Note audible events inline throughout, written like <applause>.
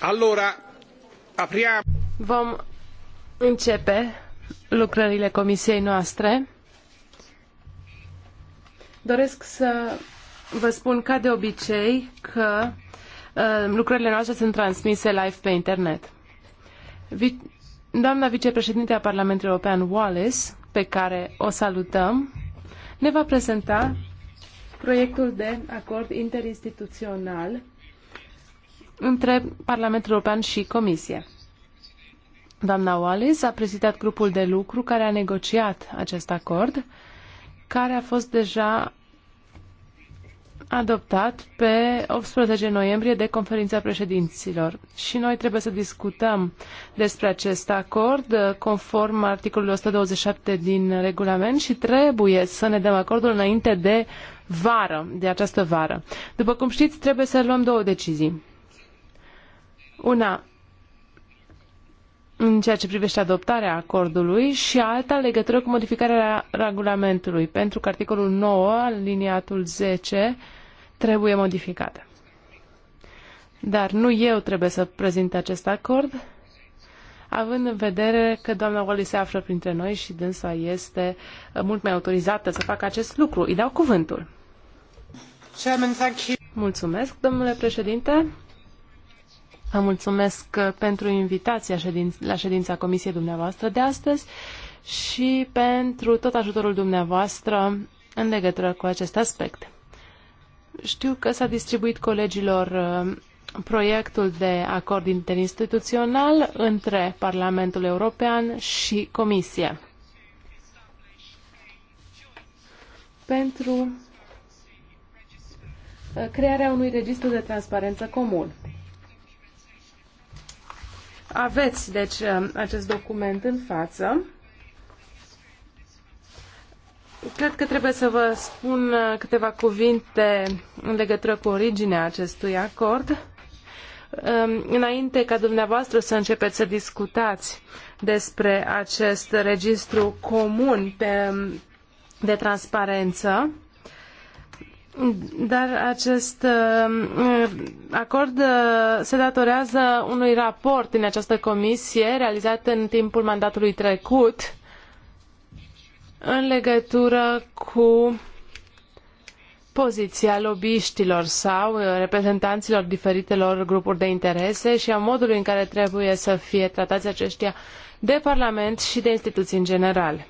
Allora, Vom începe lucrările comisiei noastre. Doresc să vă spun ca de obicei că uh, lucrările noastre sunt transmise live pe internet. doamna vicepreședinte a Parlamentului European Wallace, pe care o salutăm, ne va prezenta proiectul de acord interinstituțional între Parlamentul European și Comisie. Doamna Wallis a prezidat grupul de lucru care a negociat acest acord, care a fost deja adoptat pe 18 noiembrie de conferința președinților. Și noi trebuie să discutăm despre acest acord uh, conform articolului 127 din regulament și trebuie să ne dăm acordul înainte de vară, de această vară. După cum știți, trebuie să luăm două decizii. Una în ceea ce privește adoptarea acordului și alta legătură cu modificarea regulamentului, pentru că articolul 9, aliniatul 10, trebuie modificat. Dar nu eu trebuie să prezint acest acord, având în vedere că doamna Wally se află printre noi și dânsa este mult mai autorizată să facă acest lucru. Îi dau cuvântul. Mulțumesc, domnule președinte. Vă mulțumesc pentru invitația la ședința comisiei dumneavoastră de astăzi și pentru tot ajutorul dumneavoastră în legătură cu acest aspect. Știu că s-a distribuit colegilor uh, proiectul de acord interinstituțional între Parlamentul European și Comisie. Pentru Uh, crearea unui registru de transparență comun. Aveți, deci, um, acest document în față. Cred că trebuie să vă spun uh, câteva cuvinte în legătură cu originea acestui acord. Um, înainte ca dumneavoastră să începeți să discutați despre acest registru comun um, de transparență, dar acest uh, acord uh, se datorează unui raport din această comisie realizat în timpul mandatului trecut în legătură cu poziția lobbyiștilor sau uh, reprezentanților diferitelor grupuri de interese și a modului în care trebuie să fie tratați aceștia de Parlament și de instituții în general.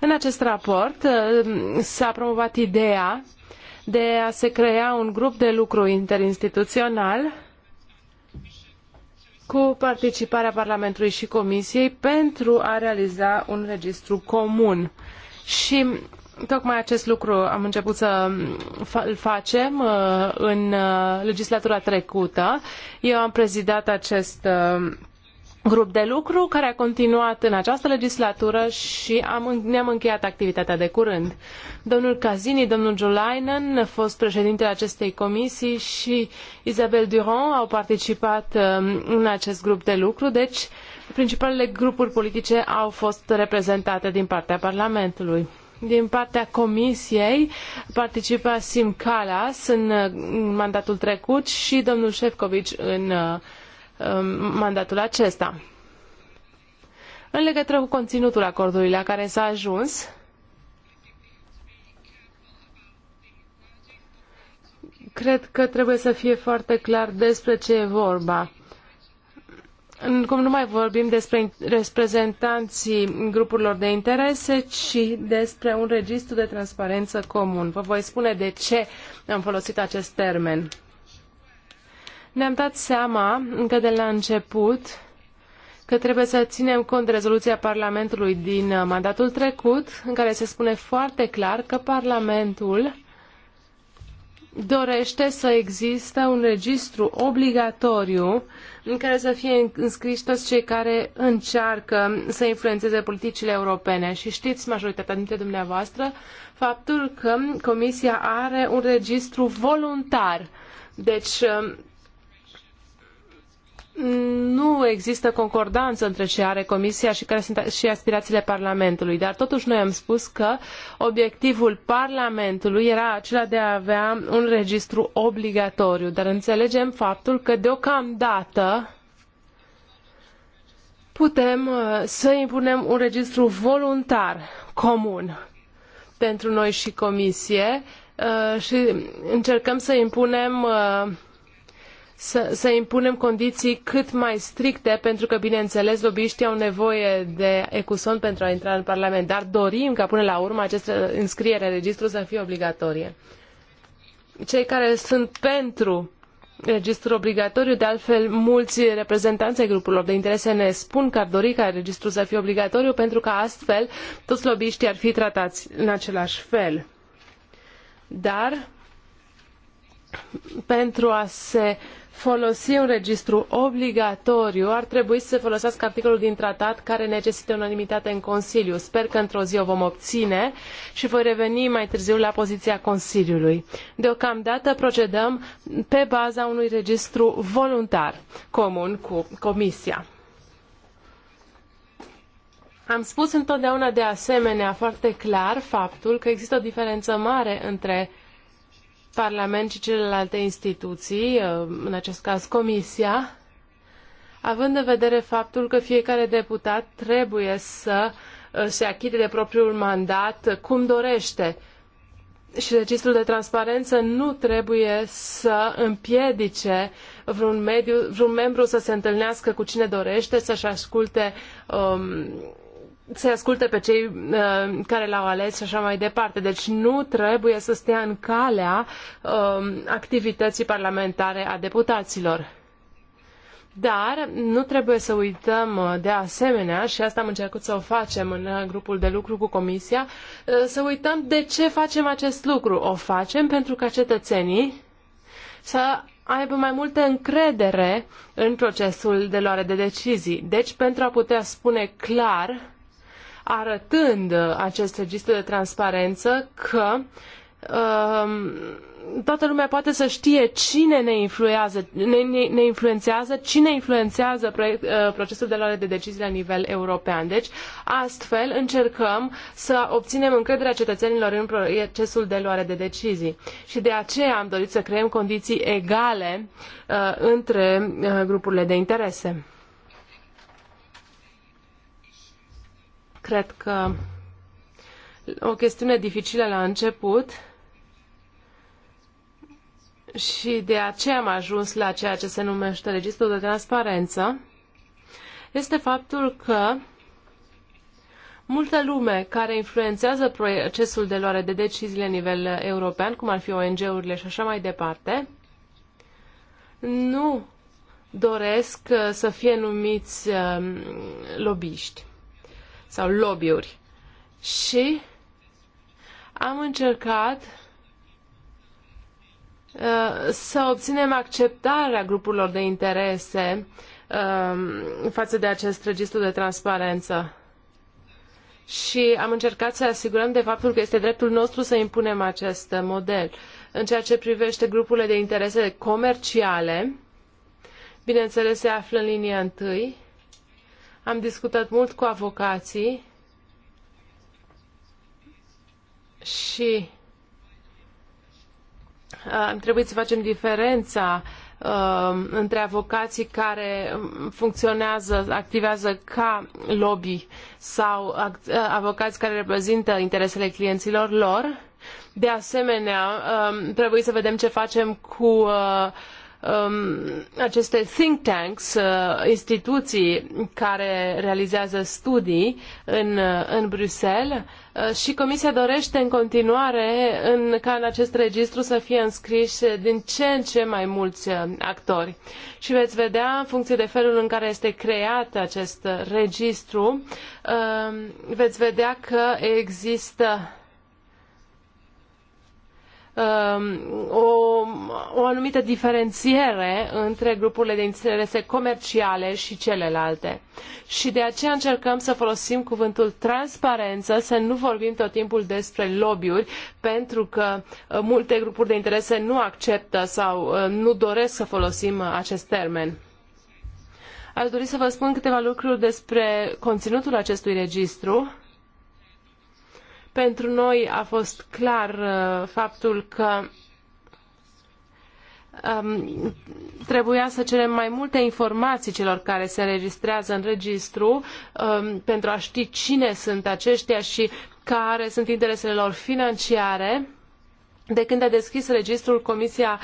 În acest raport s-a promovat ideea de a se crea un grup de lucru interinstituțional cu participarea Parlamentului și Comisiei pentru a realiza un registru comun. Și tocmai acest lucru am început să îl facem uh, în uh, legislatura trecută. Eu am prezidat acest uh, grup de lucru care a continuat în această legislatură și am, ne-am încheiat activitatea de curând. Domnul Cazini, domnul Jolainen, fost președintele acestei comisii și Isabel Durand au participat um, în acest grup de lucru, deci principalele grupuri politice au fost reprezentate din partea Parlamentului. Din partea Comisiei participa Sim Calas în, uh, mandatul trecut și domnul Șefcovici în uh, Um, mandatul acesta. În legătură cu conținutul acordului la care s-a ajuns, cred că trebuie să fie foarte clar despre ce e vorba. Cum nu mai vorbim despre reprezentanții grupurilor de interese, ci despre un registru de transparență comun. Vă voi spune de ce am folosit acest termen. Ne-am dat seama încă de la început că trebuie să ținem cont de rezoluția Parlamentului din uh, mandatul trecut, în care se spune foarte clar că Parlamentul dorește să existe un registru obligatoriu în care să fie înscriși toți cei care încearcă să influențeze politicile europene. Și știți, majoritatea dintre dumneavoastră, faptul că Comisia are un registru voluntar. Deci um, nu există concordanță între ce are Comisia și care sunt și aspirațiile Parlamentului, dar totuși noi am spus că obiectivul Parlamentului era acela de a avea un registru obligatoriu, dar înțelegem faptul că deocamdată putem uh, să impunem un registru voluntar comun pentru noi și Comisie uh, și încercăm să impunem uh, să, să impunem condiții cât mai stricte, pentru că, bineînțeles, lobiștii au nevoie de ecuson pentru a intra în Parlament, dar dorim ca până la urmă această înscriere în registru să fie obligatorie. Cei care sunt pentru registru obligatoriu, de altfel mulți reprezentanți ai grupurilor de interese ne spun că ar dori ca registrul să fie obligatoriu pentru că astfel toți lobiștii ar fi tratați în același fel. Dar pentru a se folosi un registru obligatoriu, ar trebui să se folosească articolul din tratat care necesită unanimitate în Consiliu. Sper că într-o zi o vom obține și voi reveni mai târziu la poziția Consiliului. Deocamdată procedăm pe baza unui registru voluntar comun cu Comisia. Am spus întotdeauna de asemenea foarte clar faptul că există o diferență mare între Parlament și celelalte instituții, uh, în acest caz Comisia, având în vedere faptul că fiecare deputat trebuie să uh, se achite de propriul mandat cum dorește. Și registrul de transparență nu trebuie să împiedice vreun, mediu, vreun membru să se întâlnească cu cine dorește, să-și asculte um, să asculte pe cei uh, care l-au ales și așa mai departe. Deci nu trebuie să stea în calea uh, activității parlamentare a deputaților. Dar nu trebuie să uităm uh, de asemenea, și asta am încercat să o facem în uh, grupul de lucru cu Comisia, uh, să uităm de ce facem acest lucru. O facem pentru ca cetățenii să aibă mai multă încredere în procesul de luare de decizii. Deci, pentru a putea spune clar arătând acest registru de transparență că um, toată lumea poate să știe cine ne, influează, ne, ne, ne influențează, cine influențează proiect, uh, procesul de luare de decizii la nivel european. Deci, astfel încercăm să obținem încrederea cetățenilor în procesul de luare de decizii. Și de aceea am dorit să creăm condiții egale uh, între uh, grupurile de interese. Cred că o chestiune dificilă la început și de aceea am ajuns la ceea ce se numește registrul de transparență, este faptul că multă lume care influențează procesul de luare de decizii la nivel european, cum ar fi ONG-urile și așa mai departe, nu doresc uh, să fie numiți um, lobiști sau lobby-uri. Și am încercat uh, să obținem acceptarea grupurilor de interese um, față de acest registru de transparență. Și am încercat să asigurăm de faptul că este dreptul nostru să impunem acest model. În ceea ce privește grupurile de interese comerciale, bineînțeles se află în linia întâi, am discutat mult cu avocații și uh, am trebuit să facem diferența uh, între avocații care funcționează, activează ca lobby sau uh, avocați care reprezintă interesele clienților lor. De asemenea, trebuie să vedem ce facem cu Um, aceste think tanks, uh, instituții care realizează studii în, uh, în Bruxelles uh, și Comisia dorește în continuare în, ca în acest registru să fie înscriși din ce în ce mai mulți actori. Și veți vedea, în funcție de felul în care este creat acest registru, veți vedea că există Um, o, o anumită diferențiere între grupurile de interese comerciale și celelalte. Și de aceea încercăm să folosim cuvântul transparență, să nu vorbim tot timpul despre lobby-uri, pentru că uh, multe grupuri de interese nu acceptă sau uh, nu doresc să folosim uh, acest termen. Aș dori să vă spun câteva lucruri despre conținutul acestui registru pentru noi a fost clar uh, faptul că um, trebuia să cerem mai multe informații celor care se înregistrează în registru um, pentru a ști cine sunt aceștia și care sunt interesele lor financiare. De când a deschis registrul, Comisia uh,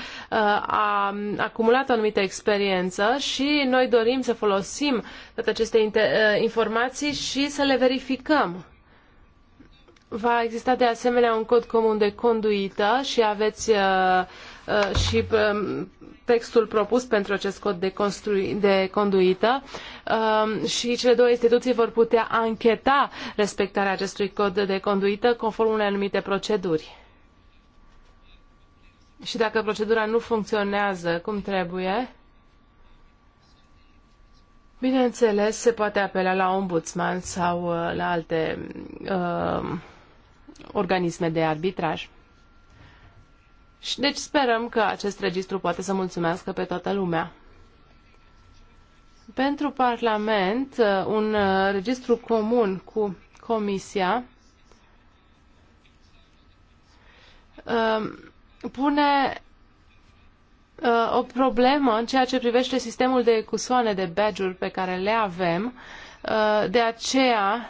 a acumulat o anumită experiență și noi dorim să folosim toate aceste uh, informații și să le verificăm Va exista de asemenea un cod comun de conduită și aveți uh, uh, și um, textul propus pentru acest cod de, de conduită uh, și cele două instituții vor putea ancheta respectarea acestui cod de conduită conform unei anumite proceduri. Și dacă procedura nu funcționează cum trebuie, bineînțeles, se poate apela la ombudsman sau uh, la alte uh, organisme de arbitraj. Și deci sperăm că acest registru poate să mulțumească pe toată lumea. Pentru Parlament, uh, un uh, registru comun cu Comisia uh, pune o problemă în ceea ce privește sistemul de cusoane de badge-uri pe care le avem. De aceea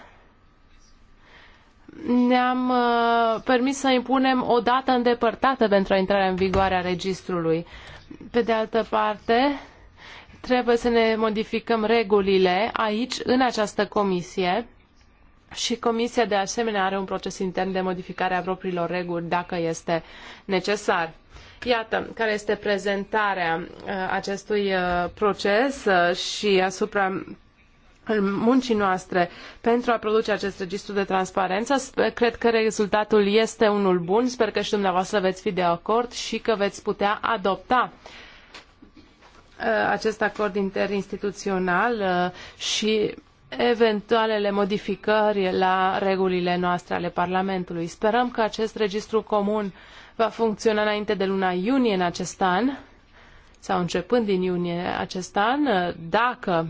ne-am uh, permis să impunem o dată îndepărtată pentru intrarea în vigoare a registrului. Pe de altă parte, trebuie să ne modificăm regulile aici, în această comisie, și Comisia, de asemenea, are un proces intern de modificare a propriilor reguli, dacă este necesar. Iată, care este prezentarea uh, acestui uh, proces uh, și asupra muncii noastre pentru a produce acest registru de transparență. Cred că rezultatul este unul bun. Sper că și dumneavoastră veți fi de acord și că veți putea adopta uh, acest acord interinstituțional uh, și eventualele modificări la regulile noastre ale Parlamentului. Sperăm că acest registru comun va funcționa înainte de luna iunie în acest an sau începând din iunie acest an, dacă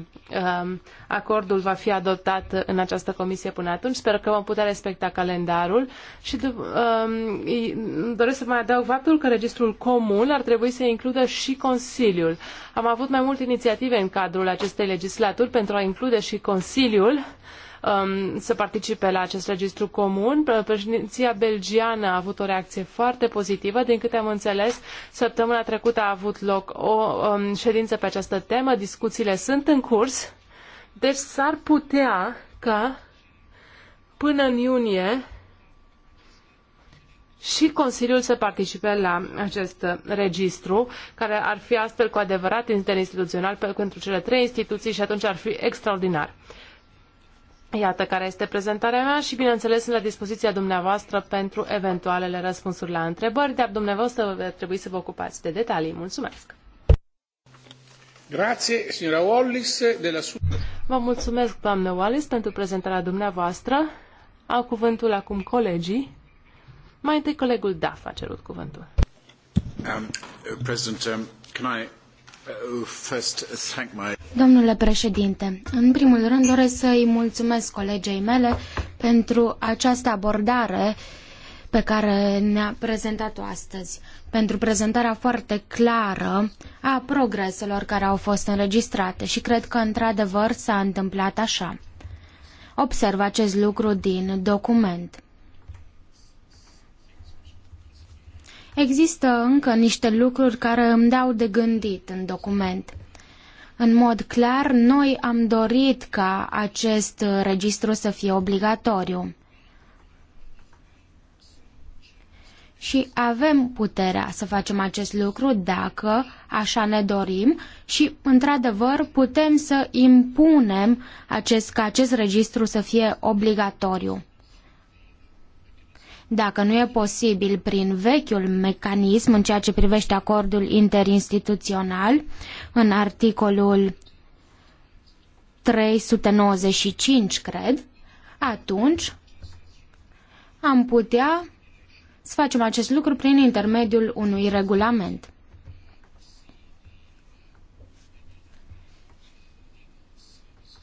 um, acordul va fi adoptat în această comisie până atunci. Sper că vom putea respecta calendarul și um, doresc să mai adaug faptul că registrul comun ar trebui să includă și Consiliul. Am avut mai multe inițiative în cadrul acestei legislaturi pentru a include și Consiliul Um, să participe la acest registru comun. Președinția belgiană a avut o reacție foarte pozitivă. Din câte am înțeles, săptămâna trecută a avut loc o um, ședință pe această temă. Discuțiile sunt în curs. Deci s-ar putea ca până în iunie și Consiliul să participe la acest registru, care ar fi astfel cu adevărat interinstituțional pentru cele trei instituții și atunci ar fi extraordinar. Iată care este prezentarea mea și, bineînțeles, sunt la dispoziția dumneavoastră pentru eventualele răspunsuri la întrebări, dar dumneavoastră trebuie să vă ocupați de detalii. Mulțumesc! Grazie, signora Wallis, de la... Vă mulțumesc, doamnă Wallis, pentru prezentarea dumneavoastră. Au cuvântul acum colegii. Mai întâi colegul Daf a cerut cuvântul. Um, President, um, can I Domnule președinte, în primul rând doresc să-i mulțumesc colegei mele pentru această abordare pe care ne-a prezentat-o astăzi, pentru prezentarea foarte clară a progreselor care au fost înregistrate și cred că într-adevăr s-a întâmplat așa. Observ acest lucru din document. Există încă niște lucruri care îmi dau de gândit în document. În mod clar, noi am dorit ca acest registru să fie obligatoriu. și avem puterea să facem acest lucru dacă așa ne dorim și, într-adevăr, putem să impunem acest, ca acest registru să fie obligatoriu. Dacă nu e posibil prin vechiul mecanism în ceea ce privește acordul interinstituțional, în articolul 395, cred, atunci am putea să facem acest lucru prin intermediul unui regulament.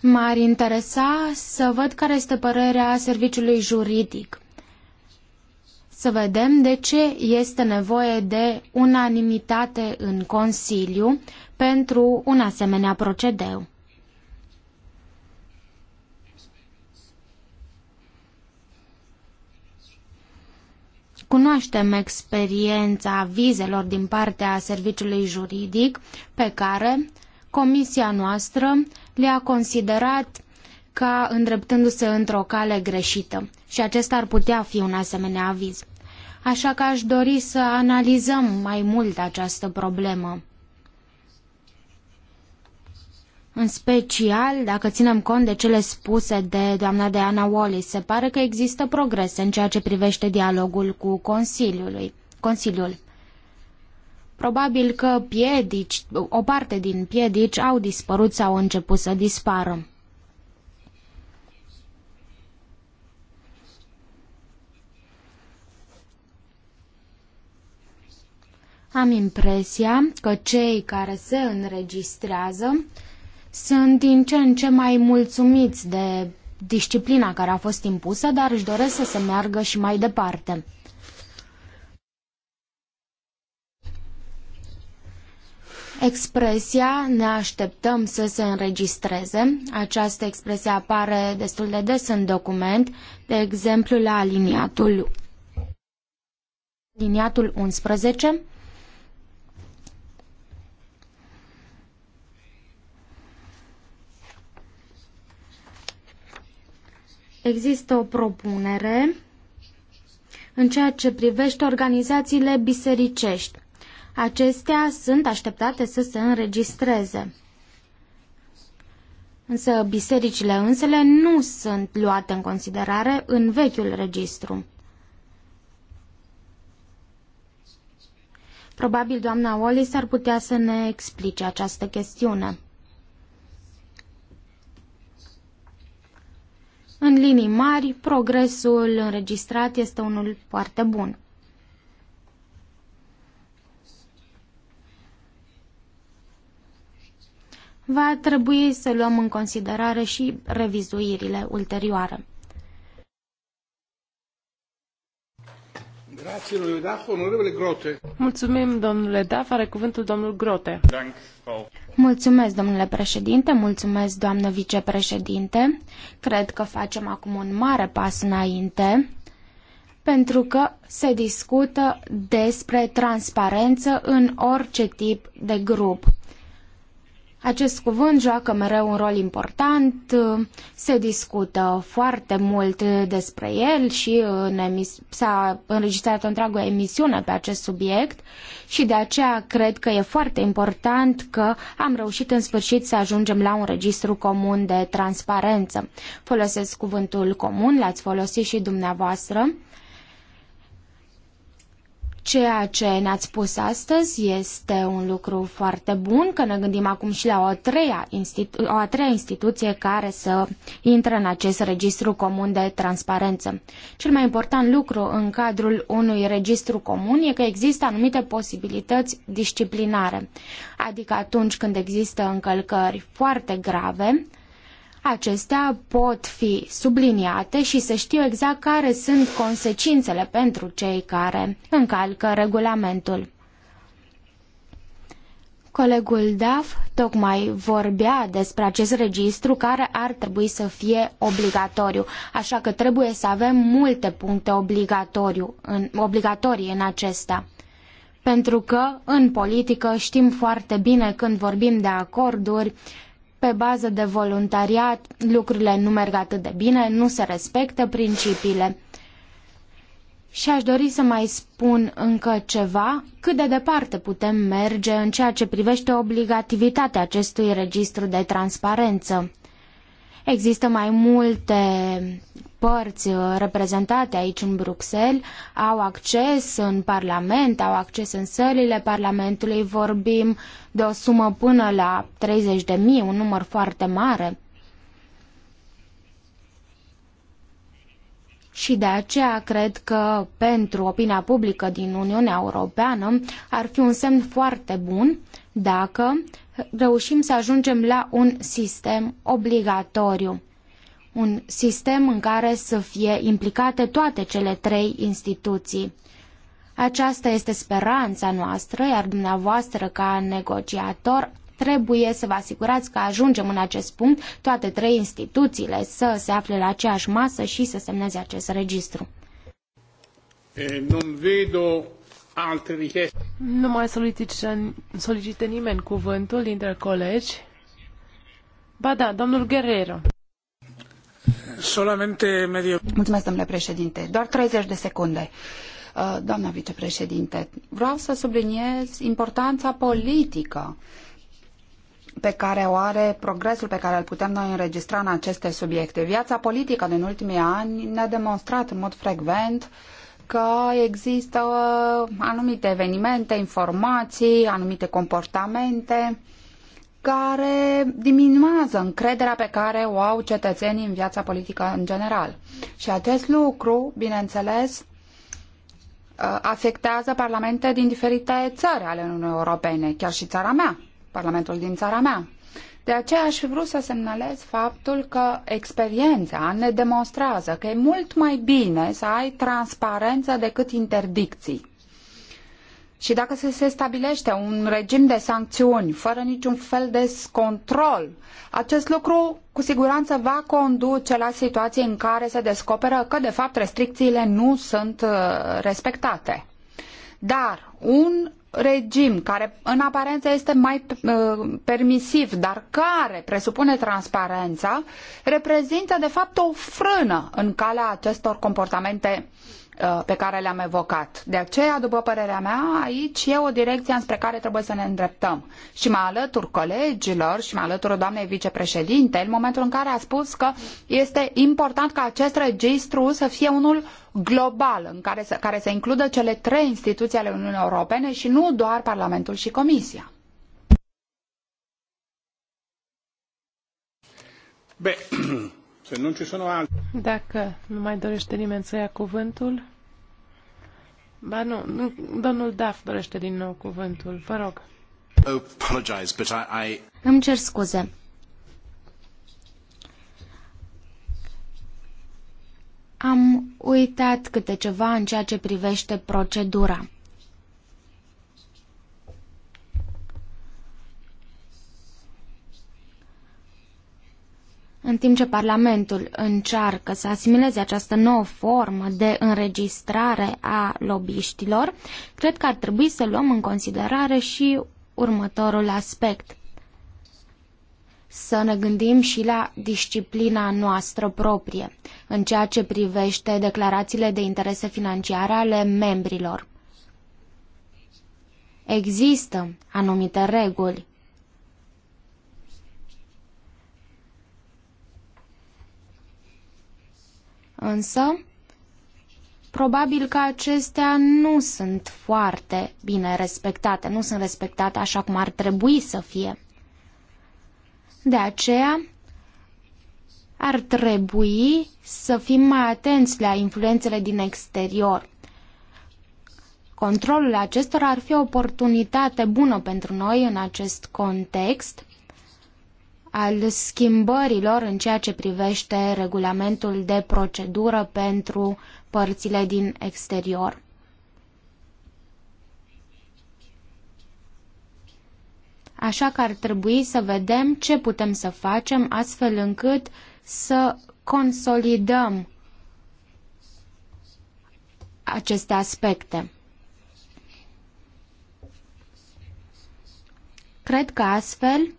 M-ar interesa să văd care este părerea serviciului juridic să vedem de ce este nevoie de unanimitate în Consiliu pentru un asemenea procedeu. Cunoaștem experiența vizelor din partea serviciului juridic pe care comisia noastră le-a considerat ca îndreptându-se într-o cale greșită și acesta ar putea fi un asemenea aviz așa că aș dori să analizăm mai mult această problemă. În special, dacă ținem cont de cele spuse de doamna Diana Wallis, se pare că există progrese în ceea ce privește dialogul cu Consiliului, Consiliul. Probabil că piedici, o parte din piedici au dispărut sau au început să dispară. Am impresia că cei care se înregistrează sunt din ce în ce mai mulțumiți de disciplina care a fost impusă, dar își doresc să se meargă și mai departe. Expresia ne așteptăm să se înregistreze. Această expresie apare destul de des în document, de exemplu la aliniatul aliniatul 11 există o propunere în ceea ce privește organizațiile bisericești. Acestea sunt așteptate să se înregistreze. Însă bisericile însele nu sunt luate în considerare în vechiul registru. Probabil doamna Wallis ar putea să ne explice această chestiune. În linii mari, progresul înregistrat este unul foarte bun. Va trebui să luăm în considerare și revizuirile ulterioare. Mulțumim, domnule Daf. Are cuvântul domnul Grote. Mulțumesc, domnule președinte, mulțumesc, doamnă vicepreședinte. Cred că facem acum un mare pas înainte pentru că se discută despre transparență în orice tip de grup. Acest cuvânt joacă mereu un rol important, se discută foarte mult despre el și în s-a înregistrat o întreagă emisiune pe acest subiect și de aceea cred că e foarte important că am reușit în sfârșit să ajungem la un registru comun de transparență. Folosesc cuvântul comun, l-ați folosit și dumneavoastră. Ceea ce ne-ați spus astăzi este un lucru foarte bun, că ne gândim acum și la o a treia, institu- o a treia instituție care să intre în acest registru comun de transparență. Cel mai important lucru în cadrul unui registru comun e că există anumite posibilități disciplinare, adică atunci când există încălcări foarte grave Acestea pot fi subliniate și să știu exact care sunt consecințele pentru cei care încalcă regulamentul. Colegul Daf tocmai vorbea despre acest registru care ar trebui să fie obligatoriu, așa că trebuie să avem multe puncte obligatoriu în, obligatorii în acesta. Pentru că în politică știm foarte bine când vorbim de acorduri, uh, pe bază de voluntariat lucrurile nu merg atât de bine, nu se respectă principiile. Și aș dori să mai spun încă ceva, cât de departe putem merge în ceea ce privește obligativitatea acestui registru de transparență. Există mai multe părți uh, reprezentate aici în Bruxelles au acces în Parlament, au acces în sălile Parlamentului, vorbim de o sumă până la 30 de mii, un număr foarte mare. Și de aceea cred că pentru opinia publică din Uniunea Europeană ar fi un semn foarte bun dacă reușim să ajungem la un sistem obligatoriu un sistem în care să fie implicate toate cele trei instituții. Aceasta este speranța noastră, iar dumneavoastră ca negociator trebuie să vă asigurați că ajungem în acest punct, toate trei instituțiile să se afle la aceeași masă și să semneze acest registru. vedo alte Nu mai solicite, nimeni cuvântul dintre colegi. Ba da, domnul Guerrero. Solamente medio... Mulțumesc, domnule președinte. Doar 30 de secunde. Uh, doamna vicepreședinte, vreau să subliniez importanța politică pe care o are progresul pe care îl putem noi înregistra în aceste subiecte. Viața politică din ultimii ani ne-a demonstrat în mod frecvent că există anumite evenimente, informații, anumite comportamente uh, care diminuează încrederea pe care o au cetățenii în viața politică în general. Și acest lucru, bineînțeles, uh, afectează parlamente din diferite țări ale Uniunii Europene, chiar și țara mea, parlamentul din țara mea. De aceea aș fi vrut să semnalez faptul că experiența ne demonstrează că e mult mai bine să ai transparență decât interdicții. Și dacă se, stabilește un regim de sancțiuni fără niciun fel de control, acest lucru cu siguranță va conduce la situații în care se descoperă că, de fapt, restricțiile nu sunt uh, respectate. Dar un regim care în aparență este mai uh, permisiv, dar care presupune transparența, reprezintă de fapt o frână în calea acestor comportamente uh, Uh, pe care le-am evocat. De aceea, după părerea mea, aici e o direcție înspre care trebuie să ne îndreptăm. Și mă alătur colegilor și mă alătur doamnei vicepreședinte în momentul în care a spus că este important ca acest registru să fie unul global, în care să, care să includă cele trei instituții ale Uniunii Europene și nu doar Parlamentul și Comisia. Beh, ci <clears throat> Dacă nu mai dorește nimeni să ia cuvântul, Ba nu, domnul Daf dorește din nou cuvântul. Vă rog. Oh, apologize, but I, I... Îmi cer scuze. Am uitat câte ceva în ceea ce privește procedura. În timp ce Parlamentul încearcă să asimileze această nouă formă de înregistrare a lobiștilor, cred că ar trebui să luăm în considerare și următorul aspect. Să ne gândim și la disciplina noastră proprie, în ceea ce privește declarațiile de interese financiare ale membrilor. Există anumite reguli însă probabil că acestea nu sunt foarte bine respectate, nu sunt respectate așa cum ar trebui să fie. De aceea, ar trebui să fim mai atenți la influențele din exterior. Controlul acestor ar fi o oportunitate bună pentru noi în acest context al schimbărilor în ceea ce privește regulamentul de procedură pentru părțile din exterior. Așa că ar trebui să vedem ce putem să facem astfel încât să consolidăm aceste aspecte. Cred că astfel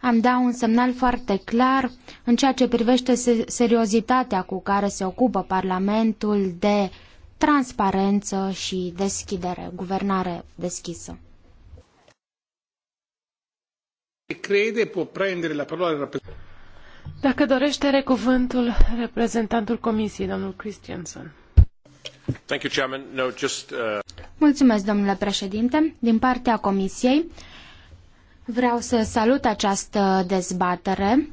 am da un semnal foarte clar în ceea ce privește seriozitatea cu care se ocupă Parlamentul de transparență și deschidere, guvernare deschisă. Crede, può prendere la parola Dacă dorește, are cuvântul reprezentantul Comisiei, domnul Christiansen. Uh, Mulțumesc, domnule președinte. Din partea Comisiei, Vreau să salut această dezbatere.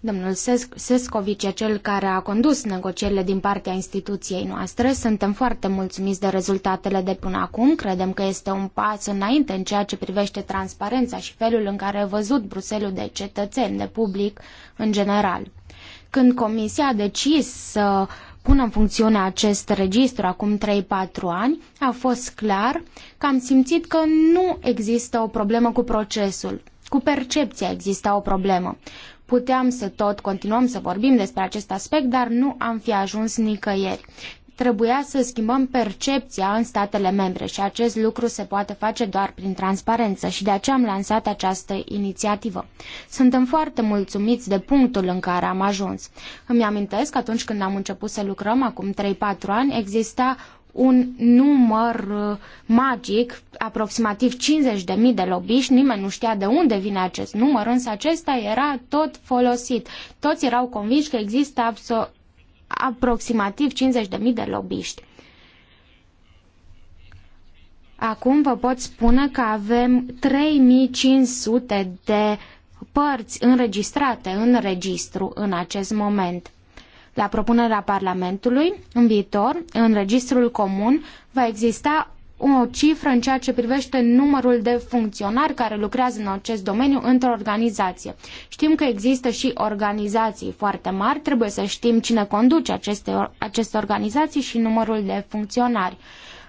Domnul Ses Sescovic cel care a condus negocierile din partea instituției noastre. Suntem foarte mulțumiți de rezultatele de până acum. Credem că este un pas înainte în ceea ce privește transparența și felul în care a văzut Bruselul de cetățeni, de public în general. Când Comisia a decis să pună în funcțiune acest registru acum 3-4 ani, a fost clar că am simțit că nu există o problemă cu procesul. Cu percepția exista o problemă. Puteam să tot continuăm să vorbim despre acest aspect, dar nu am fi ajuns nicăieri. Trebuia să schimbăm percepția în statele membre și acest lucru se poate face doar prin transparență și de aceea am lansat această inițiativă. Suntem foarte mulțumiți de punctul în care am ajuns. Îmi amintesc că atunci când am început să lucrăm, acum 3-4 ani, exista un număr uh, magic, aproximativ 50.000 de lobiști, nimeni nu știa de unde vine acest număr, însă acesta era tot folosit. Toți erau convinși că există aproximativ 50.000 de lobbyști. Acum vă pot spune că avem 3500 de părți înregistrate în registru în acest moment. La propunerea Parlamentului, în viitor, în registrul comun va exista o cifră în ceea ce privește numărul de funcționari care lucrează în acest domeniu într-o organizație. Știm că există și organizații foarte mari, trebuie să știm cine conduce aceste, aceste organizații și numărul de funcționari.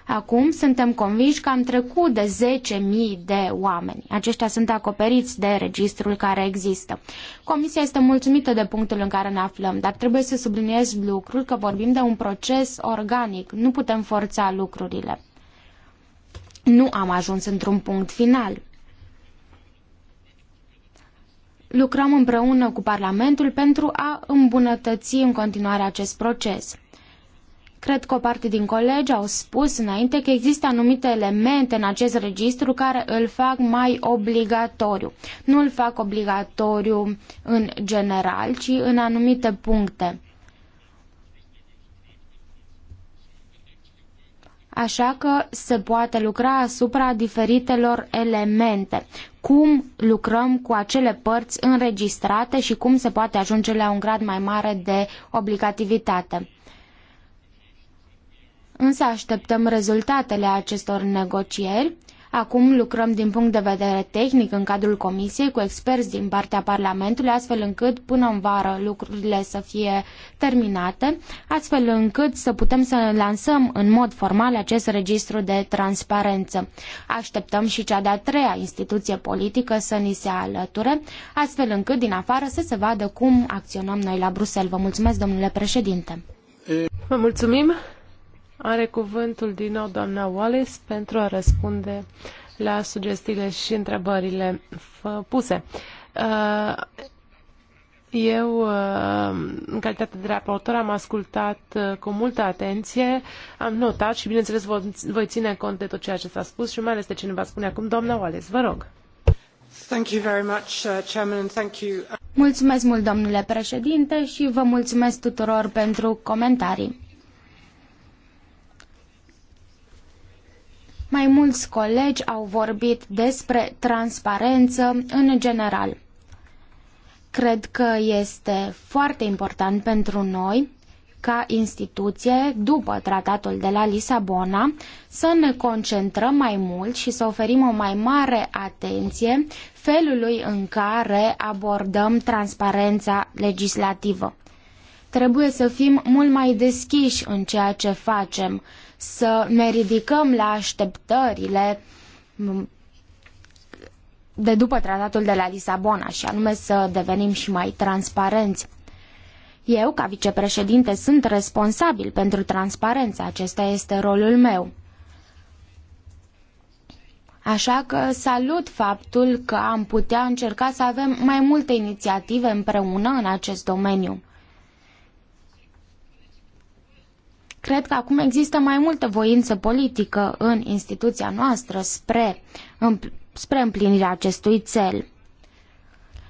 Acum suntem convinși că am trecut de 10.000 de oameni. Aceștia sunt acoperiți de registrul care există. Comisia este mulțumită de punctul în care ne aflăm, dar trebuie să subliniez lucrul că vorbim de un proces organic. Nu putem forța lucrurile nu am ajuns într-un punct final. Lucrăm împreună cu Parlamentul pentru a îmbunătăți în continuare acest proces. Cred că o parte din colegi au spus înainte că există anumite elemente în acest registru care îl fac mai obligatoriu. Nu îl fac obligatoriu în general, ci în anumite puncte. așa că se poate lucra asupra diferitelor elemente. Cum lucrăm cu acele părți înregistrate și cum se poate ajunge la un grad mai mare de obligativitate. Însă așteptăm rezultatele acestor negocieri Acum lucrăm din punct de vedere tehnic în cadrul comisiei cu experți din partea Parlamentului, astfel încât până în vară lucrurile să fie terminate, astfel încât să putem să lansăm în mod formal acest registru de transparență. Așteptăm și cea de-a treia instituție politică să ni se alăture, astfel încât din afară să se vadă cum acționăm noi la Bruxelles. Vă mulțumesc, domnule președinte! Vă mulțumim! Are cuvântul din nou doamna Wallace pentru a răspunde la sugestiile și întrebările puse. Uh, eu, uh, în calitate de raportor, am ascultat uh, cu multă atenție, am notat și, bineînțeles, voi ține cont de tot ceea ce s-a spus și mai ales de ce ne va spune acum doamna Wallace. Vă rog. Thank you very much, Chairman, and thank you. Mulțumesc mult, domnule președinte, și vă mulțumesc tuturor pentru comentarii. Mai mulți colegi au vorbit despre transparență în general. Cred că este foarte important pentru noi ca instituție, după tratatul de la Lisabona, să ne concentrăm mai mult și să oferim o mai mare atenție felului în care abordăm transparența legislativă. Trebuie să fim mult mai deschiși în ceea ce facem, să ne ridicăm la așteptările de după tratatul de la Lisabona și anume să devenim și mai transparenți. Eu, ca vicepreședinte, sunt responsabil pentru transparență. Acesta este rolul meu. Așa că salut faptul că am putea încerca să avem mai multe inițiative împreună în acest domeniu. Cred că acum există mai multă voință politică în instituția noastră spre, spre împlinirea acestui cel.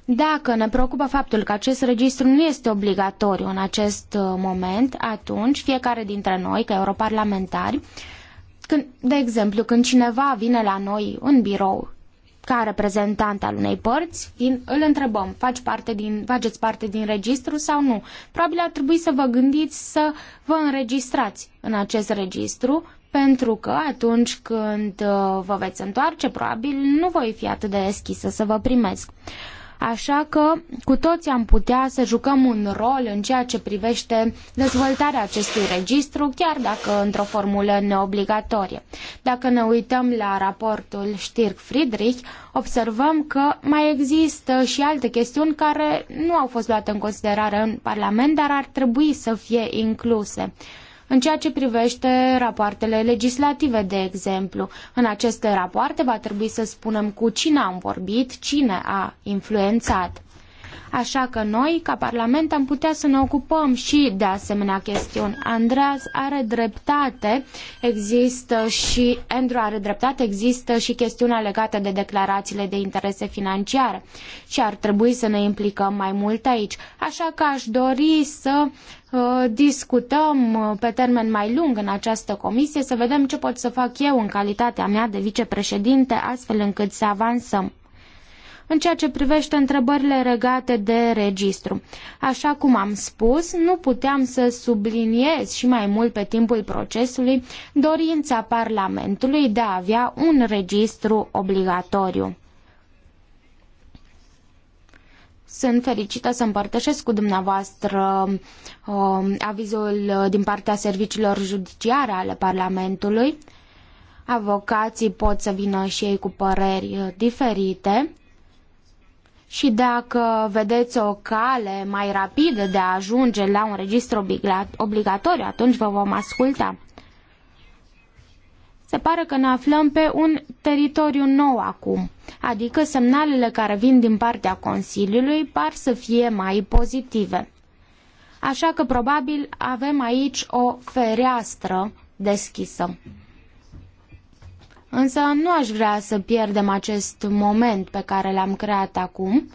Dacă ne preocupă faptul că acest registru nu este obligatoriu în acest uh, moment, atunci fiecare dintre noi, ca europarlamentari, când, de exemplu, când cineva vine la noi în birou ca reprezentant al unei părți, îl întrebăm, faci parte din, faceți parte din registru sau nu? Probabil ar trebui să vă gândiți să vă înregistrați în acest registru, pentru că atunci când uh, vă veți întoarce, probabil nu voi fi atât de deschisă să vă primesc. Așa că cu toți am putea să jucăm un rol în ceea ce privește dezvoltarea acestui registru, chiar dacă într-o formulă neobligatorie. Dacă ne uităm la raportul Stirk-Friedrich, observăm că mai există și alte chestiuni care nu au fost luate în considerare în Parlament, dar ar trebui să fie incluse. În ceea ce privește rapoartele legislative, de exemplu, în aceste rapoarte va trebui să spunem cu cine am vorbit, cine a influențat. Așa că noi, ca Parlament, am putea să ne ocupăm și de asemenea chestiuni. Andreas are dreptate, există și, Andrew are dreptate, există și chestiunea legată de declarațiile de interese financiare și ar trebui să ne implicăm mai mult aici. Așa că aș dori să uh, discutăm uh, pe termen mai lung în această comisie, să vedem ce pot să fac eu în calitatea mea de vicepreședinte, astfel încât să avansăm în ceea ce privește întrebările regate de registru. Așa cum am spus, nu puteam să subliniez și mai mult pe timpul procesului dorința Parlamentului de a avea un registru obligatoriu. Sunt fericită să împărtășesc cu dumneavoastră uh, avizul din partea serviciilor judiciare ale Parlamentului. Avocații pot să vină și ei cu păreri diferite și dacă vedeți o cale mai rapidă de a ajunge la un registru obligatoriu, atunci vă vom asculta. Se pare că ne aflăm pe un teritoriu nou acum, adică semnalele care vin din partea Consiliului par să fie mai pozitive. Așa că probabil avem aici o fereastră deschisă. Însă nu aș vrea să pierdem acest moment pe care l-am creat acum.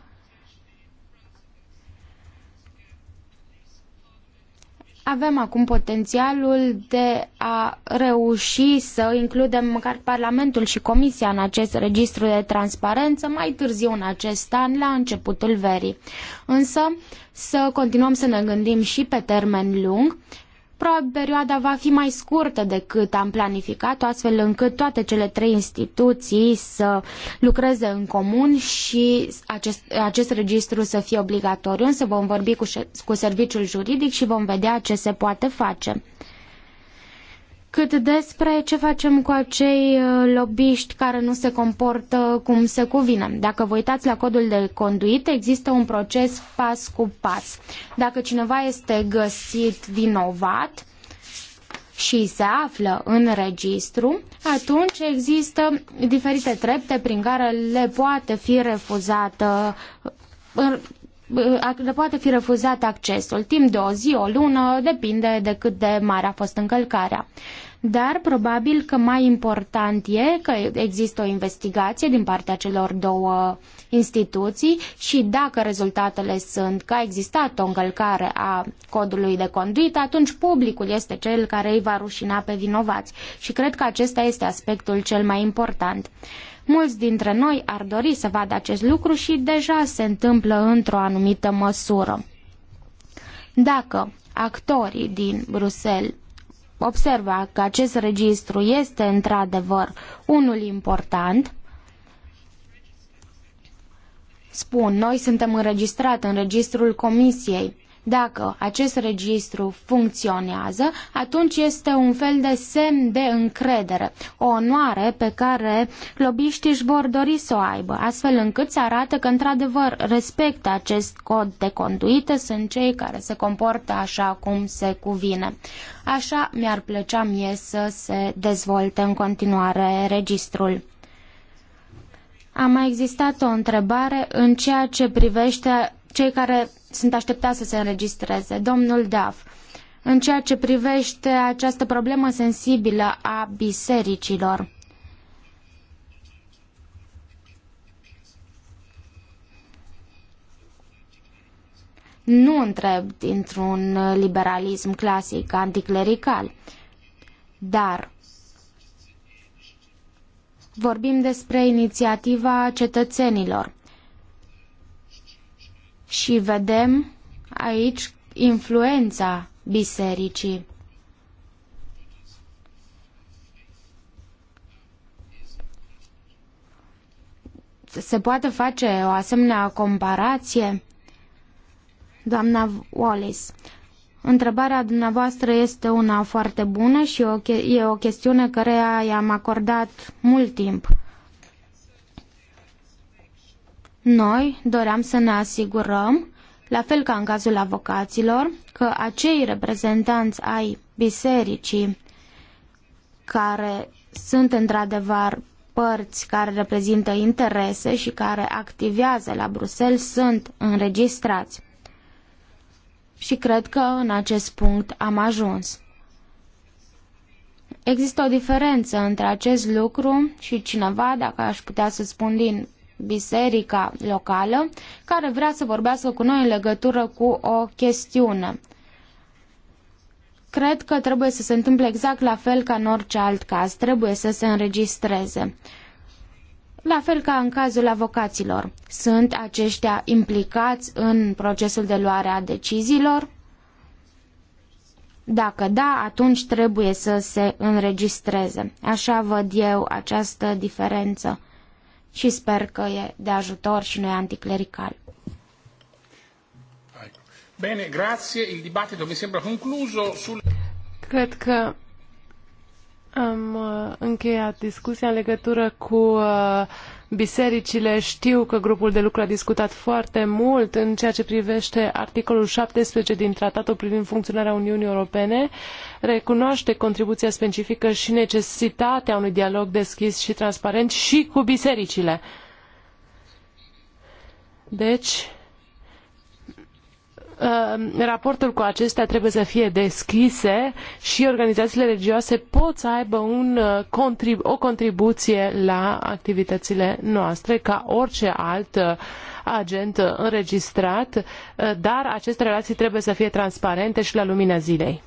Avem acum potențialul de a reuși să includem măcar Parlamentul și Comisia în acest registru de transparență mai târziu în acest an, la începutul verii. Însă să continuăm să ne gândim și pe termen lung probabil perioada va fi mai scurtă decât am planificat, astfel încât toate cele trei instituții să lucreze în comun și acest, acest registru să fie obligatoriu, însă vom vorbi cu, cu serviciul juridic și vom vedea ce se poate face cât despre ce facem cu acei uh, lobiști care nu se comportă cum se cuvine. Dacă vă uitați la codul de conduită, există un proces pas cu pas. Dacă cineva este găsit vinovat și se află în registru, atunci există diferite trepte prin care le poate fi refuzată uh, le poate fi refuzat accesul. Timp de o zi, o lună, depinde de cât de mare a fost încălcarea. Dar probabil că mai important e că există o investigație din partea celor două instituții și dacă rezultatele sunt că a existat o încălcare a codului de conduit, atunci publicul este cel care îi va rușina pe vinovați. Și cred că acesta este aspectul cel mai important. Mulți dintre noi ar dori să vadă acest lucru și deja se întâmplă într-o anumită măsură. Dacă actorii din Bruxelles observă că acest registru este într-adevăr unul important, spun, noi suntem înregistrați în registrul Comisiei dacă acest registru funcționează, atunci este un fel de semn de încredere, o onoare pe care lobiștii își vor dori să o aibă, astfel încât să arate că într-adevăr respectă acest cod de conduită, sunt cei care se comportă așa cum se cuvine. Așa mi-ar plăcea mie să se dezvolte în continuare registrul. A mai existat o întrebare în ceea ce privește cei care sunt așteptați să se înregistreze. Domnul Daf, în ceea ce privește această problemă sensibilă a bisericilor, nu întreb dintr-un liberalism clasic anticlerical, dar vorbim despre inițiativa cetățenilor și vedem aici influența bisericii. Se poate face o asemenea comparație? Doamna Wallis, întrebarea dumneavoastră este una foarte bună și e o chestiune care i-am acordat mult timp noi doream să ne asigurăm, la fel ca în cazul avocaților, că acei reprezentanți ai bisericii care sunt într-adevăr părți care reprezintă interese și care activează la Bruxelles sunt înregistrați. Și cred că în acest punct am ajuns. Există o diferență între acest lucru și cineva, dacă aș putea să spun din biserica locală care vrea să vorbească cu noi în legătură cu o chestiune. Cred că trebuie să se întâmple exact la fel ca în orice alt caz, trebuie să se înregistreze. La fel ca în cazul avocaților, sunt aceștia implicați în procesul de luare a deciziilor? Dacă da, atunci trebuie să se înregistreze. Așa văd eu această diferență și sper că e de ajutor și nu e anticlerical. Bine, grazie. Il dibattito mi sembra concluso sul... Cred că am uh, încheiat discuția în legătură cu uh, Bisericile știu că grupul de lucru a discutat foarte mult în ceea ce privește articolul 17 din tratatul privind funcționarea Uniunii Europene, recunoaște contribuția specifică și necesitatea unui dialog deschis și transparent și cu bisericile. Deci, Uh, raportul cu acestea trebuie să fie deschise și organizațiile religioase pot să aibă un, uh, o contribuție la activitățile noastre ca orice alt uh, agent înregistrat, dar aceste relații trebuie să fie transparente și la lumina zilei.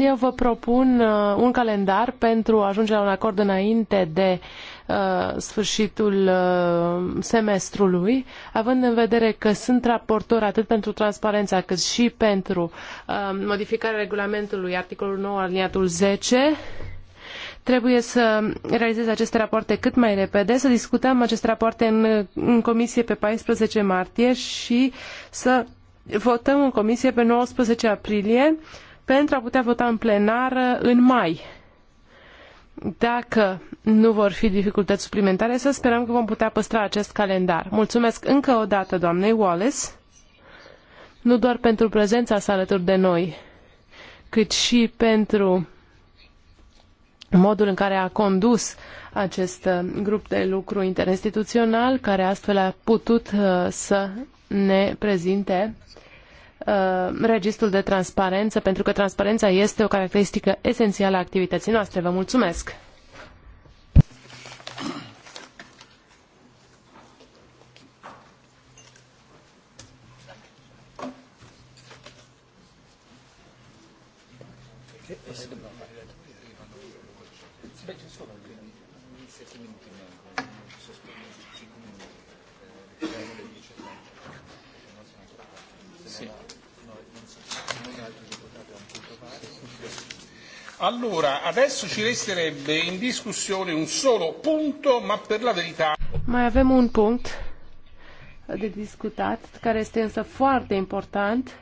Eu vă propun un calendar pentru a ajunge la un acord înainte de Uh, sfârșitul uh, semestrului, având în vedere că sunt raportor atât pentru transparența cât și pentru uh, modificarea regulamentului articolul 9 aliniatul 10, trebuie să realizez aceste rapoarte cât mai repede, să discutăm aceste rapoarte în, în comisie pe 14 martie și să votăm în comisie pe 19 aprilie pentru a putea vota în plenar în mai. Dacă nu vor fi dificultăți suplimentare, să sperăm că vom putea păstra acest calendar. Mulțumesc încă o dată doamnei Wallace, nu doar pentru prezența sa alături de noi, cât și pentru modul în care a condus acest uh, grup de lucru interinstituțional, care astfel a putut uh, să ne prezinte Uh, registrul de transparență, pentru că transparența este o caracteristică esențială a activității noastre. Vă mulțumesc! Allora, adesso ci resterebbe in discussione un solo punto, ma per la verità... Mai avem un punct de discutat, care este însă foarte important.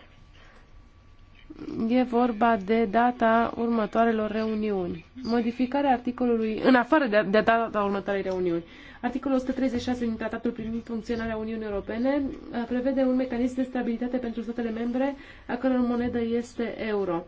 E vorba de data următoarelor reuniuni. Modificarea articolului, în afară de, de data următoarei reuniuni, articolul 136 din Tratatul privind funcționarea Uniunii Europene uh, prevede un mecanism de stabilitate pentru statele membre a căror monedă este euro.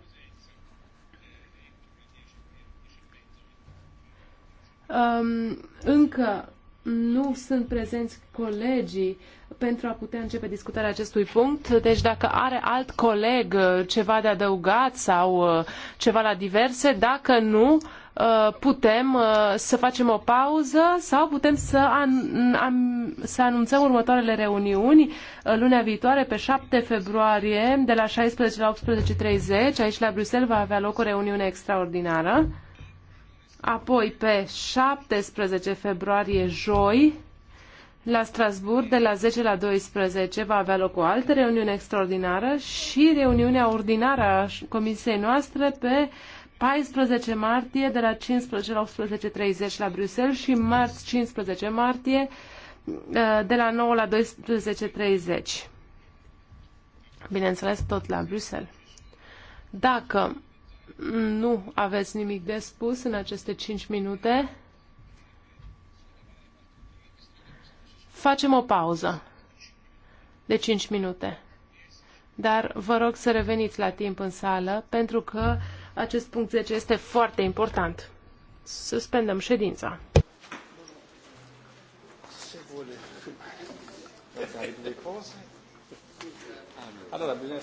Um, încă nu sunt prezenți colegii pentru a putea începe discutarea acestui punct. Deci dacă are alt coleg uh, ceva de adăugat sau uh, ceva la diverse, dacă nu, uh, putem să facem o pauză sau putem să, an- am- să anunțăm următoarele reuniuni lunea viitoare, pe 7 februarie, de la 16 la 18.30. Aici la Bruxelles va avea loc o reuniune extraordinară. Apoi, pe 17 februarie, joi, la Strasburg, de la 10 la 12, va avea loc o altă reuniune extraordinară și reuniunea ordinară a comisiei noastre pe 14 martie, de la 15 la 18.30 la Bruxelles și marți 15 martie, ă, de la 9 la 12.30. Bineînțeles, tot la Bruxelles. Dacă nu aveți nimic de spus în aceste 5 minute, facem o pauză de 5 minute. Dar vă rog să reveniți la timp în sală, pentru că acest punct 10 este foarte important. Suspendăm ședința. Allora, bisogna...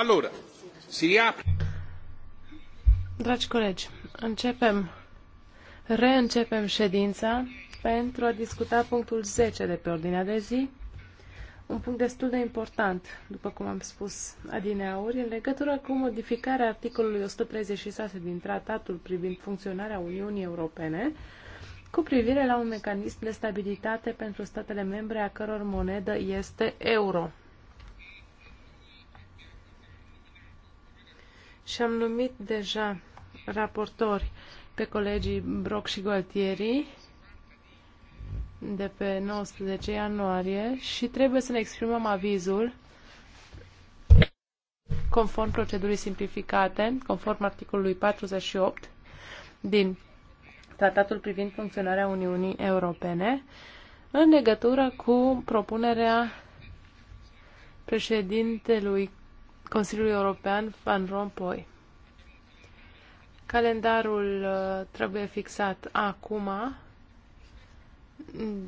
Allora, si riapre. Dragi colegi, începem, reîncepem ședința pentru a discuta punctul 10 de pe ordinea de zi, un punct destul de important, după cum am spus adineauri, în legătură cu modificarea articolului 136 din tratatul privind funcționarea Uniunii Europene, cu privire la un mecanism de stabilitate pentru statele membre a căror monedă este euro. și am numit deja raportori pe colegii Broc și Gualtieri de pe 19 ianuarie și trebuie să ne exprimăm avizul conform procedurii simplificate, conform articolului 48 din Tratatul privind funcționarea Uniunii Europene, în legătură cu propunerea președintelui Consiliului European Van Rompuy. Calendarul uh, trebuie fixat acum,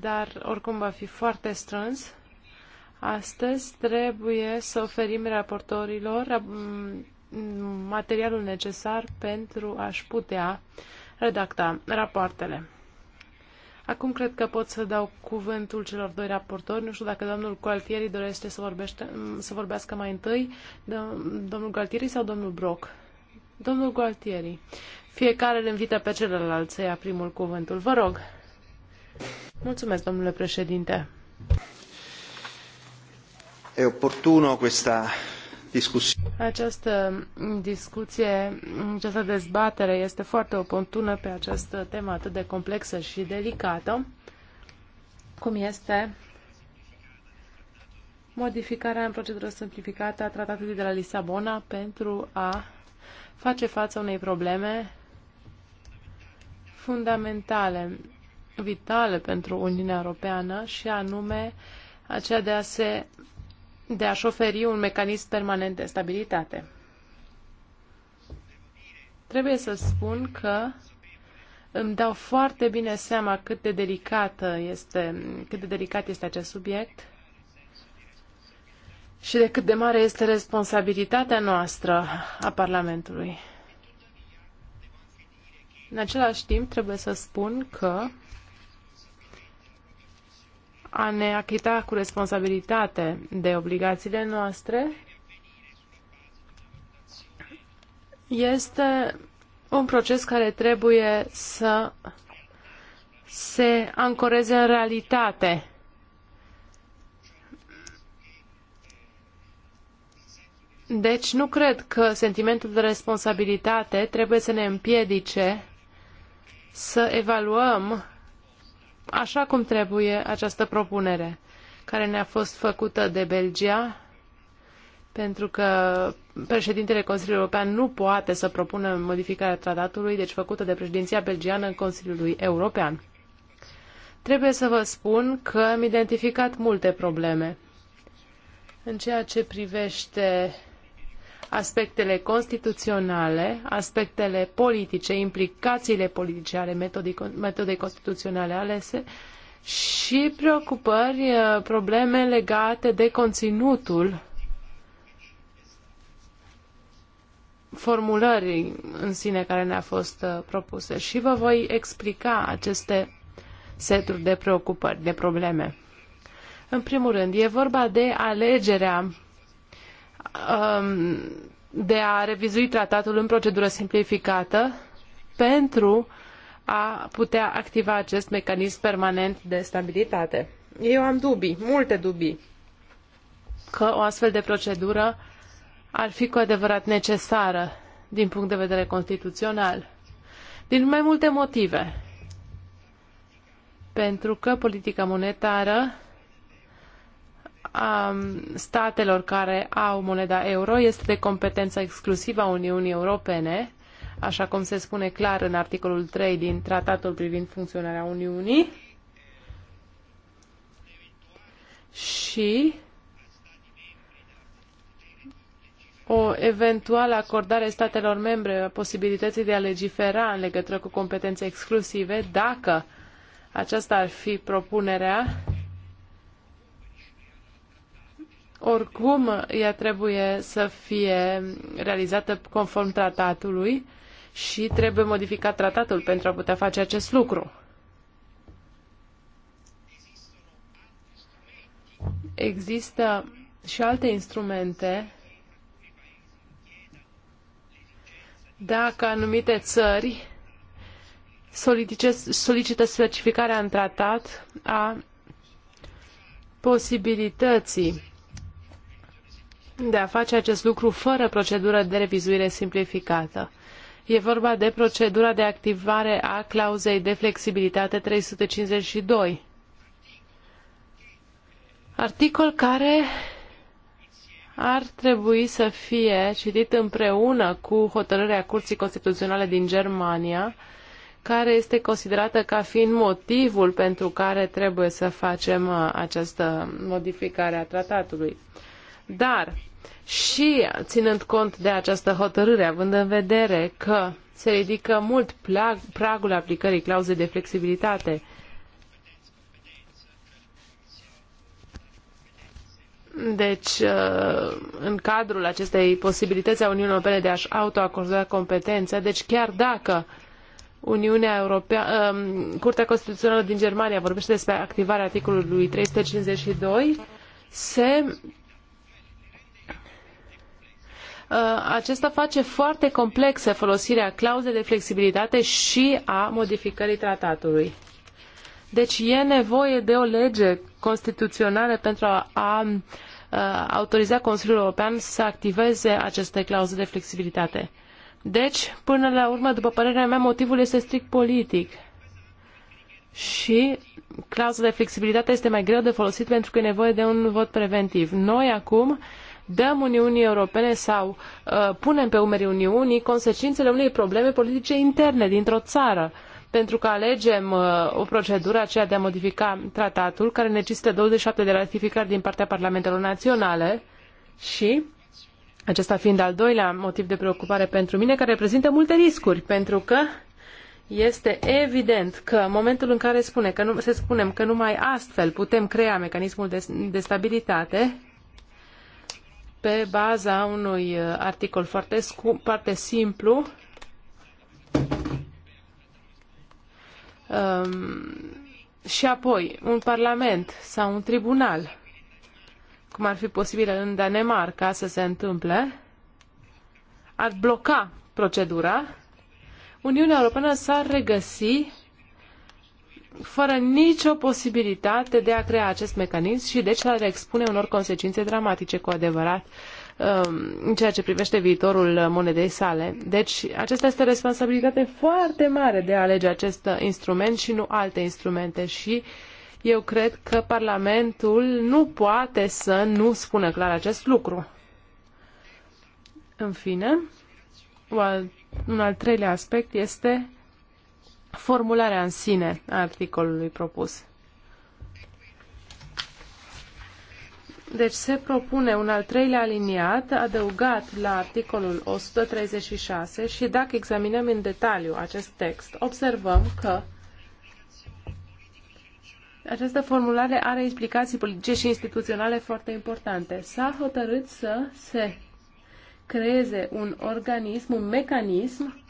dar oricum va fi foarte strâns. Astăzi trebuie să oferim raportorilor um, materialul necesar pentru a-și putea redacta rapoartele. Acum cred că pot să dau cuvântul celor doi raportori. Nu știu dacă domnul Gualtieri dorește să, vorbește, să vorbească mai întâi, domnul Gualtieri sau domnul Broc. Domnul Gualtieri, fiecare îl invită pe celălalt să ia primul cuvântul. Vă rog. Mulțumesc, domnule președinte. E oportuno questa această discuție, această dezbatere este foarte oportună pe această temă atât de complexă și delicată, cum este modificarea în procedură simplificată a tratatului de la Lisabona pentru a face față unei probleme fundamentale, vitale pentru Uniunea Europeană și anume aceea de a se de a-și oferi un mecanism permanent de stabilitate. Trebuie să spun că îmi dau foarte bine seama cât de delicată este, cât de delicat este acest subiect și de cât de mare este responsabilitatea noastră a Parlamentului. În același timp, trebuie să spun că a ne achita cu responsabilitate de obligațiile noastre este un proces care trebuie să se ancoreze în realitate. Deci nu cred că sentimentul de responsabilitate trebuie să ne împiedice să evaluăm așa cum trebuie această propunere care ne-a fost făcută de Belgia, pentru că președintele Consiliului European nu poate să propună modificarea tratatului, deci făcută de președinția belgiană în Consiliului European. Trebuie să vă spun că am identificat multe probleme în ceea ce privește aspectele constituționale, aspectele politice, implicațiile politice ale metodei, constituționale alese și preocupări, uh, probleme legate de conținutul formulării în sine care ne-a fost uh, propuse și vă voi explica aceste seturi de preocupări, de probleme. În primul rând, e vorba de alegerea Um, de a revizui tratatul în procedură simplificată pentru a putea activa acest mecanism permanent de stabilitate. Eu am dubii, multe dubii, că o astfel de procedură ar fi cu adevărat necesară din punct de vedere constituțional. Din mai multe motive. Pentru că politica monetară statelor care au moneda euro este de competența exclusivă a Uniunii Europene, așa cum se spune clar în articolul 3 din Tratatul privind funcționarea Uniunii. Și o eventuală acordare statelor membre a posibilității de a legifera în legătură cu competențe exclusive, dacă aceasta ar fi propunerea oricum, ea trebuie să fie realizată conform tratatului și trebuie modificat tratatul pentru a putea face acest lucru. Există și alte instrumente dacă anumite țări solicită specificarea în tratat a posibilității de a face acest lucru fără procedură de revizuire simplificată. E vorba de procedura de activare a clauzei de flexibilitate 352. Articol care ar trebui să fie citit împreună cu hotărârea Curții Constituționale din Germania, care este considerată ca fiind motivul pentru care trebuie să facem această modificare a tratatului. Dar și ținând cont de această hotărâre, având în vedere că se ridică mult pragul aplicării clauzei de flexibilitate, Deci, uh, în cadrul acestei posibilități a Uniunii Europene de a-și autoacorda competențe, deci chiar dacă Uniunea Europeană, um, Curtea Constituțională din Germania vorbește despre activarea articolului 352, se Uh, acesta face foarte complexă folosirea clauzei de flexibilitate și a modificării tratatului. Deci e nevoie de o lege constituțională pentru a, a, uh, autoriza Consiliul European să activeze aceste clauze de flexibilitate. Deci, până la urmă, după părerea mea, motivul este strict politic. Și clauza de flexibilitate este mai greu de folosit pentru că e nevoie de un vot preventiv. Noi acum uh, dăm Uniunii Europene sau uh, punem pe umerii Uniunii consecințele unei probleme politice interne dintr-o țară. Pentru că alegem uh, o procedură aceea de a modifica tratatul care necesită 27 de ratificări din partea Parlamentelor Naționale și acesta fiind al doilea motiv de preocupare pentru mine, care reprezintă multe riscuri, pentru că este evident că în momentul în care spune că nu, se spunem că numai astfel putem crea mecanismul de, de stabilitate, pe baza unui uh, articol foarte, scump, foarte simplu um, și apoi un parlament sau un tribunal, cum ar fi posibil în Danemarca să se întâmple, ar bloca procedura, Uniunea Europeană s-ar regăsi fără nicio posibilitate de a crea acest mecanism și deci a expune unor consecințe dramatice cu adevărat um, în ceea ce privește viitorul monedei sale. Deci aceasta este responsabilitate foarte mare de a alege acest instrument și nu alte instrumente și eu cred că Parlamentul nu poate să nu spună clar acest lucru. În fine, un al treilea aspect este formularea în sine a articolului propus. Deci se propune un al treilea aliniat adăugat la articolul 136 și dacă examinăm în detaliu acest text, observăm că această formulare are implicații politice și instituționale foarte importante. S-a hotărât să se creeze un organism, un mecanism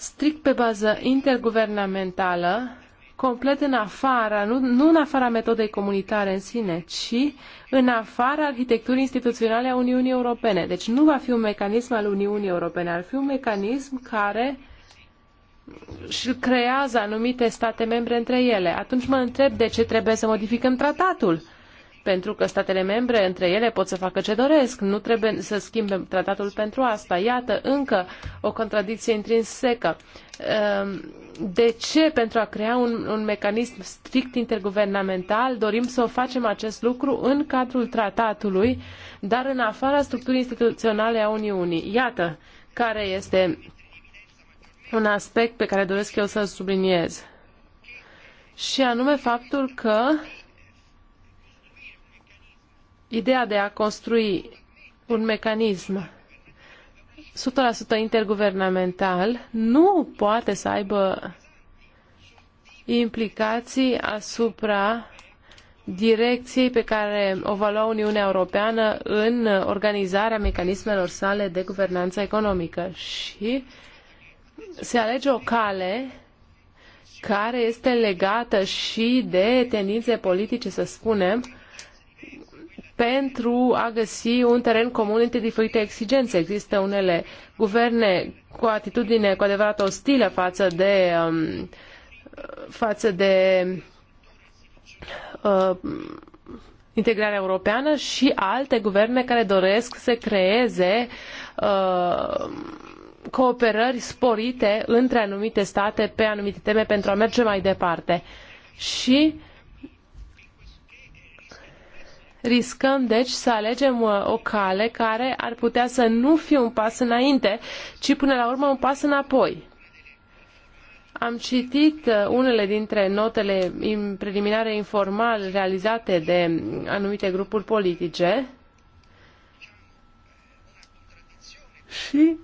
strict pe bază interguvernamentală, complet în afara, nu, nu în afara metodei comunitare în sine, ci în afara arhitecturii instituționale a Uniunii Europene. Deci nu va fi un mecanism al Uniunii Europene, ar fi un mecanism care și creează anumite state membre între ele. Atunci mă întreb de ce trebuie să modificăm tratatul pentru că statele membre între ele pot să facă ce doresc. Nu trebuie să schimbe tratatul pentru asta. Iată, încă o contradicție intrinsecă. Ehm, de ce, pentru a crea un, un mecanism strict interguvernamental, dorim să o facem acest lucru în cadrul tratatului, dar în afara structurii instituționale a Uniunii? Iată, care este un aspect pe care doresc eu să-l subliniez. Și anume faptul că ideea de a construi un mecanism 100% interguvernamental nu poate să aibă implicații asupra direcției pe care o va lua Uniunea Europeană în organizarea mecanismelor sale de guvernanță economică și se alege o cale care este legată și de tendințe politice, să spunem, pentru a găsi un teren comun între diferite exigențe. Există unele guverne cu atitudine cu adevărat ostilă față de, um, față de uh, integrarea europeană și alte guverne care doresc să creeze uh, cooperări sporite între anumite state pe anumite teme pentru a merge mai departe. Și Riscăm, deci, să alegem uh, o cale care ar putea să nu fie un pas înainte, ci până la urmă un pas înapoi. Am citit uh, unele dintre notele preliminare informal realizate de anumite grupuri politice și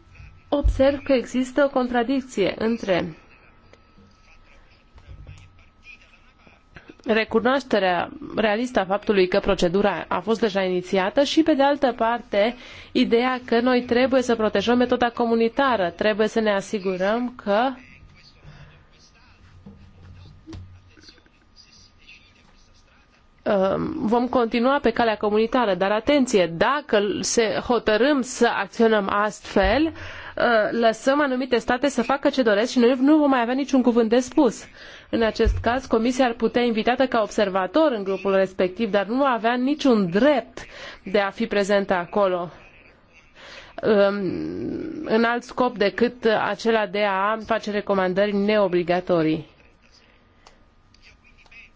observ că există o contradicție între recunoașterea realistă a faptului că procedura a fost deja inițiată și, pe de altă parte, ideea că noi trebuie să protejăm metoda comunitară, trebuie să ne asigurăm că um, vom continua pe calea comunitară, dar atenție, dacă se hotărâm să acționăm astfel, uh, lăsăm anumite state să facă ce doresc și noi nu vom mai avea niciun cuvânt de spus. În acest caz, Comisia ar putea invitată ca observator în grupul respectiv, dar nu avea niciun drept de a fi prezentă acolo um, în alt scop decât acela de a face recomandări neobligatorii.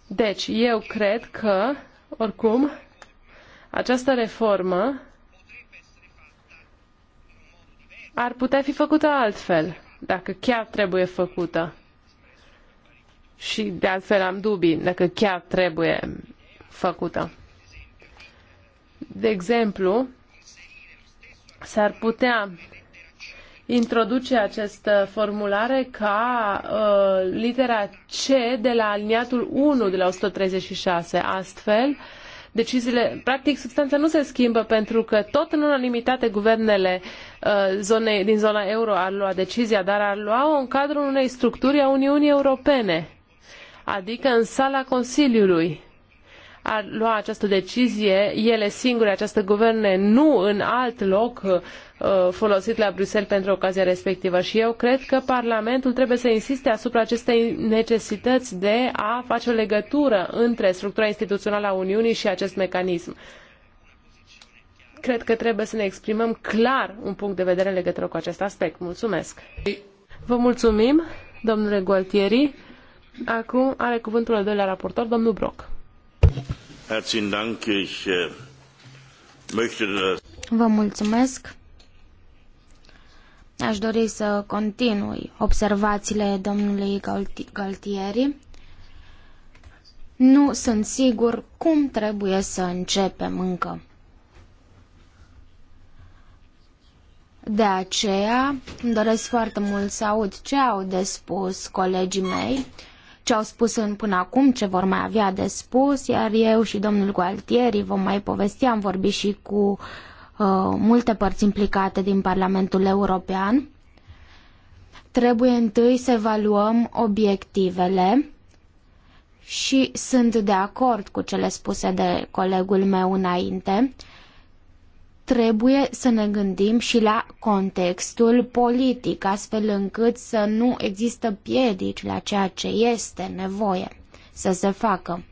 Deci, eu cred că, oricum, această reformă ar putea fi făcută altfel, dacă chiar trebuie făcută și de altfel am dubii dacă chiar trebuie făcută. De exemplu, s-ar putea introduce această formulare ca uh, litera C de la aliniatul 1 de la 136. Astfel, deciziile, practic substanța nu se schimbă pentru că tot în unanimitate guvernele uh, zone, din zona euro ar lua decizia, dar ar lua-o în cadrul unei structuri a Uniunii Europene adică în sala Consiliului A lua această decizie ele singure, această guverne, nu în alt loc uh, folosit la Bruxelles pentru ocazia respectivă. Și eu cred că Parlamentul trebuie să insiste asupra acestei necesități de a face o legătură între structura instituțională a Uniunii și acest mecanism. Cred că trebuie să ne exprimăm clar un punct de vedere în legătură cu acest aspect. Mulțumesc! Vă mulțumim, domnule Gualtieri. Acum are cuvântul al doilea raportor, domnul Brock. Äh, äh, Vă mulțumesc. Aș dori să continui observațiile domnului Galtieri. Nu sunt sigur cum trebuie să începem încă. De aceea, îmi doresc foarte mult să aud ce au de spus colegii mei ce au spus în până acum, ce vor mai avea de spus, iar eu și domnul Gualtieri vom mai povesti, am vorbit și cu uh, multe părți implicate din Parlamentul European. Trebuie întâi să evaluăm obiectivele și sunt de acord cu cele spuse de colegul meu înainte. Uh, trebuie să ne gândim și la contextul politic, astfel încât să nu există piedici la ceea ce este nevoie să se facă.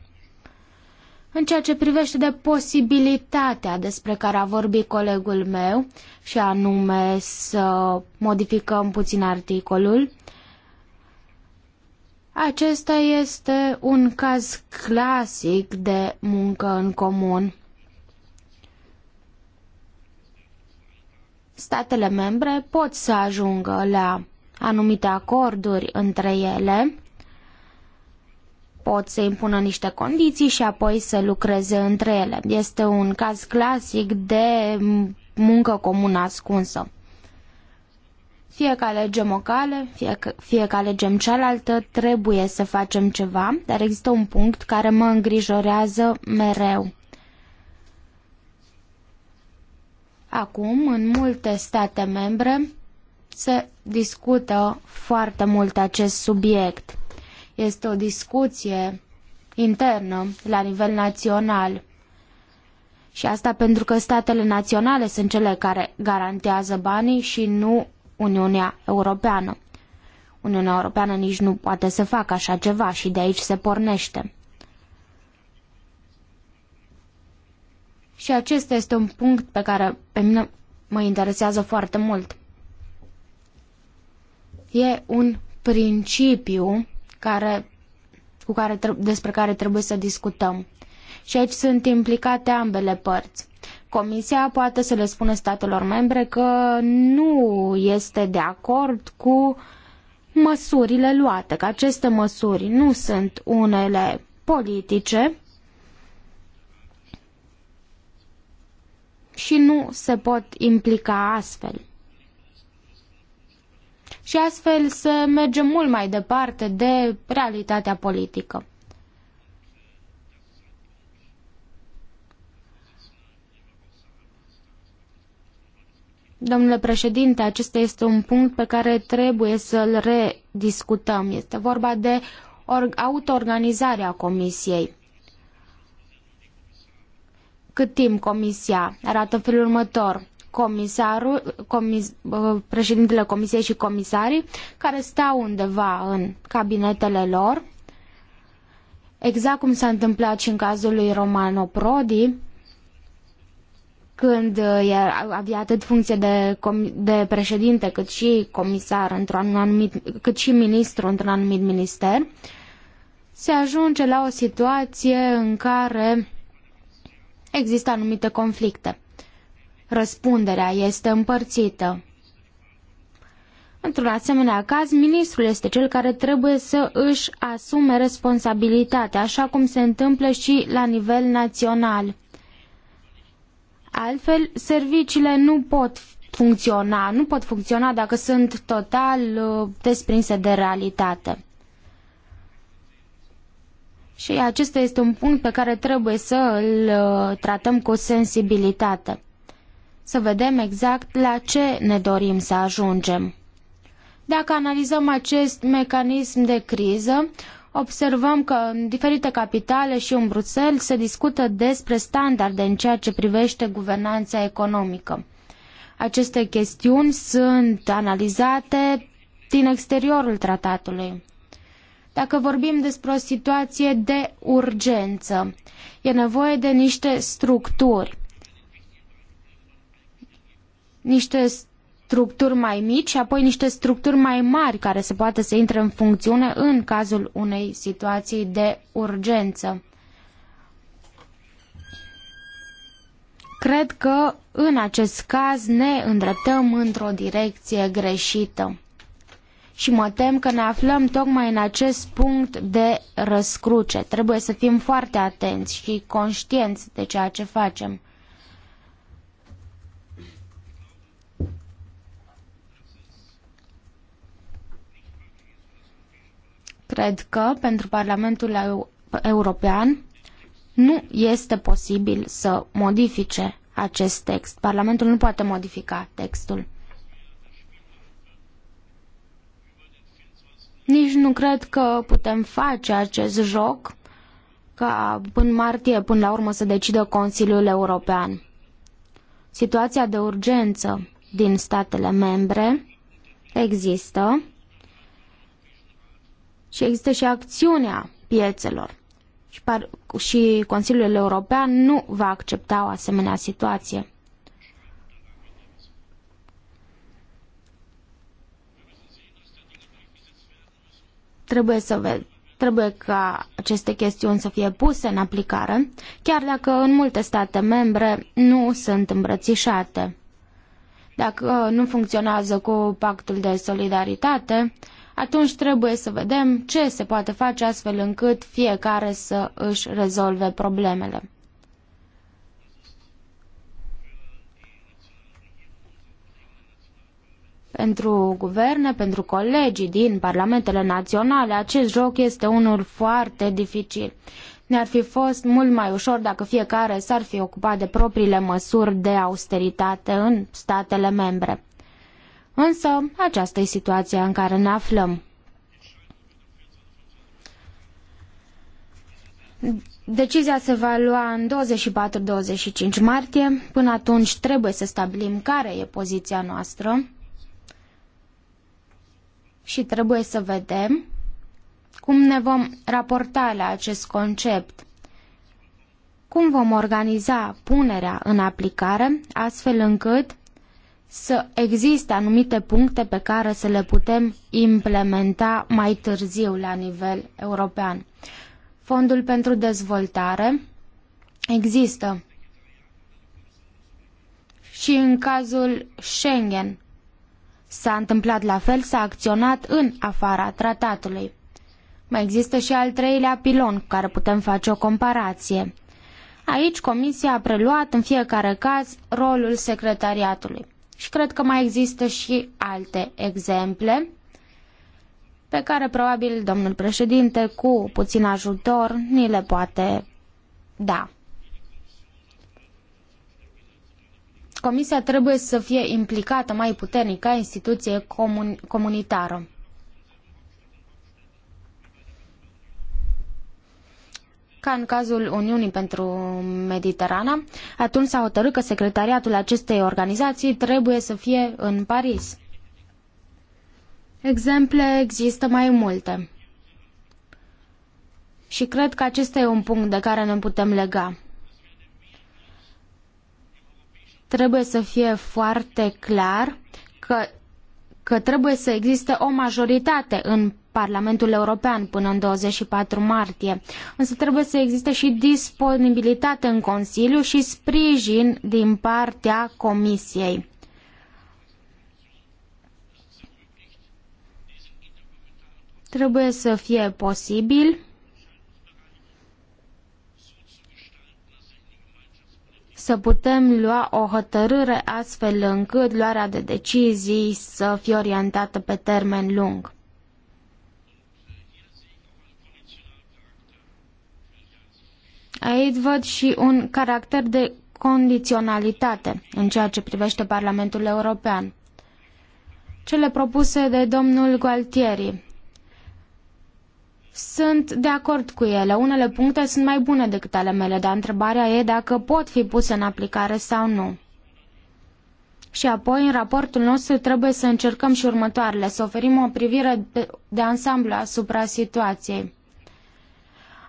În ceea ce privește de posibilitatea despre care a vorbit colegul meu, și anume să modificăm puțin articolul, acesta este un caz clasic de muncă în comun. statele membre pot să ajungă la anumite acorduri între ele, pot să impună niște condiții și apoi să lucreze între ele. Este un caz clasic de muncă comună ascunsă. Fie că alegem o cale, fie că, fie că alegem cealaltă, trebuie să facem ceva, dar există un punct care mă îngrijorează mereu. Acum, în multe state membre, se discută foarte mult acest subiect. Este o discuție internă la nivel național. Și asta pentru că statele naționale sunt cele care garantează banii și nu Uniunea Europeană. Uniunea Europeană nici nu poate să facă așa ceva și de aici se pornește. Și acesta este un punct pe care pe mine mă interesează foarte mult. E un principiu care, cu care, despre care trebuie să discutăm. Și aici sunt implicate ambele părți. Comisia poate să le spună statelor membre că nu este de acord cu măsurile luate, că aceste măsuri nu sunt unele politice, și nu se pot implica astfel. Și astfel se merge mult mai departe de realitatea politică. Domnule președinte, acesta este un punct pe care trebuie să-l rediscutăm. Este vorba de autoorganizarea comisiei cât timp Comisia arată felul următor. Comisarul, comis, uh, președintele Comisiei și comisarii care stau undeva în cabinetele lor, exact cum s-a întâmplat și în cazul lui Romano Prodi, când uh, avea atât funcție de, de președinte cât și comisar într-un anumit, cât și ministru într-un anumit minister, se ajunge la o situație în care Există anumite conflicte. Răspunderea este împărțită. Într-un asemenea caz, ministrul este cel care trebuie să își asume responsabilitatea, așa cum se întâmplă și la nivel național. Altfel, serviciile nu pot funcționa, nu pot funcționa dacă sunt total uh, desprinse de realitate. Și acesta este un punct pe care trebuie să îl uh, tratăm cu sensibilitate. Să vedem exact la ce ne dorim să ajungem. Dacă analizăm acest mecanism de criză, observăm că în diferite capitale și în Bruxelles se discută despre standarde în ceea ce privește guvernanța economică. Aceste chestiuni sunt analizate din exteriorul tratatului dacă vorbim despre o situație de urgență. E nevoie de niște structuri, niște structuri mai mici și apoi niște structuri mai mari care se poate să intre în funcțiune în cazul unei situații de urgență. Cred că în acest caz ne îndreptăm într-o direcție greșită și mă tem că ne aflăm tocmai în acest punct de răscruce. Trebuie să fim foarte atenți și conștienți de ceea ce facem. Cred că pentru Parlamentul European nu este posibil să modifice acest text. Parlamentul nu poate modifica textul. Nici nu cred că putem face acest joc ca în martie până la urmă să decidă Consiliul European. Situația de urgență din statele membre există și există și acțiunea piețelor. Și, par, și Consiliul European nu va accepta o asemenea situație. Trebuie să vezi trebuie ca aceste chestiuni să fie puse în aplicare, chiar dacă în multe state membre nu sunt îmbrățișate. Dacă uh, nu funcționează cu pactul de solidaritate, atunci trebuie să vedem ce se poate face astfel încât fiecare să își rezolve problemele. Pentru guverne, pentru colegii din parlamentele naționale, acest joc este unul foarte dificil. Ne-ar fi fost mult mai ușor dacă fiecare s-ar fi ocupat de propriile măsuri de austeritate în statele membre. Însă, aceasta e situația în care ne aflăm. Decizia se va lua în 24-25 martie. Până atunci trebuie să stabilim care e poziția noastră și trebuie să vedem cum ne vom raporta la acest concept, cum vom organiza punerea în aplicare astfel încât să existe anumite puncte pe care să le putem implementa mai târziu la nivel european. Fondul pentru dezvoltare există și în cazul Schengen S-a întâmplat la fel, s-a acționat în afara tratatului. Mai există și al treilea pilon cu care putem face o comparație. Aici Comisia a preluat în fiecare caz rolul secretariatului. Și cred că mai există și alte exemple pe care probabil domnul președinte cu puțin ajutor ni le poate da. Comisia trebuie să fie implicată mai puternic ca instituție comun comunitară. ca în cazul Uniunii pentru Mediterana, atunci s-a hotărât că secretariatul acestei organizații trebuie să fie în Paris. Exemple există mai multe. Și cred că acesta e un punct de care ne putem lega trebuie să fie foarte clar că, că trebuie să existe o majoritate în Parlamentul European până în 24 martie. Însă trebuie să existe și disponibilitate în Consiliu și sprijin din partea Comisiei. Trebuie să fie posibil să putem lua o hotărâre astfel încât luarea de decizii să fie orientată pe termen lung. Aici văd și un caracter de condiționalitate în ceea ce privește Parlamentul European. Cele propuse de domnul Gualtieri sunt de acord cu ele. Unele puncte sunt mai bune decât ale mele, dar întrebarea e dacă pot fi puse în aplicare sau nu. Și apoi, în raportul nostru, trebuie să încercăm și următoarele, să oferim o privire de, de ansamblu asupra situației.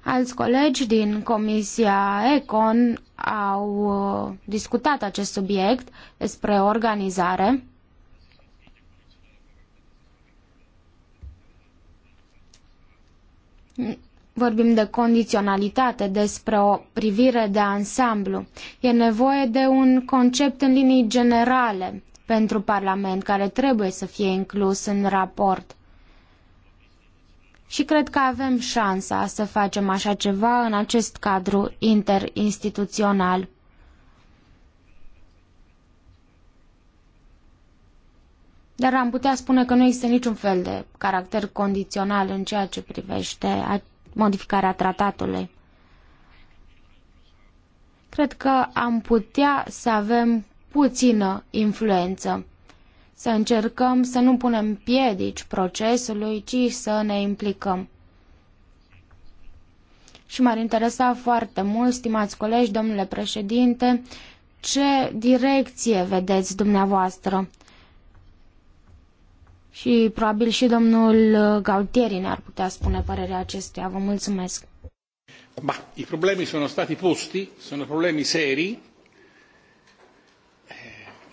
Alți colegi din Comisia Econ au uh, discutat acest subiect despre organizare vorbim de condiționalitate, despre o privire de ansamblu. E nevoie de un concept în linii generale pentru Parlament, care trebuie să fie inclus în raport. Și cred că avem șansa să facem așa ceva în acest cadru interinstituțional. Dar am putea spune că nu există niciun fel de caracter condițional în ceea ce privește modificarea tratatului. Cred că am putea să avem puțină influență să încercăm să nu punem piedici procesului, ci să ne implicăm. Și m-ar interesa foarte mult, stimați colegi, domnule președinte, ce direcție vedeți dumneavoastră? Și probabil și domnul uh, Gautieri ne-ar putea spune părerea acestuia. Vă mulțumesc. Ba, i problemi sono stati posti, sono problemi seri eh,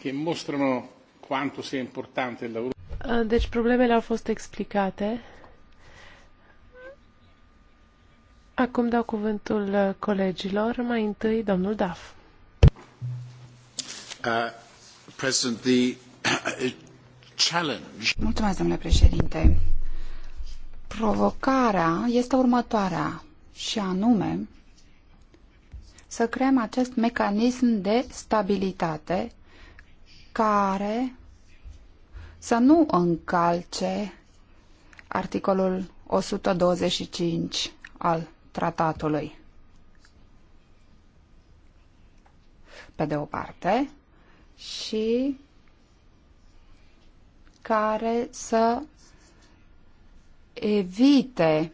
che mostrano quanto sia importante il lavoro. Eh, deci problemele au fost explicate. Acum dau cuvântul eh, colegilor. Mai întâi, domnul Daf. Uh, President, the Mulțumesc, domnule președinte. Provocarea este următoarea și anume să creăm acest mecanism de stabilitate care să nu încalce articolul 125 al tratatului. Pe de o parte și care să evite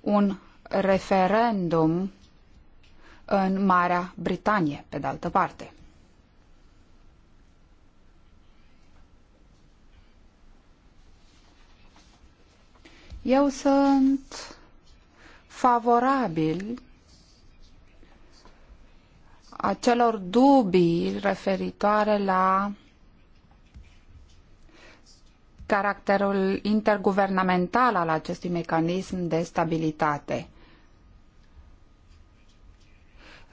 un referendum în Marea Britanie, pe de altă parte. Eu sunt favorabil acelor dubii referitoare la caracterul interguvernamental al acestui mecanism de stabilitate.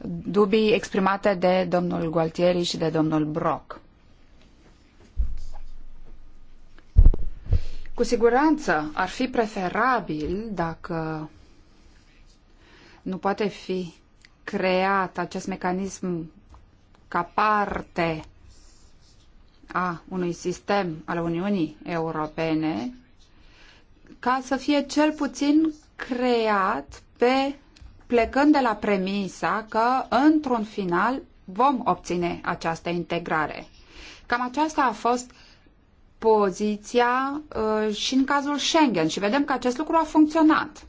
Dubii exprimate de domnul Gualtieri și de domnul Brock. Cu siguranță ar fi preferabil dacă nu poate fi creat acest mecanism ca parte a unui sistem al Uniunii Europene ca să fie cel puțin creat pe plecând de la premisa că într-un final vom obține această integrare. Cam aceasta a fost poziția uh, și în cazul Schengen și vedem că acest lucru a funcționat.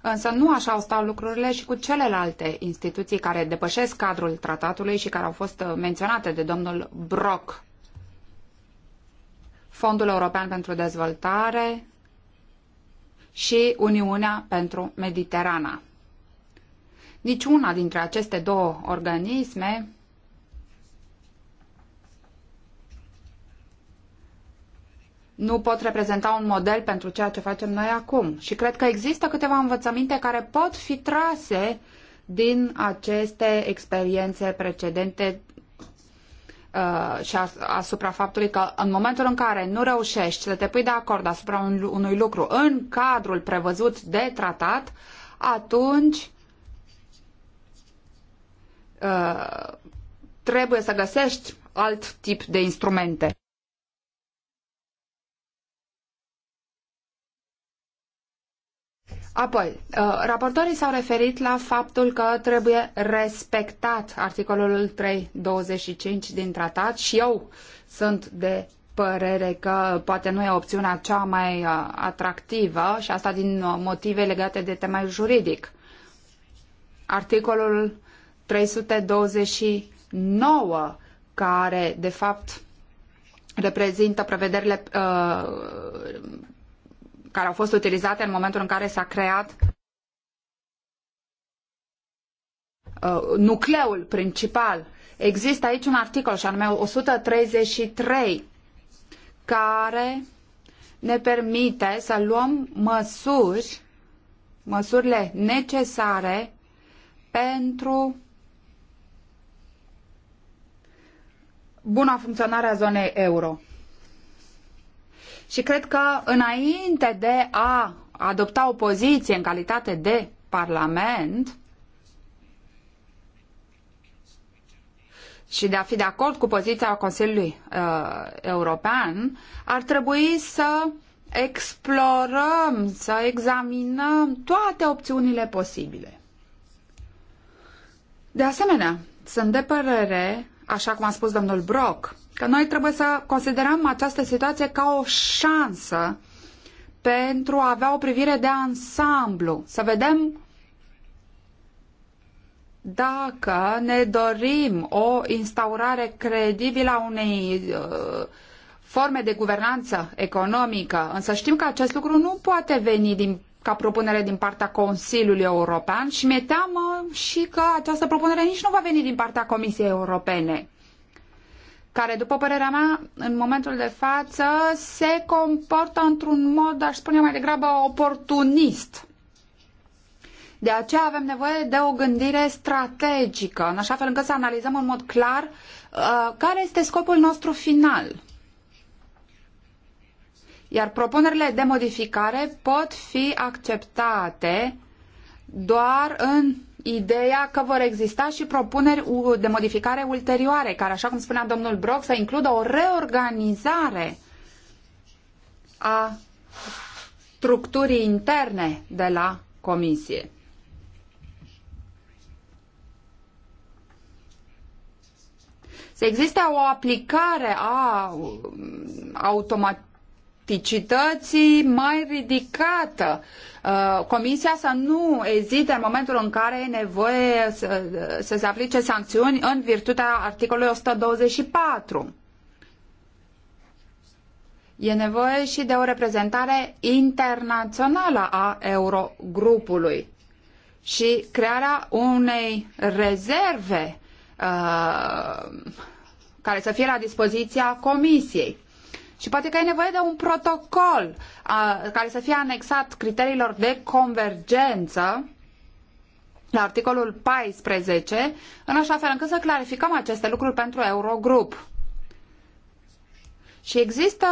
Însă nu așa au stat lucrurile și cu celelalte instituții care depășesc cadrul tratatului și care au fost uh, menționate de domnul Brock. Fondul European pentru Dezvoltare și Uniunea pentru Mediterana. Niciuna dintre aceste două organisme nu pot reprezenta un model pentru ceea ce facem noi acum. Și cred că există câteva învățăminte care pot fi trase din aceste experiențe precedente uh, și asupra faptului că în momentul în care nu reușești să te pui de acord asupra un, unui lucru în cadrul prevăzut de tratat, atunci uh, trebuie să găsești alt tip de instrumente. Apoi, uh, raportorii s-au referit la faptul că trebuie respectat articolul 325 din tratat și eu sunt de părere că poate nu e opțiunea cea mai uh, atractivă și asta din uh, motive legate de temei juridic. Articolul 329 care de fapt reprezintă prevederile uh, care au fost utilizate în momentul în care s-a creat uh, nucleul principal. Există aici un articol, și anume 133, care ne permite să luăm măsuri, măsurile necesare pentru buna funcționare a zonei euro. Și cred că înainte de a adopta o poziție în calitate de Parlament și de a fi de acord cu poziția Consiliului uh, European, ar trebui să explorăm, să examinăm toate opțiunile posibile. De asemenea, sunt de părere, așa cum a spus domnul Brock, că noi trebuie să considerăm această situație ca o șansă pentru a avea o privire de ansamblu, să vedem dacă ne dorim o instaurare credibilă a unei uh, forme de guvernanță economică, însă știm că acest lucru nu poate veni din, ca propunere din partea Consiliului European și mi-e teamă și că această propunere nici nu va veni din partea Comisiei Europene care, după părerea mea, în momentul de față se comportă într-un mod, aș spune mai degrabă, oportunist. De aceea avem nevoie de o gândire strategică, în așa fel încât să analizăm în mod clar uh, care este scopul nostru final. Iar propunerile de modificare pot fi acceptate doar în ideea că vor exista și propuneri de modificare ulterioare, care, așa cum spunea domnul Brock, să includă o reorganizare a structurii interne de la Comisie. Să existe o aplicare a um, automat elasticității mai ridicată. Uh, Comisia să nu ezite în momentul în care e nevoie să, să se aplice sancțiuni în virtutea articolului 124. E nevoie și de o reprezentare internațională a Eurogrupului și crearea unei rezerve uh, care să fie la dispoziția Comisiei. Și poate că e nevoie de un protocol a, care să fie anexat criteriilor de convergență la articolul 14, în așa fel încât să clarificăm aceste lucruri pentru Eurogrup. Și există,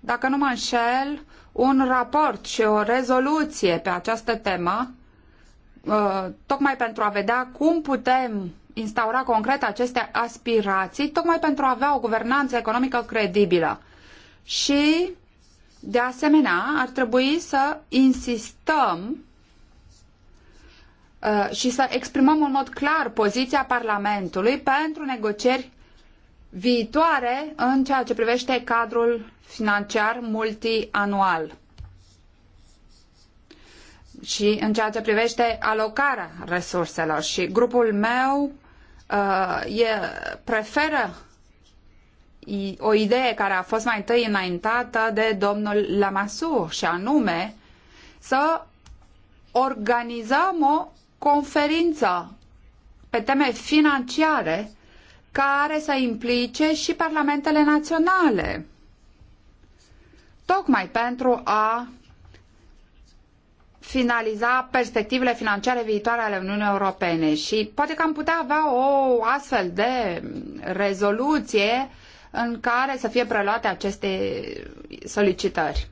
dacă nu mă înșel, un raport și o rezoluție pe această temă, ă, tocmai pentru a vedea cum putem instaura concret aceste aspirații, tocmai pentru a avea o guvernanță economică credibilă și, de asemenea, ar trebui să insistăm uh, și să exprimăm în mod clar poziția Parlamentului pentru negocieri viitoare în ceea ce privește cadrul financiar multianual și în ceea ce privește alocarea resurselor. Și grupul meu uh, e, preferă o idee care a fost mai întâi înaintată de domnul Lamassoure și anume să organizăm o conferință pe teme financiare care să implice și parlamentele naționale, tocmai pentru a finaliza perspectivele financiare viitoare ale Uniunii Europene și poate că am putea avea o astfel de rezoluție în care să fie preluate aceste solicitări.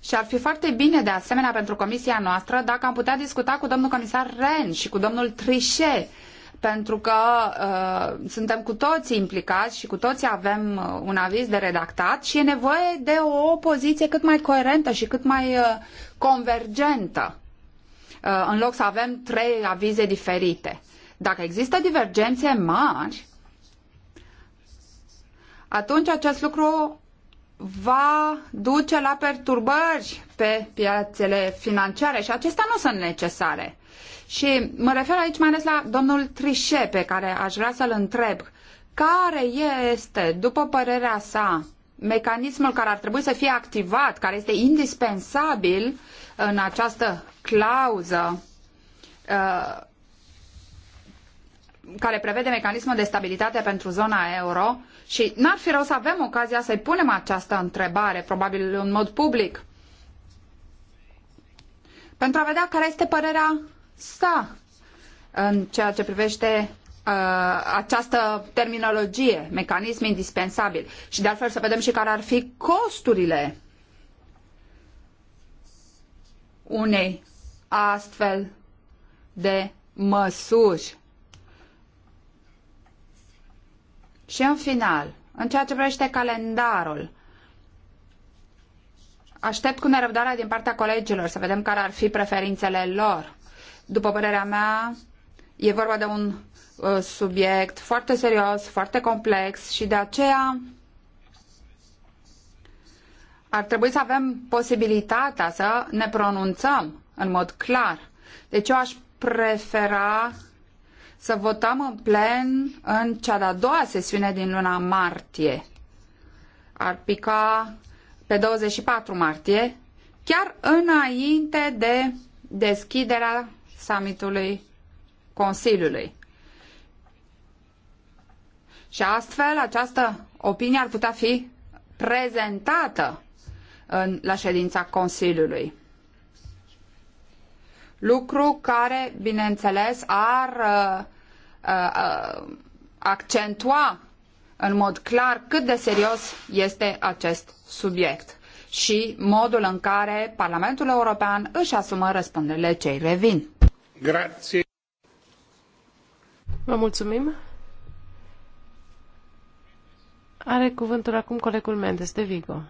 Și ar fi foarte bine, de asemenea, pentru comisia noastră, dacă am putea discuta cu domnul comisar Ren și cu domnul Trichet, pentru că uh, suntem cu toții implicați și cu toții avem uh, un aviz de redactat și e nevoie de o poziție cât mai coerentă și cât mai uh, convergentă, uh, în loc să avem trei avize diferite. Dacă există divergențe mari, atunci acest lucru va duce la perturbări pe piațele financiare și acestea nu sunt necesare. Și mă refer aici mai ales la domnul Trichet, pe care aș vrea să-l întreb, care este, după părerea sa, mecanismul care ar trebui să fie activat, care este indispensabil în această clauză uh, care prevede mecanismul de stabilitate pentru zona euro, și n-ar fi rău să avem ocazia să-i punem această întrebare, probabil în mod public, pentru a vedea care este părerea sa în ceea ce privește uh, această terminologie, mecanism indispensabil. Și de altfel să vedem și care ar fi costurile unei astfel de măsuri. Și în final, în ceea ce privește calendarul, aștept cu nerăbdare din partea colegilor să vedem care ar fi preferințele lor. După părerea mea, e vorba de un uh, subiect foarte serios, foarte complex și de aceea ar trebui să avem posibilitatea să ne pronunțăm în mod clar. Deci eu aș prefera să votăm în plen în cea de-a doua sesiune din luna martie. Ar pica pe 24 martie, chiar înainte de deschiderea summitului Consiliului. Și astfel această opinie ar putea fi prezentată în, la ședința Consiliului lucru care, bineînțeles, ar uh, uh, uh, accentua în mod clar cât de serios este acest subiect și modul în care Parlamentul European își asumă răspunderile cei revin. Vă mulțumim. Are cuvântul acum colegul Mendes de Vigo.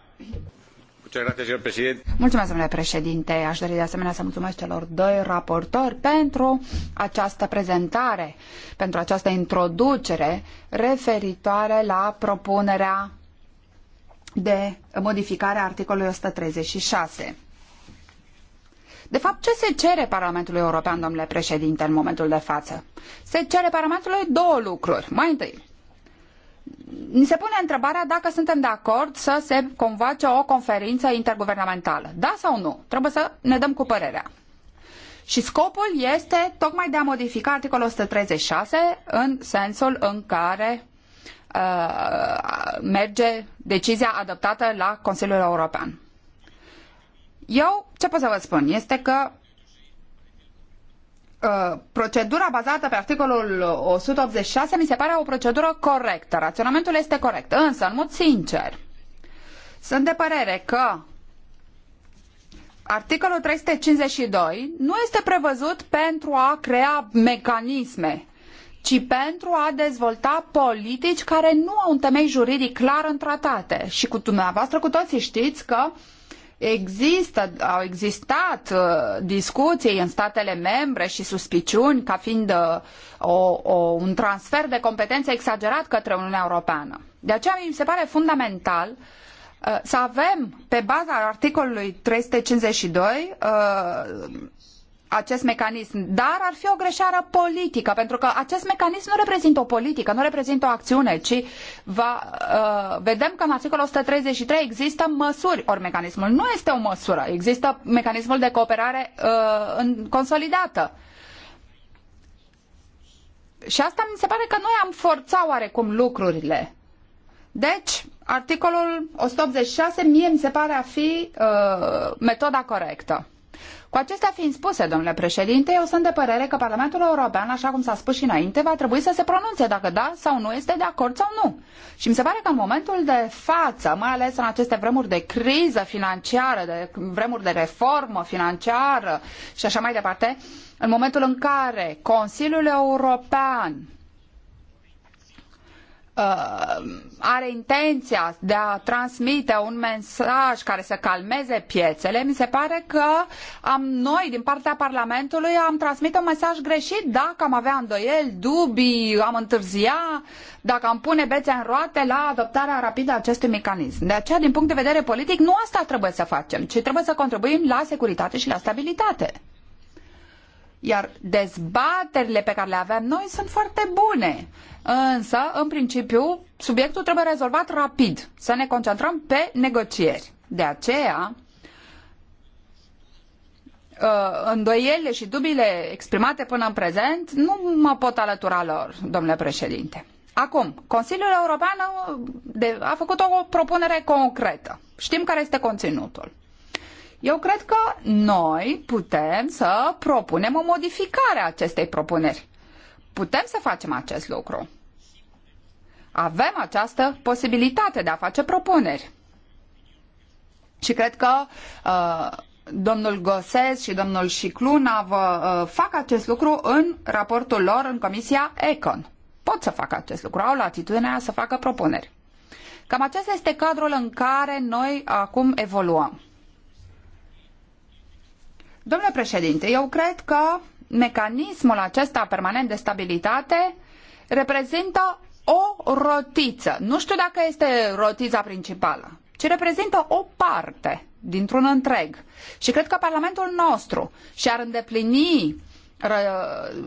Mulțumesc, domnule președinte. Aș dori de asemenea să mulțumesc celor doi raportori pentru această prezentare, pentru această introducere referitoare la propunerea de modificare a articolului 136. De fapt, ce se cere Parlamentului European, domnule președinte, în momentul de față? Se cere Parlamentului două lucruri. Mai întâi, ni se pune întrebarea dacă suntem de acord să se convoace o conferință interguvernamentală. Da sau nu? Trebuie să ne dăm cu părerea. Și scopul este tocmai de a modifica articolul 136 în sensul în care uh, merge decizia adoptată la Consiliul European. Eu, ce pot să vă spun, este că Uh, procedura bazată pe articolul 186 mi se pare o procedură corectă. Raționamentul este corect. Însă, în mod sincer, sunt de părere că articolul 352 nu este prevăzut pentru a crea mecanisme ci pentru a dezvolta politici care nu au un temei juridic clar în tratate. Și cu dumneavoastră cu toții știți că uh, Există, au existat uh, discuții în statele membre și suspiciuni ca fiind uh, o, o, un transfer de competențe exagerat către Uniunea Europeană. De aceea mi se pare fundamental uh, să avem, pe baza articolului 352, acest mecanism, dar ar fi o greșeală politică, pentru că acest mecanism nu reprezintă o politică, nu reprezintă o acțiune, ci va, uh, vedem că în articolul 133 există măsuri, ori mecanismul nu este o măsură, există mecanismul de cooperare uh, în, consolidată. Și asta mi se pare că noi am forțat oarecum lucrurile. Deci, articolul 186 mie mi se pare a fi uh, metoda corectă. Cu acestea fiind spuse, domnule președinte, eu sunt de părere că Parlamentul European, așa cum s-a spus și înainte, va trebui să se pronunțe dacă da sau nu este de acord sau nu. Și mi se pare că în momentul de față, mai ales în aceste vremuri de criză financiară, de vremuri de reformă financiară și așa mai departe, în momentul în care Consiliul European Uh, are intenția de a transmite un mesaj care să calmeze piețele, mi se pare că am, noi, din partea Parlamentului, am transmit un mesaj greșit dacă am avea îndoieli, dubii, am întârzia, dacă am pune bețe în roate la adoptarea rapidă a acestui mecanism. De aceea, din punct de vedere politic, nu asta trebuie să facem, ci trebuie să contribuim la securitate și la stabilitate. Iar dezbaterile pe care le avem noi sunt foarte bune. Însă, în principiu, subiectul trebuie rezolvat rapid. Să ne concentrăm pe negocieri. De aceea, uh, îndoielile și dubiile exprimate până în prezent nu mă pot alătura lor, domnule președinte. Acum, Consiliul European a făcut o propunere concretă. Știm care este conținutul. Eu cred că noi putem să propunem o modificare a acestei propuneri. Putem să facem acest lucru. Avem această posibilitate de a face propuneri. Și cred că uh, domnul Gosez și domnul Șicluna vă uh, fac acest lucru în raportul lor în Comisia Econ. Pot să facă acest lucru, au latitudinea să facă propuneri. Cam acesta este cadrul în care noi acum evoluăm. Domnule președinte, eu cred că mecanismul acesta permanent de stabilitate reprezintă o rotiță. Nu știu dacă este rotița principală, ci reprezintă o parte dintr-un întreg. Și cred că Parlamentul nostru și-ar îndeplini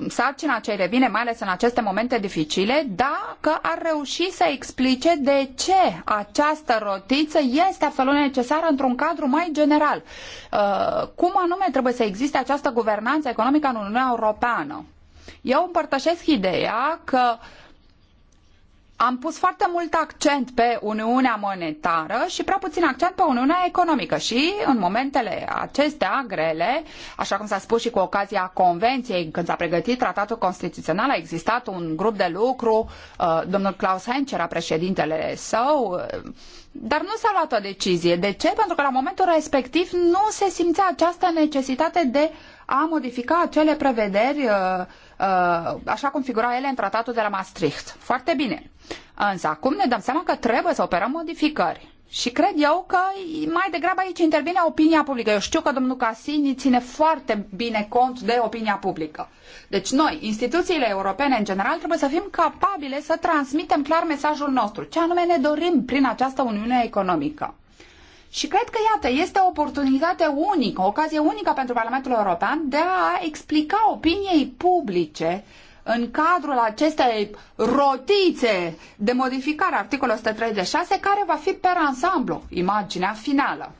sarcina ce revine, mai ales în aceste momente dificile, dacă ar reuși să explice de ce această rotiță este absolut necesară într-un cadru mai general. Uh, cum anume trebuie să existe această guvernanță economică în Uniunea Europeană? Eu împărtășesc ideea că uh, am pus foarte mult accent pe Uniunea Monetară și prea puțin accent pe Uniunea Economică și în momentele acestea grele, așa cum s-a spus și cu ocazia convenției, când s-a pregătit tratatul constituțional, a existat un grup de lucru, uh, domnul Klaus Hench era președintele său, uh, dar nu s-a luat o decizie. De ce? Pentru că la momentul respectiv nu se simțea această necesitate de a modifica acele prevederi uh, așa cum figura ele în tratatul de la Maastricht. Foarte bine. Însă acum ne dăm seama că trebuie să operăm modificări. Și cred eu că mai degrabă aici intervine opinia publică. Eu știu că domnul Casini ține foarte bine cont de opinia publică. Deci noi, instituțiile europene în general, trebuie să fim capabile să transmitem clar mesajul nostru, ce anume ne dorim prin această Uniune Economică. Și cred că, iată, este o oportunitate unică, o ocazie unică pentru Parlamentul European de a explica opiniei publice în cadrul acestei rotițe de modificare a articolului 136, care va fi per ansamblu imaginea finală.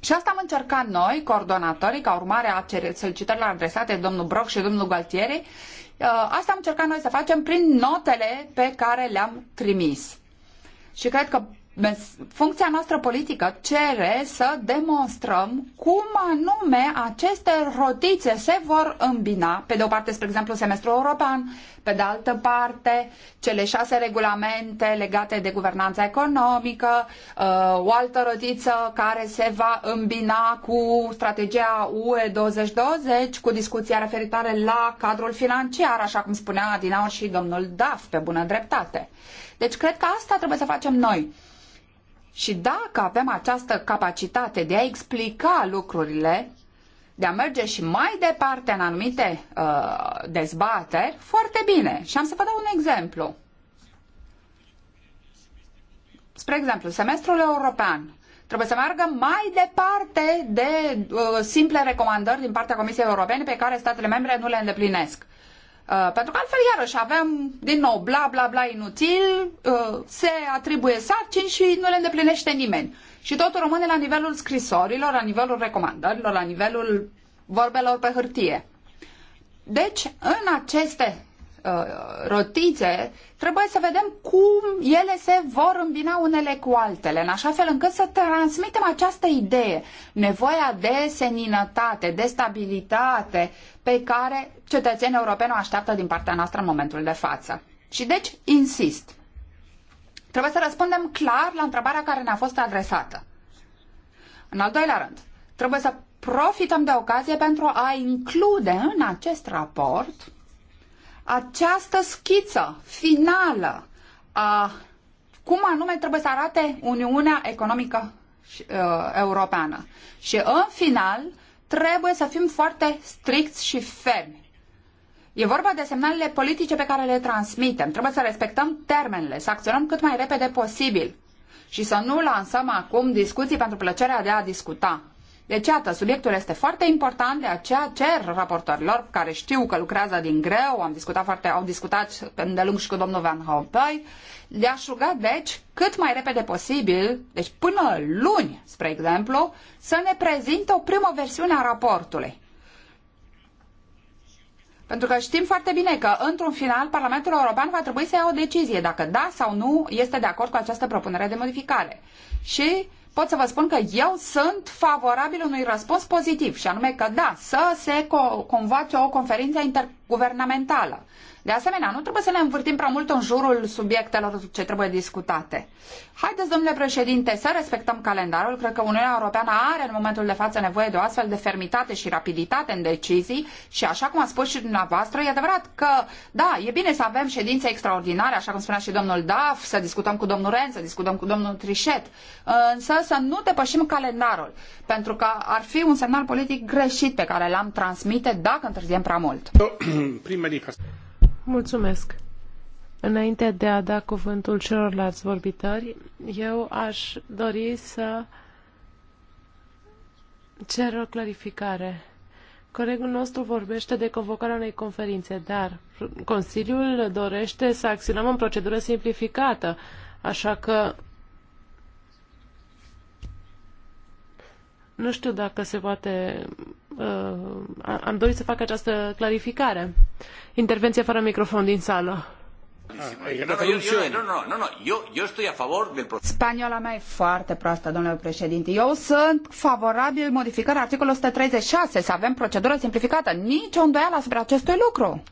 Și asta am încercat noi, coordonatorii, ca urmare a solicitărilor adresate domnul Broc și domnul Galtieri, uh, asta am încercat noi să facem prin notele pe care le-am trimis. Și cred că funcția noastră politică cere să demonstrăm cum anume aceste rotițe se vor îmbina, pe de o parte, spre exemplu, semestrul european, pe de altă parte, cele șase regulamente legate de guvernanța economică, uh, o altă rotiță care se va îmbina cu strategia UE 2020, cu discuția referitoare la cadrul financiar, așa cum spunea Adinaur și domnul Daf, pe bună dreptate. Deci cred că asta trebuie să facem noi și dacă avem această capacitate de a explica lucrurile, de a merge și mai departe în anumite uh, dezbateri, foarte bine. Și am să vă dau un exemplu. Spre exemplu, semestrul european trebuie să meargă mai departe de uh, simple recomandări din partea Comisiei Europene pe care statele membre nu le îndeplinesc. Uh, pentru că altfel, iarăși, avem din nou bla bla bla inutil, uh, se atribuie sarcini și nu le îndeplinește nimeni. Și totul rămâne la nivelul scrisorilor, la nivelul recomandărilor, la nivelul vorbelor pe hârtie. Deci, în aceste Uh, rotițe, trebuie să vedem cum ele se vor îmbina unele cu altele, în așa fel încât să transmitem această idee, nevoia de seninătate, de stabilitate pe care cetățenii europeni o așteaptă din partea noastră în momentul de față. Și deci, insist, trebuie să răspundem clar la întrebarea care ne-a fost adresată. În al doilea rând, trebuie să profităm de ocazie pentru a include în acest raport această schiță finală a cum anume trebuie să arate Uniunea Economică uh, Europeană. Și în final trebuie să fim foarte stricți și fermi. E vorba de semnalele politice pe care le transmitem. Trebuie să respectăm termenele, să acționăm cât mai repede posibil și să nu lansăm acum discuții pentru plăcerea de a discuta. Deci, iată, subiectul este foarte important, de aceea cer raportorilor care știu că lucrează din greu, am discutat foarte, au discutat îndelung și cu domnul Van Rompuy, le a ruga, deci, cât mai repede posibil, deci până luni, spre exemplu, să ne prezinte o primă versiune a raportului. Pentru că știm foarte bine că, într-un final, Parlamentul European va trebui să ia o decizie dacă da sau nu este de acord cu această propunere de modificare. Și pot să vă spun că eu sunt favorabil unui răspuns pozitiv și anume că da, să se convoace o conferință interguvernamentală de asemenea, nu trebuie să ne învârtim prea mult în jurul subiectelor ce trebuie discutate. Haideți, domnule președinte, să respectăm calendarul. Cred că Uniunea Europeană are în momentul de față nevoie de o astfel de fermitate și rapiditate în decizii și așa cum a spus și dumneavoastră, e adevărat că, da, e bine să avem ședințe extraordinare, așa cum spunea și domnul Daf, să discutăm cu domnul Ren, să discutăm cu domnul Trișet, însă să nu depășim calendarul, pentru că ar fi un semnal politic greșit pe care l-am transmite dacă întârziem prea mult. Mulțumesc. Înainte de a da cuvântul celorlalți vorbitori, eu aș dori să cer o clarificare. Colegul nostru vorbește de convocarea unei conferințe, dar Consiliul dorește să acționăm în procedură simplificată, așa că Nu știu dacă se poate... Uh, am dorit să fac această clarificare. Intervenție fără microfon din sală. Spaniola mea e foarte proastă, domnule președinte. Eu sunt favorabil modificării articolului 136, să avem procedură simplificată. Nici o îndoială asupra acestui lucru.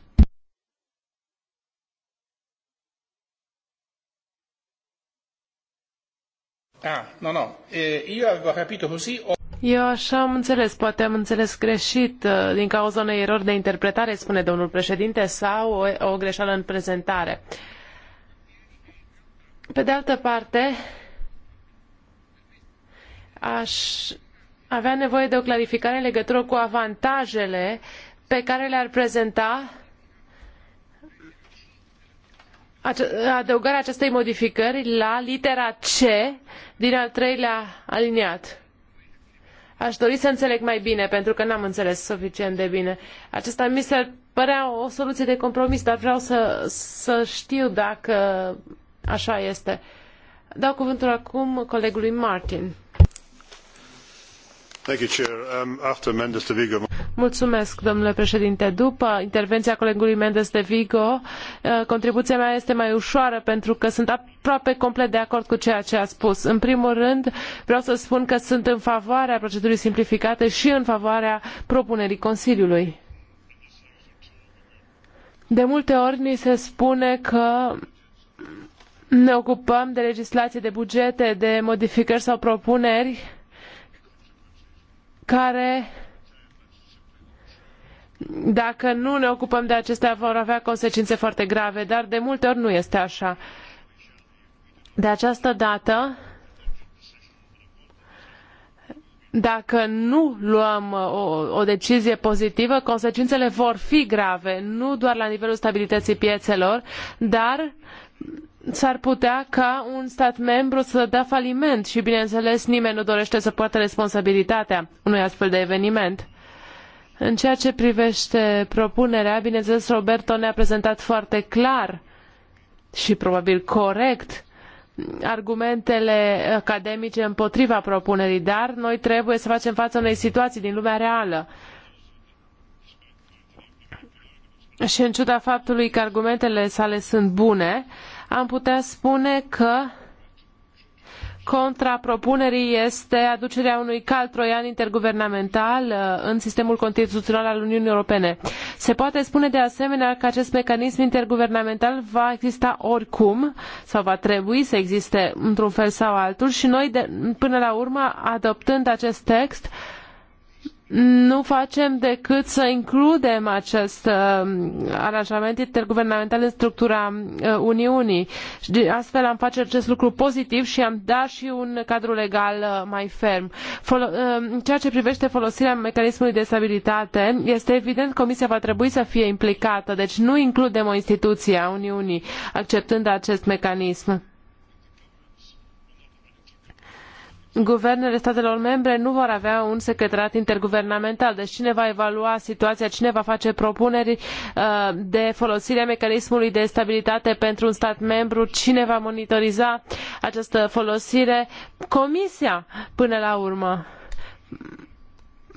Ah, no, no. Eh, io avevo capito così. O... Eu așa am înțeles, poate am înțeles greșit uh, din cauza unei erori de interpretare, spune domnul președinte, sau o, o greșeală în prezentare. Pe de altă parte, aș avea nevoie de o clarificare în legătură cu avantajele pe care le-ar prezenta adăugarea acestei modificări la litera C din al treilea aliniat. Aș dori să înțeleg mai bine, pentru că n-am înțeles suficient de bine. Acesta mi se părea o soluție de compromis, dar vreau să, să știu dacă așa este. Dau cuvântul acum colegului Martin. Um, Mulțumesc, domnule președinte. După intervenția colegului Mendes de Vigo, uh, contribuția mea este mai ușoară pentru că sunt aproape complet de acord cu ceea ce a spus. În primul rând, vreau să spun că sunt în favoarea procedurii simplificate și în favoarea propunerii Consiliului. De multe ori ni se spune că ne ocupăm de legislație, de bugete, de modificări sau propuneri care dacă nu ne ocupăm de acestea vor avea consecințe foarte grave, dar de multe ori nu este așa. De această dată, dacă nu luăm uh, o, o, decizie pozitivă, consecințele vor fi grave, nu doar la nivelul stabilității piețelor, dar s-ar putea ca un stat membru să dea faliment și, bineînțeles, nimeni nu dorește să poată responsabilitatea unui astfel de eveniment. În ceea ce privește propunerea, bineînțeles, Roberto ne-a prezentat foarte clar și probabil corect argumentele academice împotriva propunerii, dar noi trebuie să facem față unei situații din lumea reală. Și în ciuda faptului că argumentele sale sunt bune, am putea spune că contra propunerii este aducerea unui cal troian interguvernamental uh, în sistemul constituțional al Uniunii Europene. Se poate spune de asemenea că acest mecanism interguvernamental va exista oricum sau va trebui să existe într-un fel sau altul și noi, de, până la urmă, adoptând acest text, uh, nu facem decât să includem acest uh, aranjament interguvernamental în structura uh, Uniunii. Și astfel am face acest lucru pozitiv și am da și un cadru legal uh, mai ferm. Folo- um, în ceea ce privește folosirea mecanismului de stabilitate, este evident că Comisia va trebui să fie implicată, deci nu includem o instituție a Uniunii acceptând acest mecanism guvernele statelor membre nu vor avea un secretariat interguvernamental deci cine va evalua situaia cine va face propuneri uh, de folosire a mecanismului de stabilitate pentru un stat membru cine va monitoriza această folosire comisia până la urmă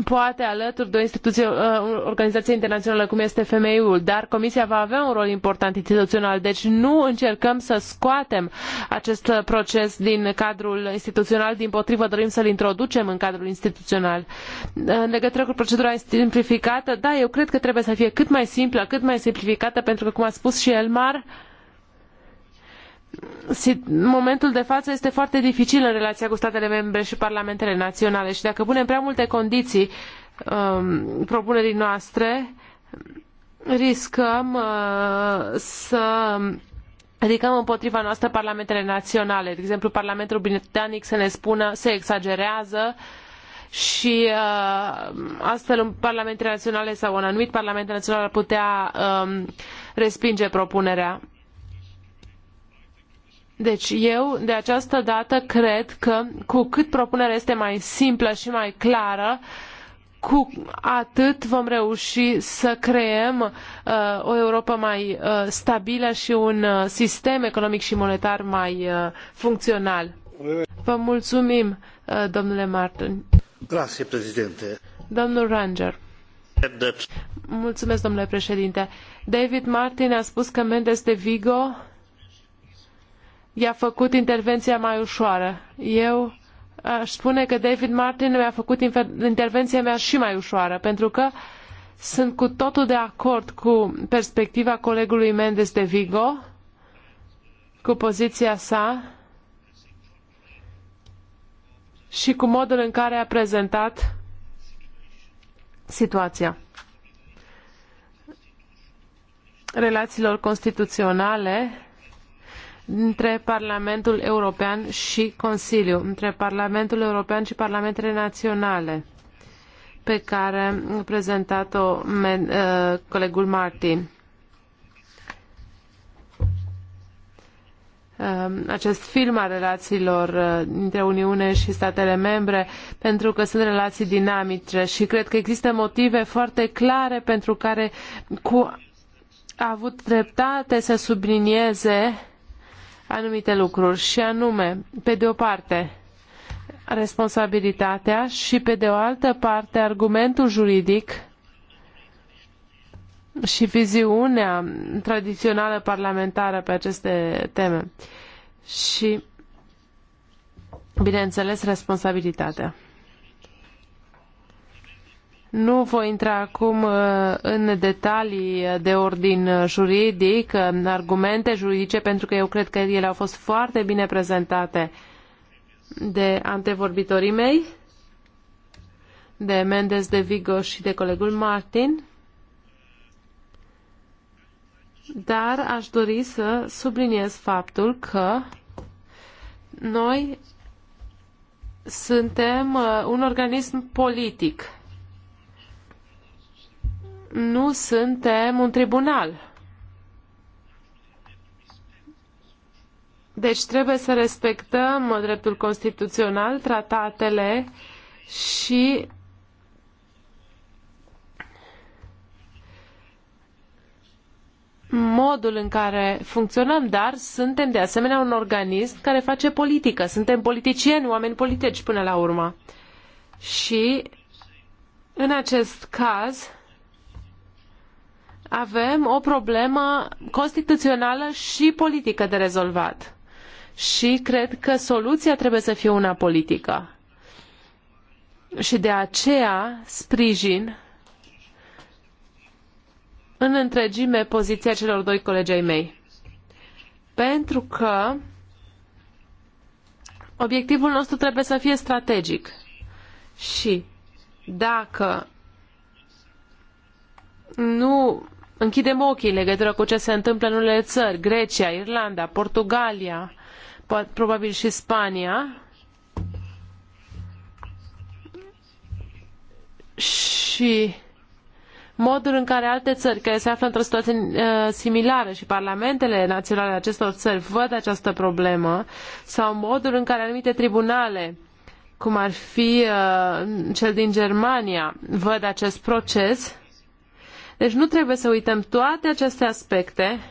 poate alături de o instituție, uh, o organizație internațională cum este FMI-ul, dar Comisia va avea un rol important instituțional, deci nu încercăm să scoatem acest proces din cadrul instituțional, din potrivă dorim să-l introducem în cadrul instituțional. În legătură cu procedura simplificată, da, eu cred că trebuie să fie cât mai simplă, cât mai simplificată, pentru că, cum a spus și Elmar, uh, momentul de față este foarte dificil în relația cu statele membre și parlamentele naționale și dacă punem prea multe condiții um, propunerii noastre, riscăm uh, să ridicăm împotriva noastră parlamentele naționale. De exemplu, Parlamentul Britanic să ne spună se exagerează și uh, astfel un parlament național sau un anumit parlament național ar putea um, respinge propunerea. Deci eu de această dată cred că cu cât propunerea este mai simplă și mai clară, cu atât vom reuși să creăm uh, o Europa mai uh, stabilă și un uh, sistem economic și monetar mai uh, funcțional. Vă mulțumim, uh, domnule Martin. Grazie, președinte. Domnul Ranger. Mulțumesc, domnule președinte. David Martin a spus că Mendes de Vigo i-a făcut intervenția mai ușoară. Eu aș spune că David Martin mi-a făcut intervenția mea și mai ușoară, pentru că sunt cu totul de acord cu perspectiva colegului Mendes de Vigo, cu poziția sa și cu modul în care a prezentat situația relațiilor constituționale între Parlamentul European și Consiliu, între Parlamentul European și Parlamentele Naționale, pe care a prezentat-o uh, colegul Martin. Um, acest film a relațiilor uh, dintre Uniune și statele membre, pentru că sunt relații dinamice și cred că există motive foarte clare pentru care cu a avut dreptate să sublinieze anumite lucruri și anume, pe de o parte, responsabilitatea și pe de o altă parte argumentul juridic și viziunea tradițională parlamentară pe aceste teme. Și, bineînțeles, responsabilitatea. Nu voi intra acum uh, în detalii de ordin juridic, în uh, argumente juridice, pentru că eu cred că ele au fost foarte bine prezentate de antevorbitorii mei, de Mendes de Vigo și de colegul Martin. Dar aș dori să subliniez faptul că noi suntem uh, un organism politic nu suntem un tribunal. Deci trebuie să respectăm dreptul constituțional, tratatele și modul în care funcționăm, dar suntem de asemenea un organism care face politică. Suntem politicieni, oameni politici până la urmă. Și în acest caz, avem o problemă constituțională și politică de rezolvat. Și cred că soluția trebuie să fie una politică. Și de aceea sprijin în întregime poziția celor doi colegi ai mei. Pentru că obiectivul nostru trebuie să fie strategic. Și dacă nu închidem ochii în legătură cu ce se întâmplă în unele țări, Grecia, Irlanda, Portugalia, probabil și Spania. Și modul în care alte țări care se află într-o situație uh, similară și parlamentele naționale acestor țări văd această problemă sau modul în care anumite tribunale cum ar fi uh, cel din Germania, văd acest proces, deci nu trebuie să uităm toate aceste aspecte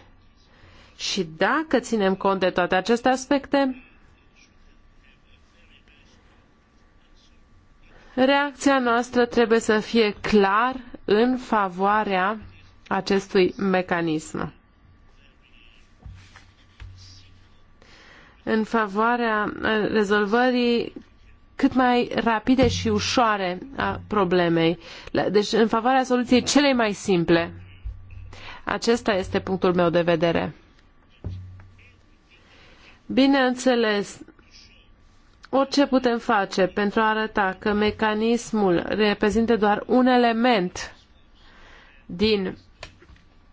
și dacă ținem cont de toate aceste aspecte, reacția noastră trebuie să fie clar în favoarea acestui mecanism. În favoarea rezolvării cât mai rapide și ușoare a problemei. Deci în favoarea soluției celei mai simple. Acesta este punctul meu de vedere. Bineînțeles, orice putem face pentru a arăta că mecanismul reprezintă doar un element din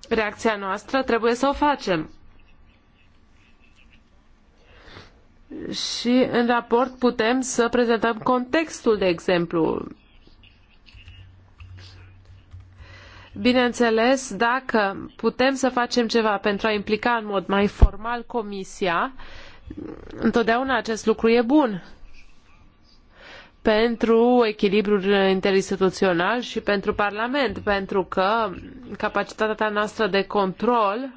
reacția noastră, trebuie să o facem. și în raport putem să prezentăm contextul, de exemplu. Bineînțeles, dacă putem să facem ceva pentru a implica în mod mai formal comisia, întotdeauna acest lucru e bun pentru echilibrul interinstituțional și pentru Parlament, pentru că capacitatea noastră de control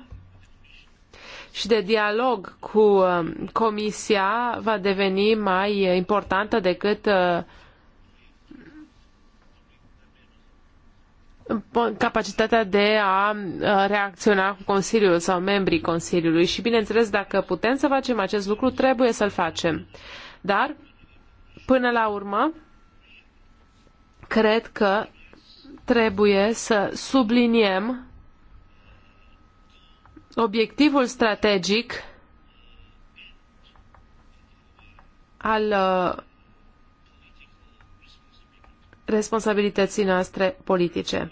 și de dialog cu um, Comisia va deveni mai importantă decât uh, capacitatea de a uh, reacționa cu Consiliul sau membrii Consiliului și, bineînțeles, dacă putem să facem acest lucru, trebuie să-l facem. Dar, până la urmă, cred că trebuie să subliniem obiectivul strategic al uh, responsabilității noastre politice.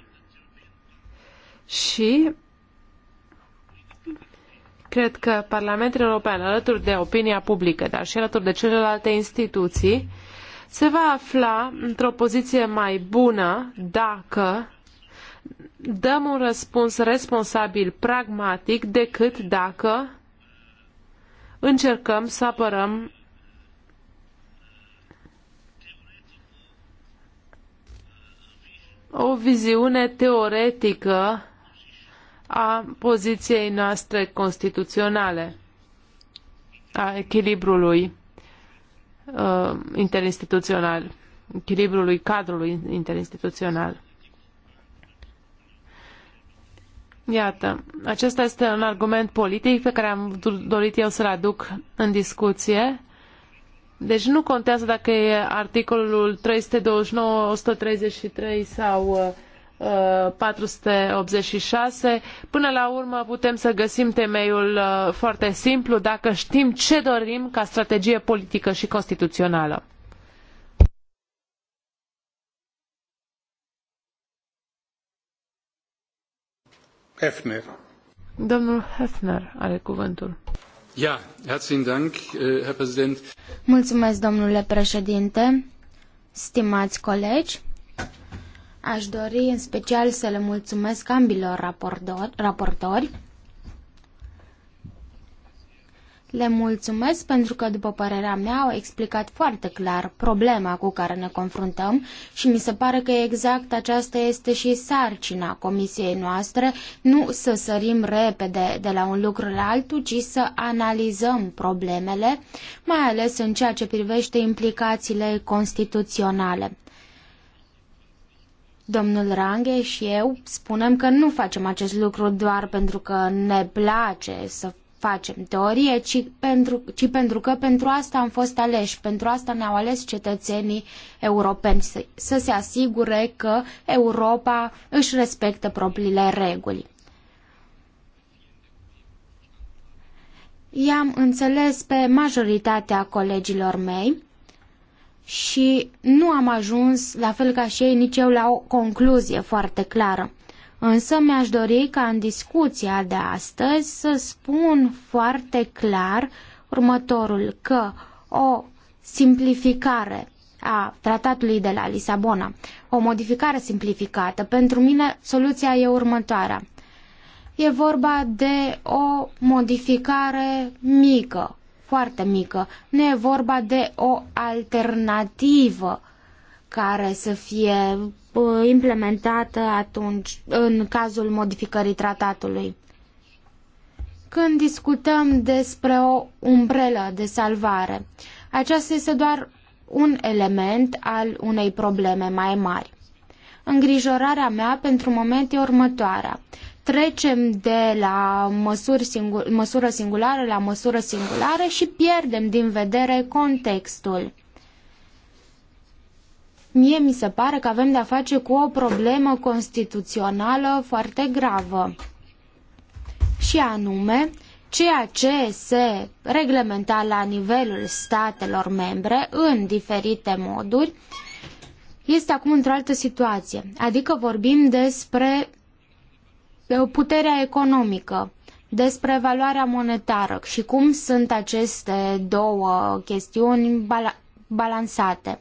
Și cred că Parlamentul European, alături de opinia publică, dar și alături de celelalte instituții, se va afla într-o poziție mai bună dacă dăm un răspuns responsabil, pragmatic, decât dacă încercăm să apărăm o viziune teoretică a poziției noastre constituționale, a echilibrului uh, interinstituțional, echilibrului cadrului interinstituțional. Iată, acesta este un argument politic pe care am dorit eu să-l aduc în discuție. Deci nu contează dacă e articolul 329, 133 sau uh, 486. Uh, Până la urmă putem să găsim temeiul uh, foarte simplu dacă știm ce dorim ca strategie politică și constituțională. Hefner. Hefner are cuvântul. Ja, äh, Mulțumesc, domnule președinte. Stimați colegi, aș dori în special să le mulțumesc ambilor raportori, raportori le mulțumesc pentru că, după părerea mea, au explicat foarte clar problema cu care ne confruntăm și mi se pare că exact aceasta este și sarcina comisiei noastre, nu să sărim repede de la un lucru la altul, ci să analizăm problemele, mai ales în ceea ce privește implicațiile constituționale. Domnul Range și eu spunem că nu facem acest lucru doar pentru că ne place să facem teorie, ci pentru, ci pentru că pentru asta am fost aleși, pentru asta ne-au ales cetățenii europeni să, să se asigure că Europa își respectă propriile reguli. I-am înțeles pe majoritatea colegilor mei și nu am ajuns, la fel ca și ei, nici eu la o concluzie foarte clară. Însă mi-aș dori ca în discuția de astăzi să spun foarte clar următorul că o simplificare a tratatului de la Lisabona, o modificare simplificată, pentru mine soluția e următoarea. E vorba de o modificare mică, foarte mică. Nu e vorba de o alternativă care să fie uh, implementată atunci în cazul modificării tratatului. Când discutăm despre o umbrelă de salvare, aceasta este doar un element al unei probleme mai mari. Îngrijorarea mea pentru moment e următoarea. Trecem de la măsuri singur, măsură singulară la măsură singulară și pierdem din vedere contextul. Mie mi se pare că avem de-a face cu o problemă constituțională foarte gravă. Și anume, ceea ce se reglementa la nivelul statelor membre în diferite moduri este acum într-o altă situație. Adică vorbim despre puterea economică, despre valoarea monetară și cum sunt aceste două chestiuni balansate.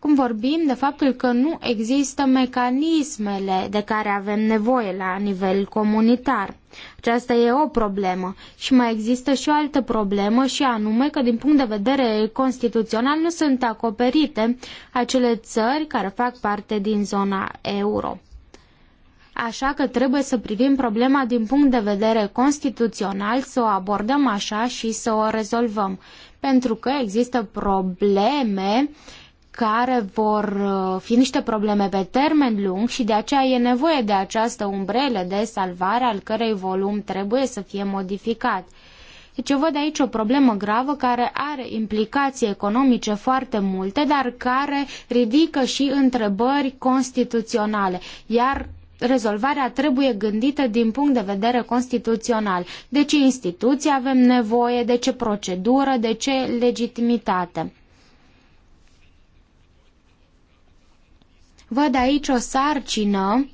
Cum vorbim de faptul că nu există mecanismele de care avem nevoie la nivel comunitar. Aceasta e o problemă și mai există și o altă problemă și anume că din punct de vedere constituțional nu sunt acoperite acele țări care fac parte din zona euro. Așa că trebuie să privim problema din punct de vedere constituțional, să o abordăm așa și să o rezolvăm. Pentru că există probleme uh, care vor uh, fi niște probleme pe termen lung și de aceea e nevoie de această umbrelă de salvare al cărei volum trebuie să fie modificat. Deci eu văd aici o problemă gravă care are implicații economice foarte multe, dar care ridică și întrebări constituționale. Iar rezolvarea trebuie gândită din punct de vedere constituțional. De ce instituții avem nevoie, de ce procedură, de ce legitimitate. Văd aici o sarcină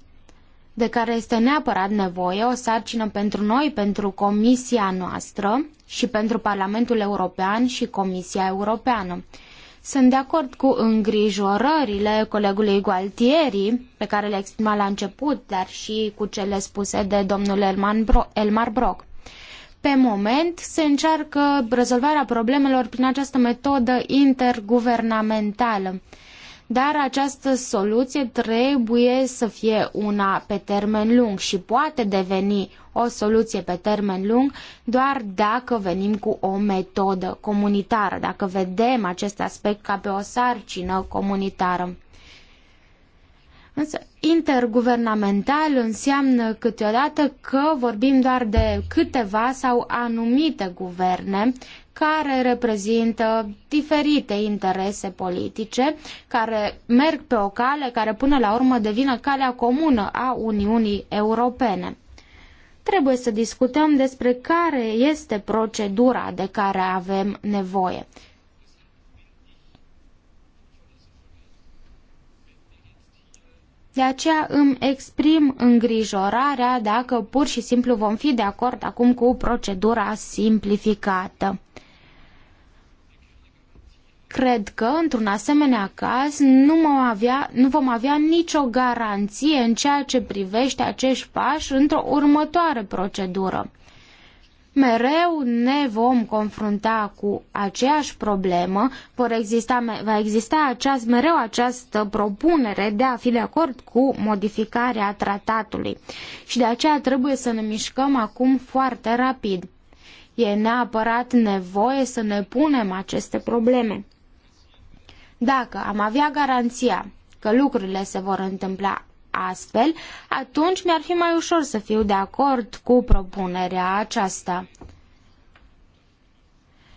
de care este neapărat nevoie, o sarcină pentru noi, pentru Comisia noastră și pentru Parlamentul European și Comisia Europeană. Sunt de acord cu îngrijorările colegului Gualtieri, pe care le exprima la început, dar și cu cele spuse de domnul Elmar Brok. Pe moment se încearcă rezolvarea problemelor prin această metodă interguvernamentală dar această soluție trebuie să fie una pe termen lung și poate deveni o soluție pe termen lung doar dacă venim cu o metodă comunitară, dacă vedem acest aspect ca pe o sarcină comunitară. Însă interguvernamental înseamnă câteodată că vorbim doar de câteva sau anumite guverne care reprezintă diferite interese politice, care merg pe o cale care până la urmă devină calea comună a Uniunii Europene. Trebuie să discutăm despre care este procedura de care avem nevoie. De aceea îmi exprim îngrijorarea dacă pur și simplu vom fi de acord acum cu procedura simplificată. Cred că, într-un asemenea caz, nu, avea, nu vom avea nicio garanție în ceea ce privește acești pași într-o următoare procedură. Mereu ne vom confrunta cu aceeași problemă, vor exista, va exista aceast, mereu această propunere de a fi de acord cu modificarea tratatului și de aceea trebuie să ne mișcăm acum foarte rapid. E neapărat nevoie să ne punem aceste probleme. Dacă am avea garanția că lucrurile se vor întâmpla astfel, atunci mi-ar fi mai ușor să fiu de acord cu propunerea aceasta.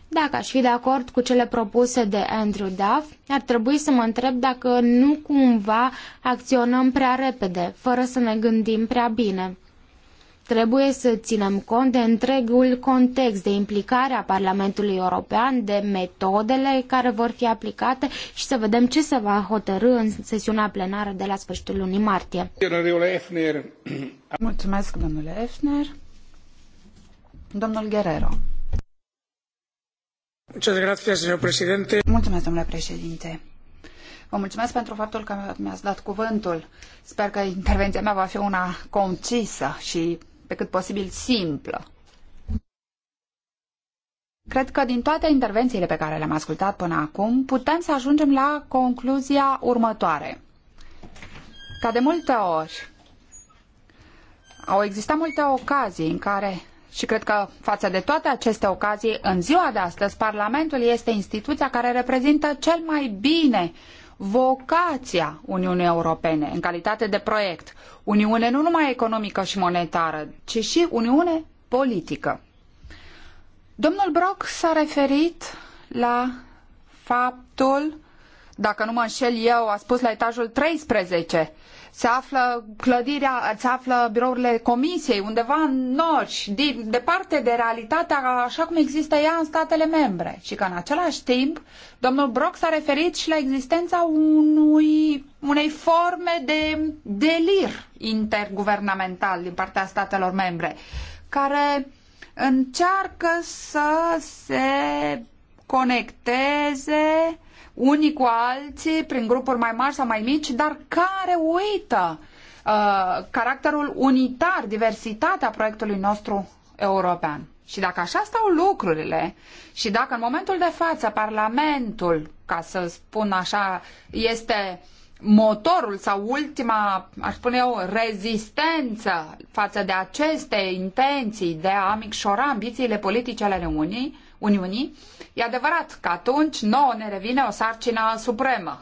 Dacă aș fi de acord cu cele propuse de Andrew Duff, ar trebui să mă întreb dacă nu cumva acționăm prea repede, fără să ne gândim prea bine. Trebuie să ținem cont de întregul context de implicare a Parlamentului European, de metodele care vor fi aplicate și să vedem ce se va hotărî în sesiunea plenară de la sfârșitul lunii martie. Mulțumesc, domnule Efner. Domnul Guerrero. Mulțumesc, domnule președinte. Vă mulțumesc pentru faptul că mi-ați dat cuvântul. Sper că intervenția mea va fi una concisă și pe cât posibil simplă. Cred că din toate intervențiile pe care le-am ascultat până acum, putem să ajungem la concluzia următoare. Ca de multe ori, au existat multe ocazii în care, și cred că față de toate aceste ocazii, în ziua de astăzi, Parlamentul este instituția care reprezintă cel mai bine uh, vocația Uniunii Europene în calitate de proiect. Uniune nu numai economică și monetară, ci și Uniune politică. Domnul Brok s-a referit la faptul, dacă nu mă înșel eu, a spus la etajul 13, se află clădirea, se află birourile comisiei undeva în nori, departe de realitatea așa cum există ea în statele membre. Și că în același timp, domnul Brock s-a referit și la existența unui, unei forme de delir interguvernamental din partea statelor membre, care încearcă să se conecteze unii cu alții, prin grupuri mai mari sau mai mici, dar care uită uh, caracterul unitar, diversitatea proiectului nostru european. Și dacă așa stau lucrurile și dacă în momentul de față Parlamentul, ca să spun așa, este motorul sau ultima, aș spune eu, rezistență față de aceste intenții de a micșora ambițiile politice ale Uniunii, Uniunii, e adevărat că atunci nouă ne revine o sarcină supremă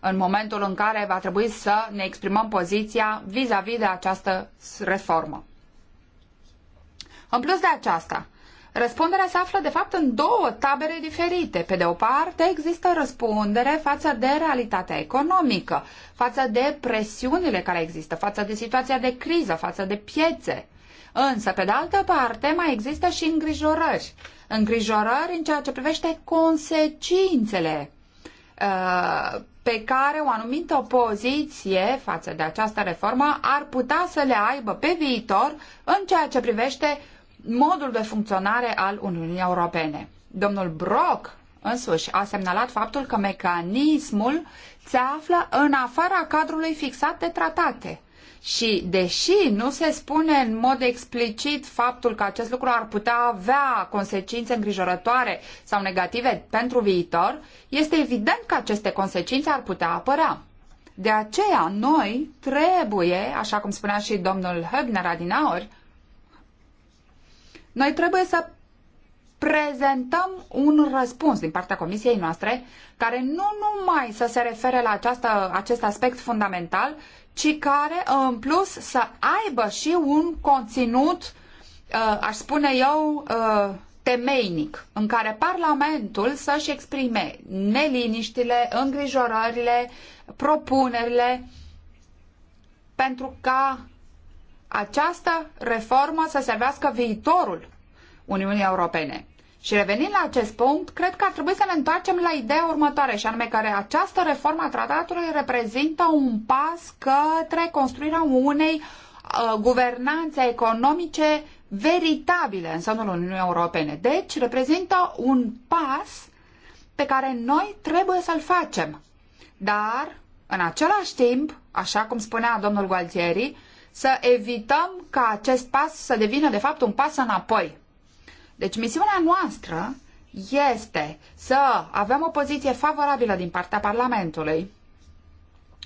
în momentul în care va trebui să ne exprimăm poziția vis-a-vis -vis de această reformă. În plus de aceasta, Răspunderea se află, de fapt, în două tabere diferite. Pe de o parte, există răspundere față de realitatea economică, față de presiunile care există, față de situația de criză, față de piețe. Însă, pe de altă parte, mai există și îngrijorări. Îngrijorări în ceea ce privește consecințele uh, pe care o anumită opoziție față de această reformă ar putea să le aibă pe viitor în ceea ce privește modul de funcționare al Uniunii Europene. Domnul Brock însuși a semnalat faptul că mecanismul se află în afara cadrului fixat de tratate. Și deși nu se spune în mod explicit faptul că acest lucru ar putea avea consecințe îngrijorătoare sau negative pentru viitor, este evident că aceste consecințe ar putea apărea. De aceea, noi trebuie, așa cum spunea și domnul Höbner adinaur, noi trebuie să prezentăm un răspuns din partea comisiei noastre care nu numai să se refere la această, acest aspect fundamental, ci care în plus să aibă și un conținut, uh, aș spune eu, uh, temeinic, în care Parlamentul să-și exprime neliniștile, îngrijorările, propunerile, pentru ca această reformă să servească viitorul Uniunii Europene. Și revenind la acest punct, cred că ar trebui să ne întoarcem la ideea următoare, și anume că această reformă a tratatului reprezintă un pas către construirea unei uh, guvernanțe economice veritabile în sânul Uniunii Europene. Deci, reprezintă un pas pe care noi trebuie să-l facem. Dar, în același timp, așa cum spunea domnul Gualtieri, să evităm ca acest pas să devină, de fapt, un pas înapoi. Deci misiunea noastră este să avem o poziție favorabilă din partea Parlamentului,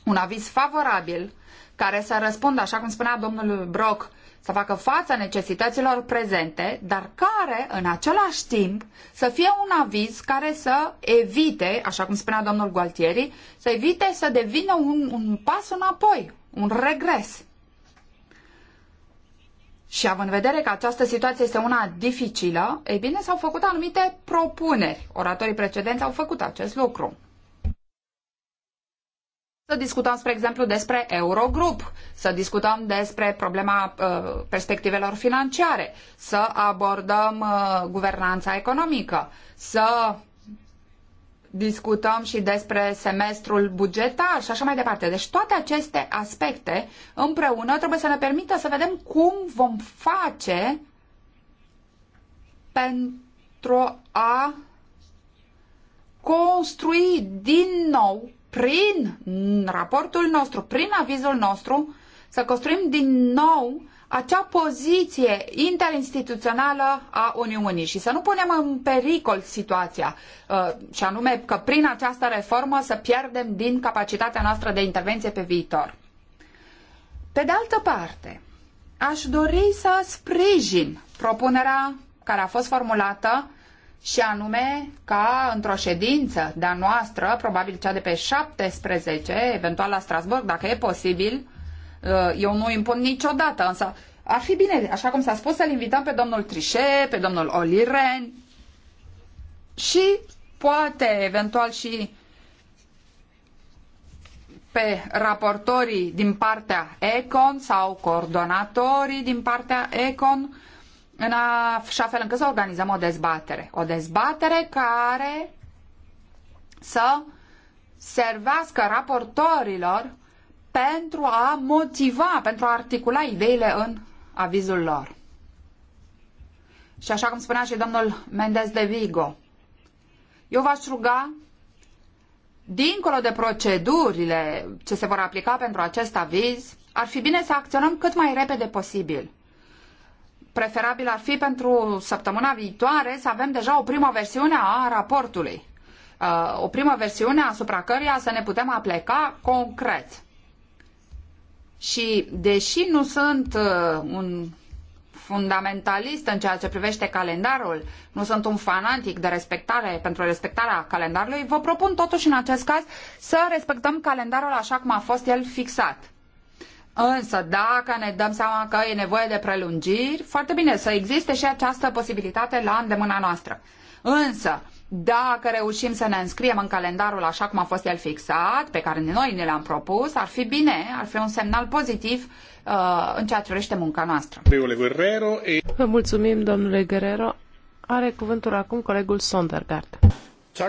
un aviz favorabil care să răspundă, așa cum spunea domnul Brock, să facă față necesităților prezente, dar care, în același timp, să fie un aviz care să evite, așa cum spunea domnul Gualtieri, să evite să devină un, un pas înapoi, un regres și având în vedere că această situație este una dificilă, ei bine, s-au făcut anumite propuneri. Oratorii precedenți au făcut acest lucru. Să discutăm, spre exemplu, despre Eurogrup, să discutăm despre problema uh, perspectivelor financiare, să abordăm uh, guvernanța economică, să discutăm și despre semestrul bugetar și așa mai departe. Deci toate aceste aspecte împreună trebuie să ne permită să vedem cum vom face pentru a construi din nou prin raportul nostru, prin avizul nostru, să construim din nou acea poziție interinstituțională a Uniunii și să nu punem în pericol situația, uh, și anume că prin această reformă să pierdem din capacitatea noastră de intervenție pe viitor. Pe de altă parte, aș dori să sprijin propunerea care a fost formulată și anume ca într-o ședință de-a noastră, probabil cea de pe 17, eventual la Strasbourg, dacă e posibil, Uh, eu nu impun niciodată, însă ar fi bine, așa cum s-a spus, să-l invităm pe domnul Trișe, pe domnul Oliren și poate eventual și pe raportorii din partea Econ sau coordonatorii din partea Econ în așa fel încât să organizăm o dezbatere. O dezbatere care să servească raportorilor pentru a motiva, pentru a articula ideile în avizul lor. Și așa cum spunea și domnul Mendez de Vigo, eu v-aș ruga, dincolo de procedurile ce se vor aplica pentru acest aviz, ar fi bine să acționăm cât mai repede posibil. Preferabil ar fi pentru săptămâna viitoare să avem deja o primă versiune a raportului. Uh, o primă versiune asupra căreia să ne putem apleca concret. Și deși nu sunt uh, un fundamentalist în ceea ce privește calendarul, nu sunt un fanatic de respectare pentru respectarea calendarului, vă propun totuși în acest caz să respectăm calendarul așa cum a fost el fixat. Însă, dacă ne dăm seama că e nevoie de prelungiri, foarte bine, să existe și această posibilitate la îndemâna noastră. Însă, dacă reușim să ne înscriem în calendarul așa cum a fost el fixat, pe care noi ne l-am propus, ar fi bine, ar fi un semnal pozitiv uh, în ceea ce privește munca noastră. Vă mulțumim, domnule Guerrero. Are cuvântul acum colegul Sondergaard. <clears throat>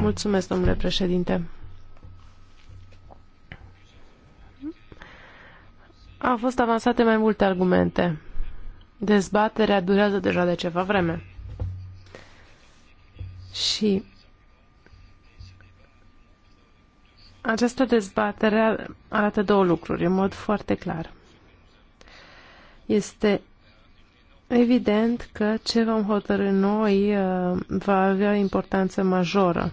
Mulțumesc, domnule președinte. Au fost avansate mai multe argumente. Dezbaterea durează deja de ceva vreme. Și această dezbatere arată două lucruri în mod foarte clar. Este evident că ce vom hotărâ noi uh, va avea importanță majoră.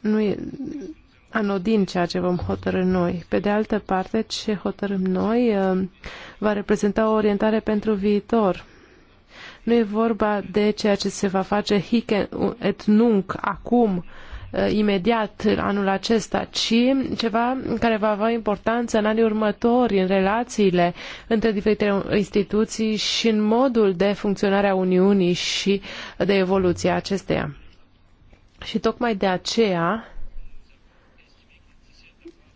Nu e anodin ceea ce vom hotărâ noi. Pe de altă parte, ce hotărâm noi uh, va reprezenta o orientare pentru viitor nu e vorba de ceea ce se va face hic et nunc acum, eh, imediat anul acesta, ci ceva care va avea importanță în anii următori, în relațiile între diferite instituții și în modul de funcționare a Uniunii și de evoluția acesteia. Și tocmai de aceea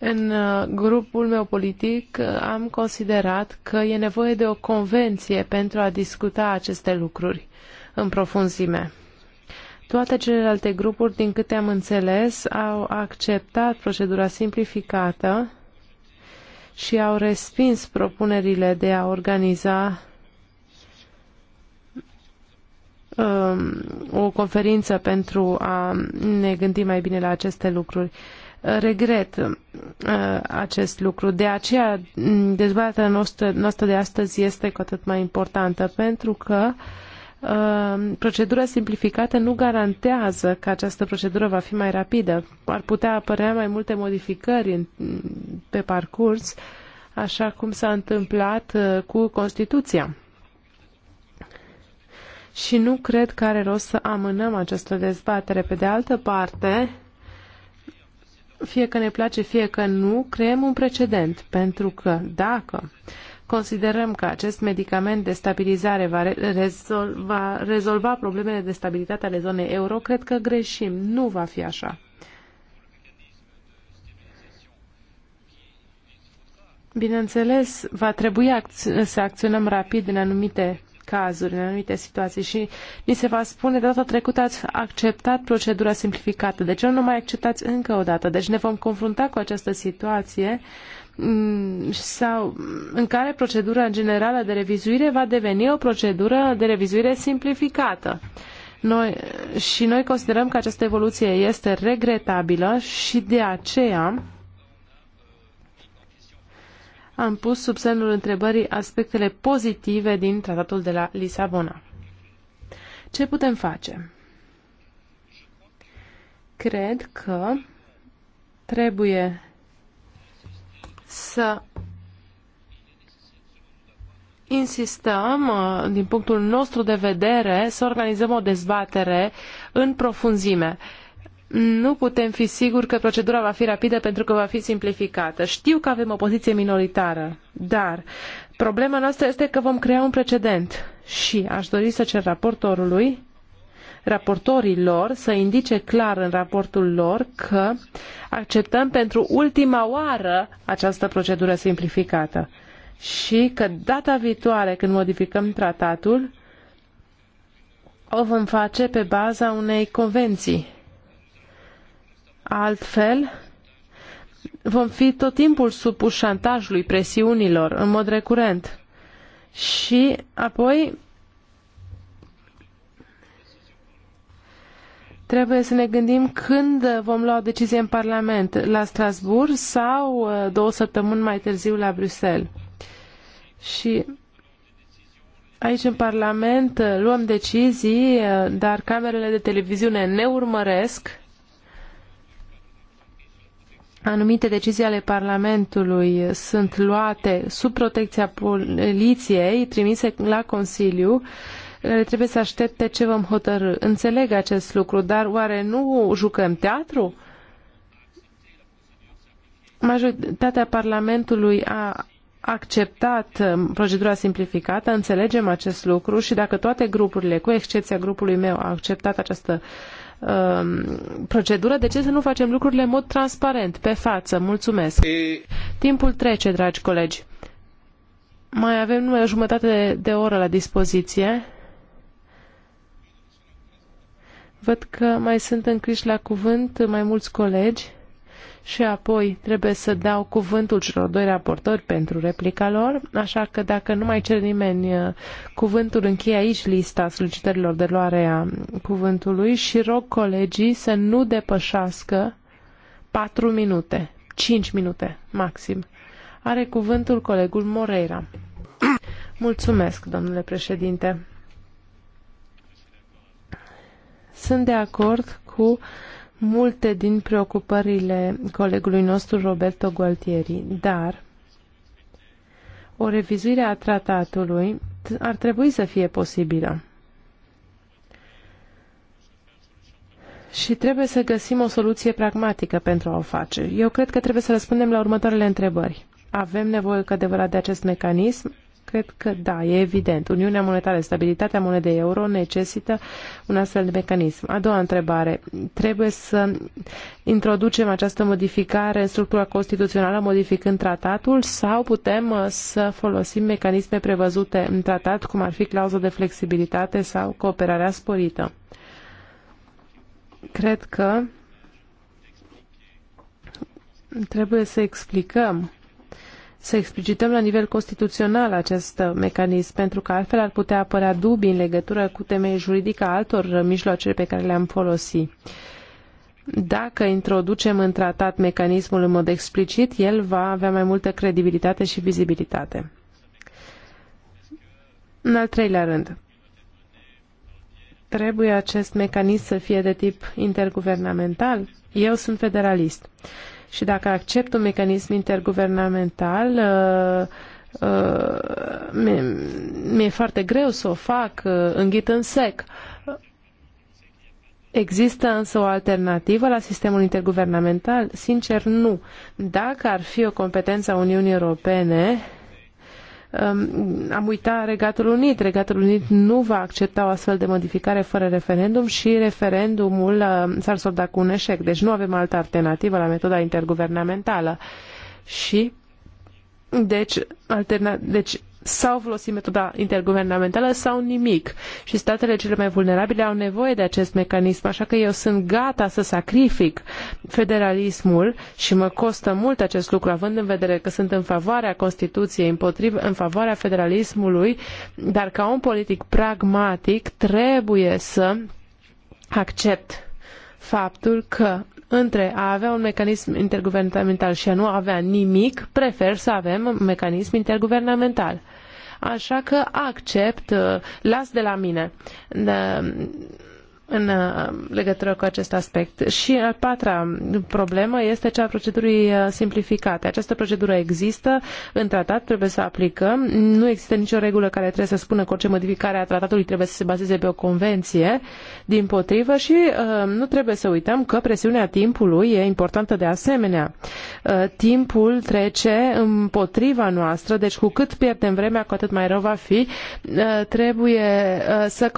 în uh, grupul meu politic uh, am considerat că e nevoie de o convenție pentru a discuta aceste lucruri în profunzime. Toate celelalte grupuri, din câte am înțeles, au acceptat procedura simplificată și au respins propunerile de a organiza um, o conferință pentru a ne gândi mai bine la aceste lucruri regret uh, acest lucru. De aceea, mm, dezbaterea noastră, noastră de astăzi este cu atât mai importantă, pentru că uh, procedura simplificată nu garantează că această procedură va fi mai rapidă. Ar putea apărea mai multe modificări pe parcurs, așa cum s-a întâmplat uh, cu Constituția. Și nu cred că are rost să amânăm această dezbatere. Pe de altă parte, fie că ne place, fie că nu, creăm un precedent, pentru că dacă considerăm că acest medicament de stabilizare va, rezol va rezolva problemele de stabilitate ale zonei euro, cred că greșim. Nu va fi așa. Bineînțeles, va trebui să acționăm rapid în anumite cazuri, în anumite situații și ni se va spune de data trecută ați acceptat procedura simplificată, de ce nu mai acceptați încă o dată? Deci ne vom confrunta cu această situație mm, sau în care procedura generală de revizuire va deveni o procedură de revizuire simplificată. Noi, și noi considerăm că această evoluție este regretabilă și de aceea am pus sub semnul întrebării aspectele pozitive din tratatul de la Lisabona. Ce putem face? Cred că trebuie să insistăm, uh, din punctul nostru de vedere, să organizăm o dezbatere în profunzime. Uh, nu putem fi siguri că procedura va fi rapidă pentru că va fi simplificată. Știu că avem o poziție minoritară, dar problema noastră este că vom crea un precedent și aș dori să cer raportorului raportorii lor să indice clar în raportul lor că acceptăm pentru ultima oară această procedură simplificată și că data viitoare când modificăm tratatul o vom face pe baza unei convenții Altfel, vom fi tot timpul supuși șantajului, presiunilor, în mod recurent. Și apoi Trebuie să ne gândim când vom lua o decizie în Parlament, la Strasbourg sau uh, două săptămâni mai târziu la Bruxelles. Și aici în Parlament uh, luăm decizii, uh, dar camerele de televiziune ne urmăresc anumite decizii ale Parlamentului sunt luate sub protecția poliției, trimise la Consiliu, care trebuie să aștepte ce vom hotărâ. Înțeleg acest lucru, dar oare nu jucăm teatru? Majoritatea Parlamentului a acceptat um, procedura simplificată, înțelegem acest lucru și dacă toate grupurile, cu excepția grupului meu, au acceptat această uh, Um, procedură, de ce să nu facem lucrurile în mod transparent, pe față? Mulțumesc. E... Timpul trece, dragi colegi. Mai avem numai o jumătate de, de oră la dispoziție. Văd că mai sunt încriși la cuvânt mai mulți colegi și apoi trebuie să dau cuvântul celor doi raportori pentru replica lor, așa că dacă nu mai cer nimeni uh, cuvântul, încheie aici lista solicitărilor de luare a cuvântului și rog colegii să nu depășească 4 minute, 5 minute maxim. Are cuvântul colegul Moreira. Mulțumesc, domnule președinte. Sunt de acord cu uh, multe din preocupările colegului nostru Roberto Gualtieri, dar o revizuire a tratatului ar trebui să fie posibilă. Și trebuie să găsim o soluție pragmatică pentru a o face. Eu cred că trebuie să răspundem la următoarele întrebări. Avem nevoie cu adevărat de acest mecanism? Cred că da, e evident. Uniunea monetară, stabilitatea monedei euro necesită un astfel de mecanism. A doua întrebare. Trebuie să introducem această modificare în structura constituțională, modificând tratatul, sau putem uh, să folosim mecanisme prevăzute în tratat, cum ar fi clauza de flexibilitate sau cooperarea sporită? Cred că trebuie să explicăm să explicităm la nivel constituțional acest mecanism, pentru că altfel ar putea apărea dubii în legătură cu temei juridică a altor mijloace pe care le-am folosit. Dacă introducem în tratat mecanismul în mod explicit, el va avea mai multă credibilitate și vizibilitate. În al treilea rând, trebuie acest mecanism să fie de tip interguvernamental? Eu sunt federalist. Și dacă accept un mecanism interguvernamental, uh, uh, mi-e, mi foarte greu să o fac uh, înghit în sec. Există însă o alternativă la sistemul interguvernamental? Sincer, nu. Dacă ar fi o competență a Uniunii Europene, am uitat Regatul Unit. Regatul Unit nu va accepta o astfel de modificare fără referendum și referendumul uh, s-ar solda cu un eșec. Deci nu avem altă alternativă la metoda interguvernamentală. Și deci, alterna- deci sau folosim metoda interguvernamentală sau nimic. Și statele cele mai vulnerabile au nevoie de acest mecanism, așa că eu sunt gata să sacrific federalismul și mă costă mult acest lucru, având în vedere că sunt în favoarea Constituției, împotriva, în favoarea federalismului, dar ca un politic pragmatic trebuie să accept faptul că între a avea un mecanism interguvernamental și a nu avea nimic, prefer să avem un mecanism interguvernamental. Așa că accept, uh, las de la mine în uh, legătură cu acest aspect. Și a patra problemă este cea a procedurii uh, simplificate. Această procedură există în tratat, trebuie să aplicăm. Nu există nicio regulă care trebuie să spună că orice modificare a tratatului trebuie să se bazeze pe o convenție, din potrivă, și uh, nu trebuie să uităm că presiunea timpului e importantă de asemenea. Uh, timpul trece împotriva noastră, deci cu cât pierdem vremea, cu atât mai rău va fi. Uh, trebuie uh, să,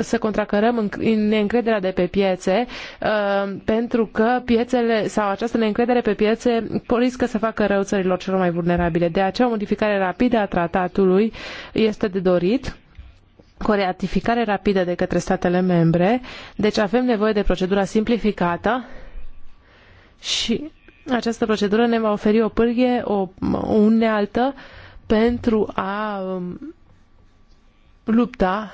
să contracărăm în din neîncrederea de pe piețe, uh, pentru că piețele sau această neîncredere pe piețe riscă să facă rău țărilor celor mai vulnerabile. De aceea o modificare rapidă a tratatului este de dorit cu o ratificare rapidă de către statele membre, deci avem nevoie de procedura simplificată și această procedură ne va oferi o pârghie, o, o unealtă pentru a um, lupta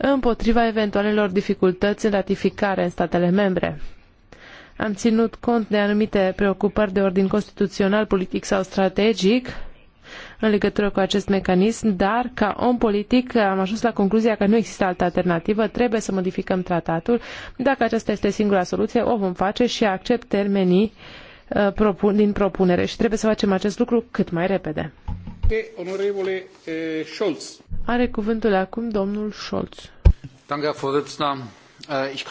împotriva eventualelor dificultăți în ratificare în statele membre. Am ținut cont de anumite preocupări de ordin constituțional, politic sau strategic în legătură cu acest mecanism, dar ca om politic am ajuns la concluzia că nu există altă alternativă, trebuie să modificăm tratatul. Dacă aceasta este singura soluție, o vom face și accept termenii uh, din propunere și trebuie să facem acest lucru cât mai repede. Onorevole eh, Scholz. Are cuvântul acum domnul Scholz. Äh,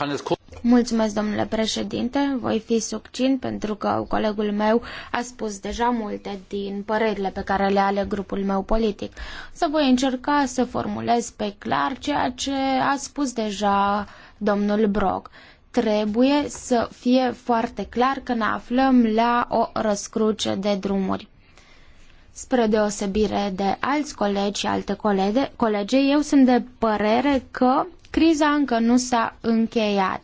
Mulțumesc, domnule președinte. Voi fi succint pentru că colegul meu a spus deja multe din părerile pe care le are grupul meu politic. Să voi încerca să formulez pe clar ceea ce a spus deja domnul Brok trebuie să fie foarte clar că ne aflăm la o răscruce de drumuri. Spre deosebire de alți colegi și alte colege, colege eu sunt de părere că criza încă nu s-a încheiat.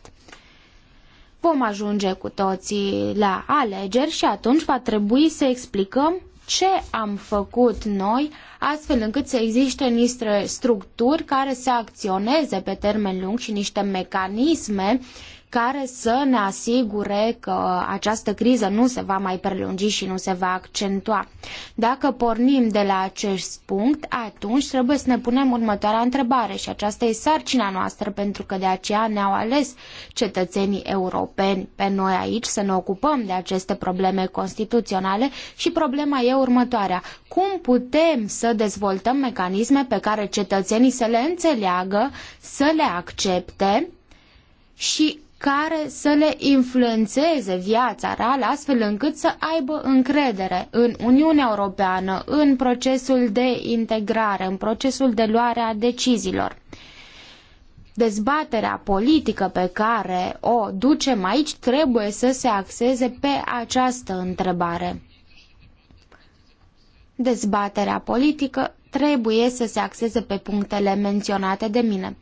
Vom ajunge cu toții la alegeri și atunci va trebui să explicăm ce am făcut noi astfel încât să existe niște structuri care să acționeze pe termen lung și niște mecanisme uh, care să ne asigure că această criză nu se va mai prelungi și nu se va accentua. Dacă pornim de la acest punct, atunci trebuie să ne punem următoarea întrebare și aceasta e sarcina noastră pentru că de aceea ne-au ales cetățenii europeni pe noi aici să ne ocupăm de aceste probleme constituționale și problema e următoarea. Cum putem să dezvoltăm mecanisme pe care cetățenii să le înțeleagă, să le accepte și care să le influențeze viața reală astfel încât să aibă încredere în Uniunea Europeană, în procesul de integrare, în procesul de luare a deciziilor. Dezbaterea politică pe care o ducem aici trebuie să se axeze pe această întrebare. Dezbaterea politică trebuie să se axeze pe punctele menționate de mine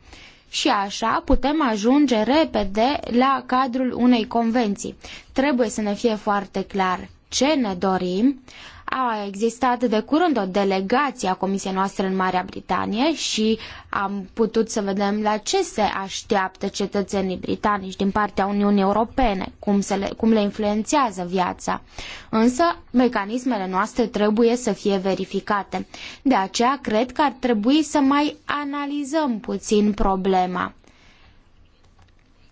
și așa putem ajunge repede la cadrul unei convenții. Trebuie să ne fie foarte clar ce ne dorim, a existat de curând o delegație a comisiei noastre în Marea Britanie și am putut să vedem la ce se așteaptă cetățenii britanici din partea Uniunii Europene, cum, se le, cum le influențează viața. Însă, mecanismele noastre trebuie să fie verificate. De aceea, cred că ar trebui să mai analizăm puțin problema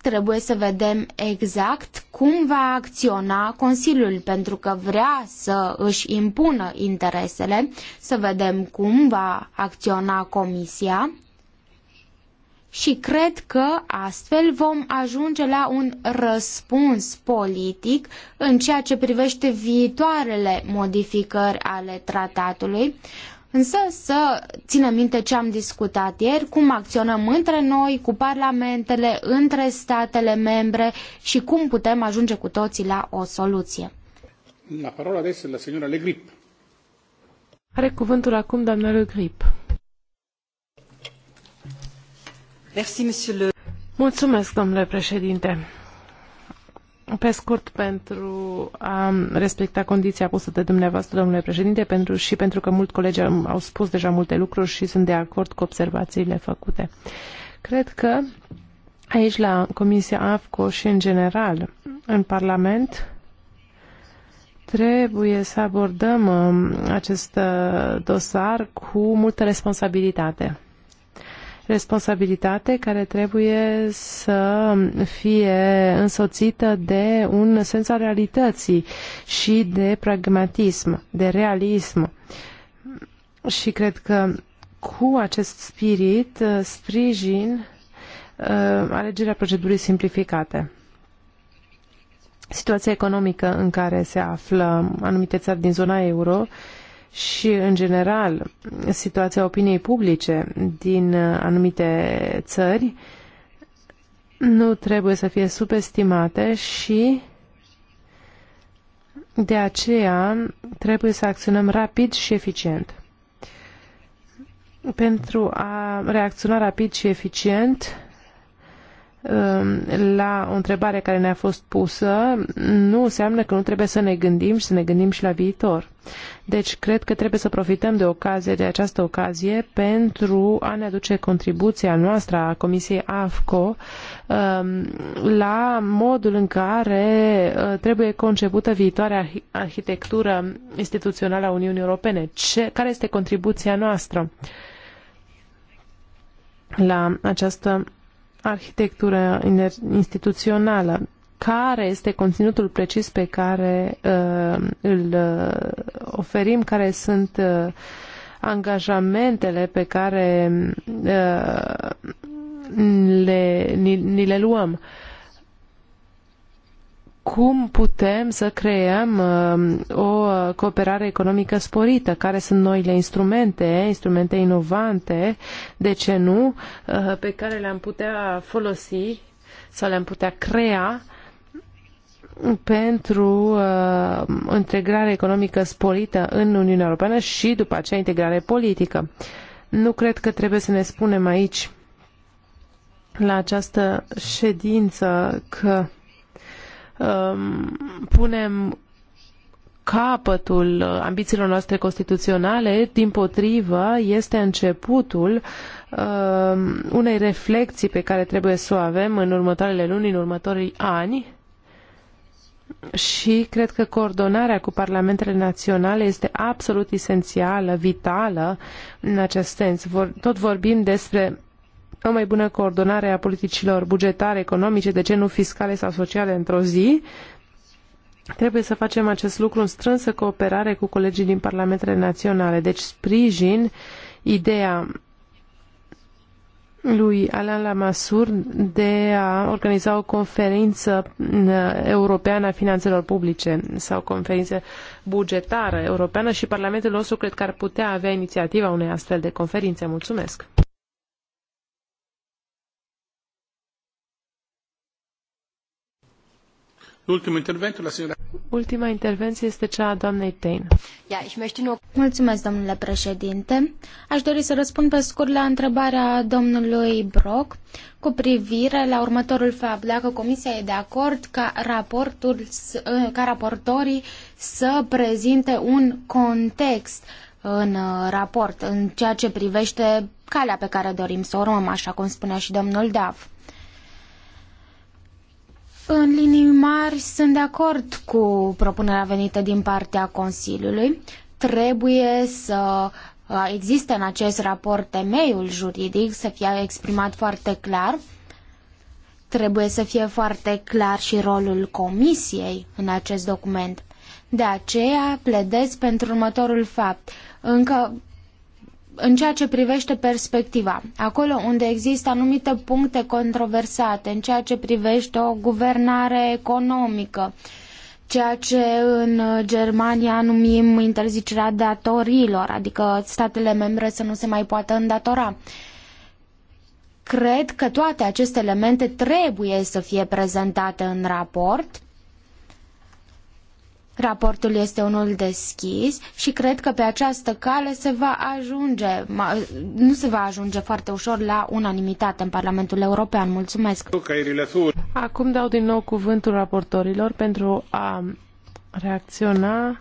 trebuie să vedem exact cum va acționa Consiliul, pentru că vrea să își impună interesele, să vedem cum va acționa Comisia și cred că astfel vom ajunge la un răspuns politic în ceea ce privește viitoarele modificări ale tratatului, Însă să ținem minte ce am discutat ieri, cum acționăm între noi, cu parlamentele, între statele membre și cum putem ajunge cu toții la o soluție. La parola adesso la signora Le Grip. Are cuvântul acum doamna Le Grip. Merci, Mulțumesc, domnule președinte. Pe scurt, pentru a respecta condiția pusă de dumneavoastră, domnule președinte, pentru, și pentru că mulți colegi au spus deja multe lucruri și sunt de acord cu observațiile făcute. Cred că aici, la Comisia AFCO și în general, în Parlament, trebuie să abordăm um, acest uh, dosar cu multă responsabilitate responsabilitate care trebuie să fie însoțită de un sens al realității și de pragmatism, de realism. Și cred că cu acest spirit uh, sprijin uh, alegerea procedurii simplificate. Situația economică în care se află anumite țări din zona euro uh, și, în general, situația opiniei publice din anumite țări nu trebuie să fie subestimate și de aceea trebuie să acționăm rapid și eficient. Pentru a reacționa rapid și eficient, Um, la o întrebare care ne-a fost pusă, nu înseamnă că nu trebuie să ne gândim și să ne gândim și la viitor. Deci, cred că trebuie să profităm de ocazie, de această ocazie, pentru a ne aduce contribuția noastră a Comisiei AFCO um, la modul în care uh, trebuie concepută viitoarea arhitectură instituțională a Uniunii Europene. Ce, care este contribuția noastră la această arhitectură instituțională, care este conținutul precis pe care uh, îl uh, oferim, care sunt uh, angajamentele pe care uh, le, ni, ni le luăm cum putem să creăm uh, o cooperare economică sporită, care sunt noile instrumente, instrumente inovante, de ce nu, uh, pe care le-am putea folosi sau le-am putea crea pentru uh, integrare economică sporită în Uniunea Europeană și după aceea integrare politică. Nu cred că trebuie să ne spunem aici la această ședință că Um, punem capătul ambițiilor noastre constituționale, din potrivă, este începutul uh, unei reflexii pe care trebuie să o avem în următoarele luni, în următorii ani și cred că coordonarea cu parlamentele naționale este absolut esențială, vitală în acest sens. Vor, tot vorbim despre o mai bună coordonare a politicilor bugetare, economice, de ce nu fiscale sau sociale într-o zi. Trebuie să facem acest lucru în strânsă cooperare cu colegii din parlamentele naționale. Deci sprijin ideea lui Alain Lamassur de a organiza o conferință uh, europeană a finanțelor publice sau conferință bugetară europeană și Parlamentul nostru cred că ar putea avea inițiativa unei astfel de conferințe. Mulțumesc! Ultima intervenție este cea a Tain. domnule președinte. Aș dori să răspund pe scurt la întrebarea domnului Brock cu privire la următorul fapt. Dacă Comisia e de acord ca, raportul, ă, ca raportorii să prezinte un context în ă, raport, în ceea ce privește calea pe care dorim să o urmăm, așa cum spunea și domnul Dav. În linii mari sunt de acord cu propunerea venită din partea Consiliului. Trebuie să uh, există în acest raport temeiul juridic, să fie exprimat foarte clar. Trebuie să fie foarte clar și rolul Comisiei în acest document. De aceea pledez pentru următorul fapt. Încă în ceea ce privește perspectiva, acolo unde există anumite puncte controversate, în ceea ce privește o guvernare economică, ceea ce în Germania numim interzicerea datorilor, adică statele membre să nu se mai poată îndatora. Cred că toate aceste elemente trebuie să fie prezentate în raport Raportul este unul deschis și cred că pe această cale se va ajunge, nu se va ajunge foarte ușor la unanimitate în Parlamentul European. Mulțumesc! Acum dau din nou cuvântul raportorilor pentru a reacționa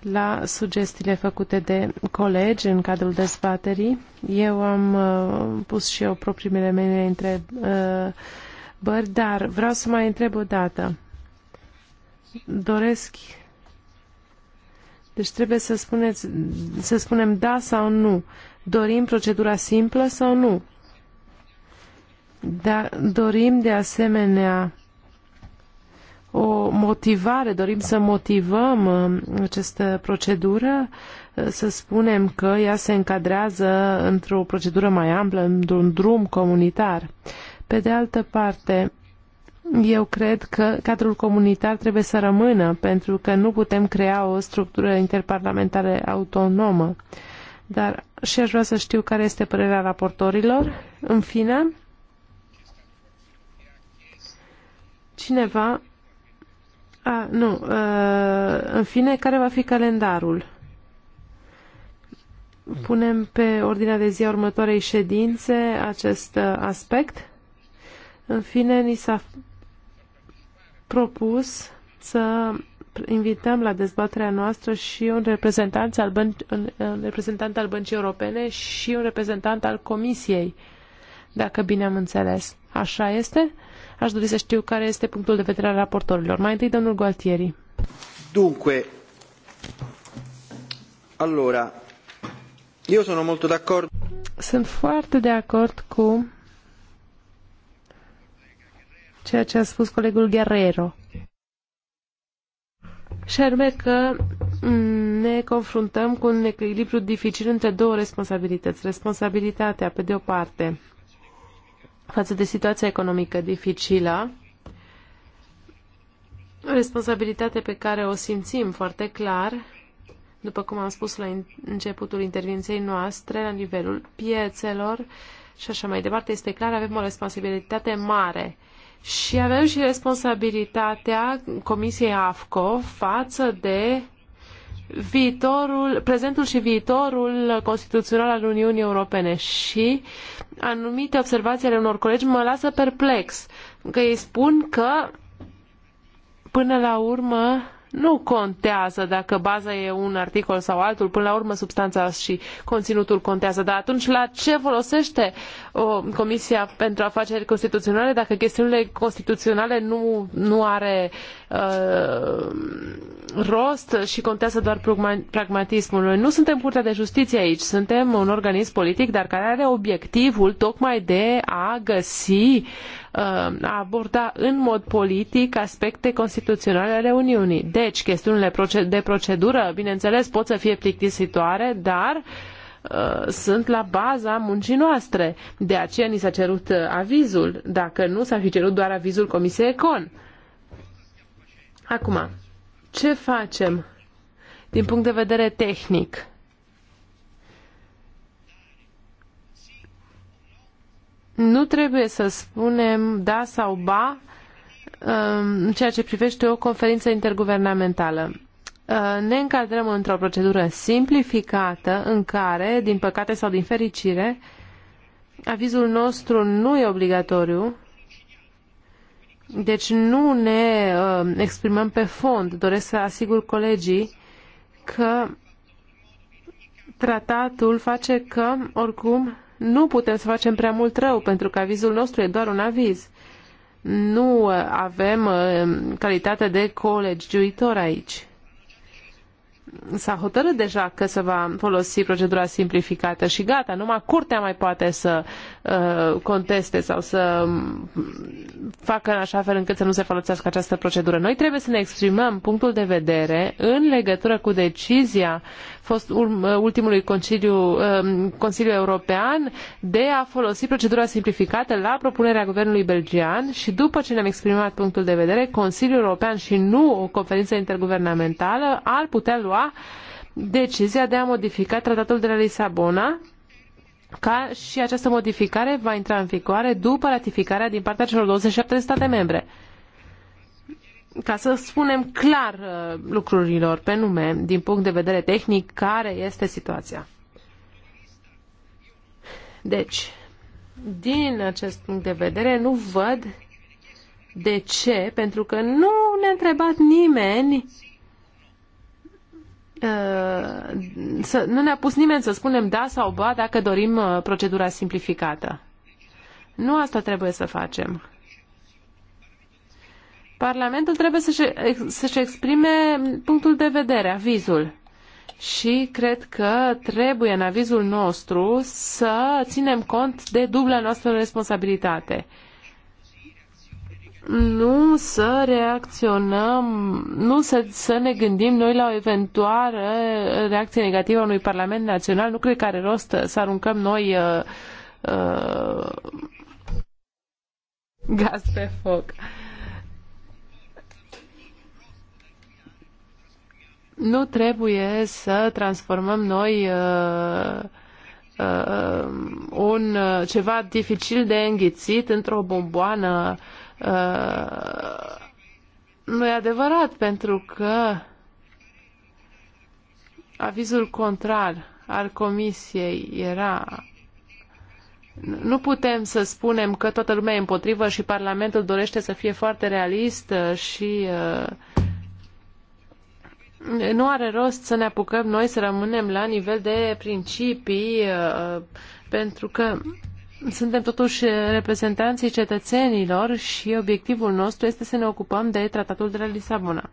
la sugestiile făcute de colegi în cadrul dezbaterii. Eu am uh, pus și eu propriile mele întrebări, uh, dar vreau să mai întreb o dată doresc deci trebuie să, spuneți, să spunem da sau nu. Dorim procedura simplă sau nu? Da, dorim de asemenea o motivare, dorim să motivăm um, această procedură, uh, să spunem că ea se încadrează într-o procedură mai amplă, într-un drum comunitar. Pe de altă parte, eu cred că cadrul comunitar trebuie să rămână, pentru că nu putem crea o structură interparlamentară autonomă. Dar și aș vrea să știu care este părerea raportorilor. În fine, cineva... A, nu, ă, în fine, care va fi calendarul? Punem pe ordinea de zi a următoarei ședințe acest ă, aspect. În fine, ni s-a propus să invităm la dezbaterea noastră și un reprezentant al, bân- un reprezentant al Băncii Europene și un reprezentant al Comisiei, dacă bine am înțeles. Așa este? Aș dori să știu care este punctul de vedere al raportorilor. Mai întâi, domnul Gualtieri. Dunque, allora, eu sono molto d'accordo. Sunt foarte de acord cu ceea ce a spus colegul Guerrero. Și anume că mm, ne confruntăm cu un echilibru dificil între două responsabilități. Responsabilitatea, pe de o parte, față de situația economică dificilă, responsabilitate pe care o simțim foarte clar, după cum am spus la începutul intervenției noastre, la nivelul piețelor, uh, și așa mai departe, este clar, avem o responsabilitate mare. Și avem și responsabilitatea Comisiei AFCO față de viitorul, prezentul și viitorul constituțional al Uniunii Europene și anumite observații ale unor colegi mă lasă perplex, că ei spun că până la urmă nu contează dacă baza e un articol sau altul, până la urmă substanța și conținutul contează. Dar atunci la ce folosește o Comisia pentru Afaceri Constituționale dacă chestiunile constituționale nu, nu are uh, rost și contează doar pragmatismul? Noi nu suntem Curtea de Justiție aici, suntem un organism politic, dar care are obiectivul tocmai de a găsi Uh, a aborda în mod politic aspecte constituționale ale Uniunii. Deci, chestiunile de procedură, bineînțeles, pot să fie plictisitoare, dar uh, sunt la baza muncii noastre. De aceea ni s-a cerut uh, avizul, dacă nu s-ar fi cerut doar avizul Comisiei Econ. Acum, ce facem din punct de vedere tehnic? Nu trebuie să spunem da sau ba um, în ceea ce privește o conferință interguvernamentală uh, ne încadrăm într-o procedură simplificată în care, din păcate sau din fericire, avizul nostru nu e obligatoriu, deci nu ne uh, exprimăm pe fond. Doresc să asigur colegii că tratatul face că, oricum, nu putem să facem prea mult rău, pentru că avizul nostru e doar un aviz. Nu uh, avem uh, calitate de juitor aici. S-a hotărât deja că se va folosi procedura simplificată și gata, numai curtea mai poate să Uh, conteste sau să facă în așa fel încât să nu se folosească această procedură. Noi trebuie să ne exprimăm punctul de vedere în legătură cu decizia fost uh, ultimului Consiliu um, Consiliu European de a folosi procedura simplificată la propunerea guvernului belgian și după ce ne-am exprimat punctul de vedere, Consiliul European și nu o conferință interguvernamentală ar putea lua decizia de a modifica tratatul de la Lisabona ca și această modificare va intra în vigoare după ratificarea din partea celor 27 de state membre. Ca să spunem clar uh, lucrurilor pe nume, din punct de vedere tehnic, care este situația. Deci, din acest punct de vedere, nu văd de ce, pentru că nu ne-a întrebat nimeni Uh, să, nu ne-a pus nimeni să spunem da sau ba dacă dorim uh, procedura simplificată. Nu asta trebuie să facem. Parlamentul trebuie să-și, să-și exprime punctul de vedere, avizul. Și cred că trebuie în avizul nostru să ținem cont de dubla noastră responsabilitate. Uh, nu să reacționăm, nu să, să ne gândim noi la o eventuală reacție negativă a unui Parlament Național. Nu cred că are rost să aruncăm noi uh, uh, gaz pe foc. Nu trebuie să transformăm noi uh, uh, un uh, ceva dificil de înghițit într-o bomboană uh, Uh, nu e adevărat, pentru că avizul contrar al comisiei era nu putem să spunem că toată lumea e împotrivă și Parlamentul dorește să fie foarte realist și uh, nu are rost să ne apucăm noi să rămânem la nivel de principii uh, pentru că suntem totuși reprezentanții cetățenilor și obiectivul nostru este să ne ocupăm de tratatul de la Lisabona.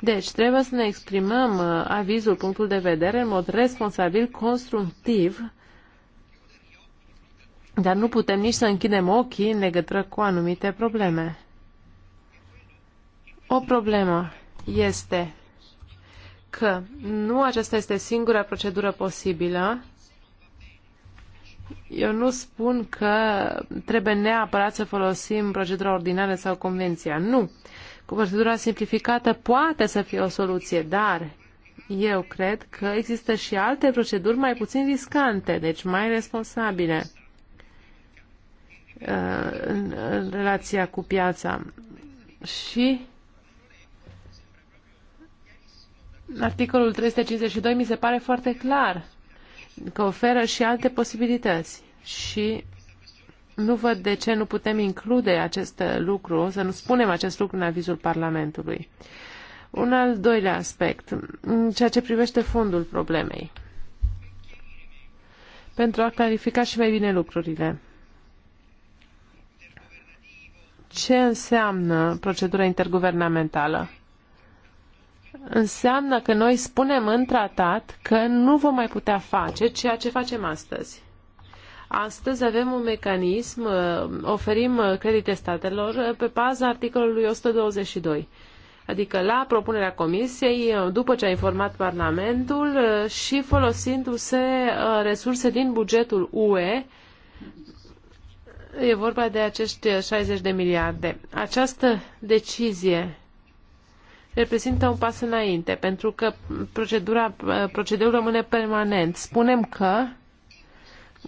Deci, trebuie să ne exprimăm uh, avizul, punctul de vedere, în mod responsabil, constructiv, dar nu putem nici să închidem ochii în legătură cu anumite probleme. O problemă este că nu aceasta este singura procedură posibilă eu nu spun că trebuie neapărat să folosim procedura ordinară sau convenția. Nu. Cu procedura simplificată poate să fie o soluție, dar eu cred că există și alte proceduri mai puțin riscante, deci mai responsabile uh, în relația cu piața. Și articolul 352 mi se pare foarte clar că oferă și alte posibilități și nu văd de ce nu putem include acest lucru, să nu spunem acest lucru în avizul Parlamentului. Un al doilea aspect, ceea ce privește fondul problemei, pentru a clarifica și mai bine lucrurile. Ce înseamnă procedura interguvernamentală? înseamnă că noi spunem în tratat că nu vom mai putea face ceea ce facem astăzi. Astăzi avem un mecanism, uh, oferim uh, credite statelor uh, pe baza articolului 122. Adică la propunerea Comisiei, după ce a informat Parlamentul și folosindu-se resurse din bugetul UE, e vorba de acești 60 de miliarde. Această decizie reprezintă un pas înainte, pentru că procedura, procedeul rămâne permanent. Spunem că,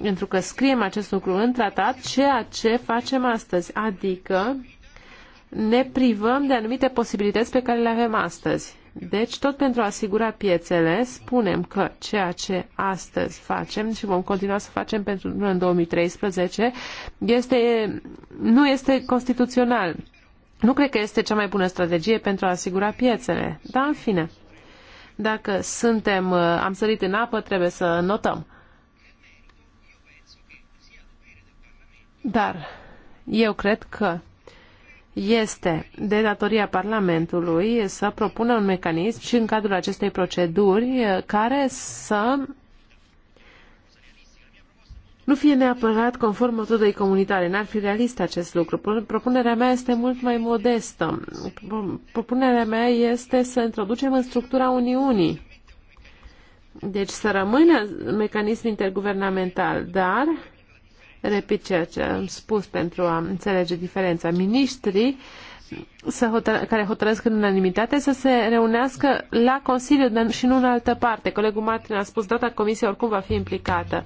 pentru că scriem acest lucru în tratat, ceea ce facem astăzi, adică ne privăm de anumite posibilități pe care le avem astăzi. Deci, tot pentru a asigura piețele, spunem că ceea ce astăzi facem și vom continua să facem pentru în 2013 este, nu este constituțional. Nu cred că este cea mai bună strategie pentru a asigura piețele, dar în fine, dacă suntem, uh, am sărit în apă, trebuie să notăm. Dar eu cred că este de datoria Parlamentului să propună un mecanism și în cadrul acestei proceduri uh, care să nu fie neapărat conform metodei comunitare. N-ar fi realist acest lucru. Propunerea mea este mult mai modestă. Propunerea mea este să introducem în structura Uniunii. Deci să rămână mecanism interguvernamental, dar, repet ceea ce am spus pentru a înțelege diferența, ministrii să hotăr- care hotărăsc în unanimitate să se reunească la Consiliu și nu în altă parte. Colegul Martin a spus, data comisia oricum va fi implicată.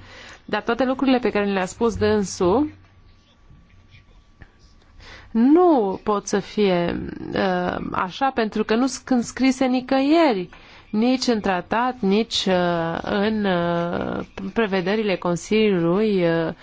Dar toate lucrurile pe care le-a spus dânsul nu pot să fie uh, așa pentru că nu sunt scrise nicăieri nici în tratat, nici uh, în uh, prevederile Consiliului, uh,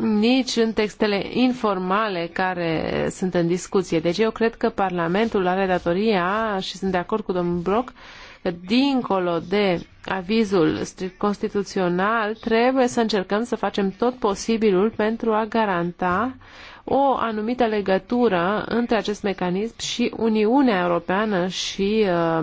nici în textele informale care sunt în discuție. Deci eu cred că Parlamentul are datoria și sunt de acord cu domnul Brock uh, că dincolo de avizul strict constituțional, trebuie să încercăm să facem tot posibilul pentru a garanta o anumită legătură între acest mecanism și Uniunea Europeană și uh,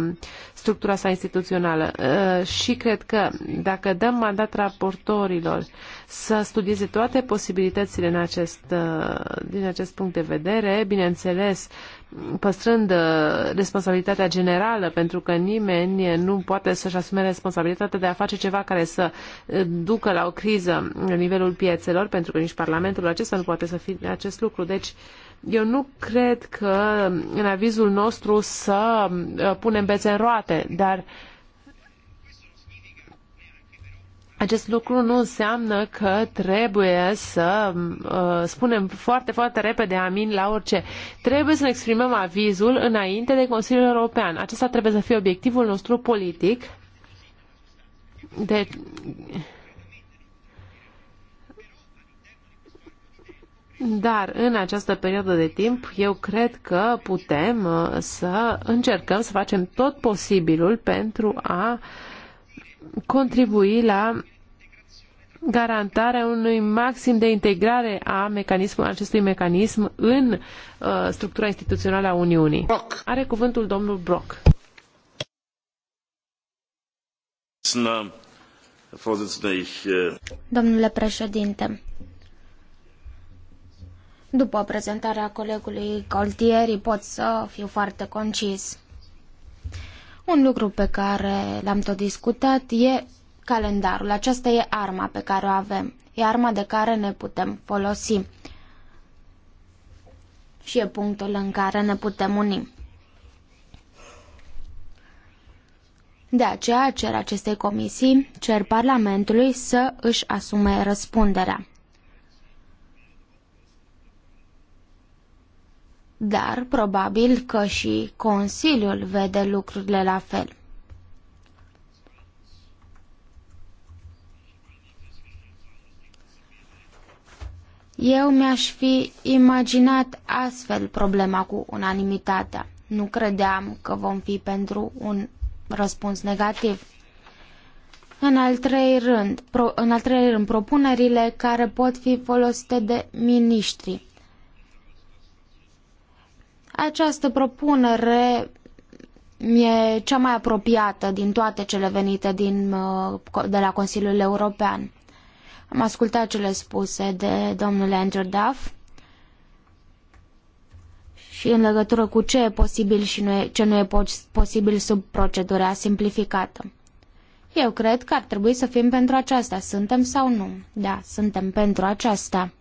structura sa instituțională. Uh, și cred că dacă dăm mandat raportorilor să studieze toate posibilitățile în acest, uh, din acest punct de vedere, bineînțeles, uh, păstrând uh, responsabilitatea generală, pentru că nimeni nu poate să-și asume responsabilitatea de a face ceva care să uh, ducă la o criză la nivelul piețelor, pentru că nici Parlamentul acesta nu poate să fie acest lucru. Deci, eu nu cred că în avizul nostru să uh, punem bețe în roate, dar uh, acest lucru nu înseamnă că trebuie să uh, spunem foarte, foarte repede amin la orice. Trebuie să ne exprimăm avizul înainte de Consiliul European. Acesta trebuie să fie obiectivul nostru politic. De... Dar în această perioadă de timp, eu cred că putem uh, să încercăm să facem tot posibilul pentru a contribui la garantarea unui maxim de integrare a mecanism, acestui mecanism în uh, structura instituțională a Uniunii. Brock. Are cuvântul domnul Brock. Äh, Domnule președinte, după prezentarea colegului Coltieri pot să fiu foarte concis. Un lucru pe care l-am tot discutat e calendarul. Aceasta e arma pe care o avem. E arma de care ne putem folosi. Și e punctul în care ne putem uni. De aceea cer acestei comisii, cer Parlamentului să își asume răspunderea. Dar probabil că și Consiliul vede lucrurile la fel. Eu mi-aș fi imaginat astfel problema cu unanimitatea. Nu credeam că vom fi pentru un răspuns negativ. În al, trei rând, pro, în al trei rând, propunerile care pot fi folosite de miniștri. Această propunere e cea mai apropiată din toate cele venite din, uh, de la Consiliul European. Am ascultat cele spuse de domnul Andrew Duff și în legătură cu ce e posibil și nu e, ce nu e posibil sub procedura simplificată. Eu cred că ar trebui să fim pentru aceasta. Suntem sau nu? Da, suntem pentru aceasta.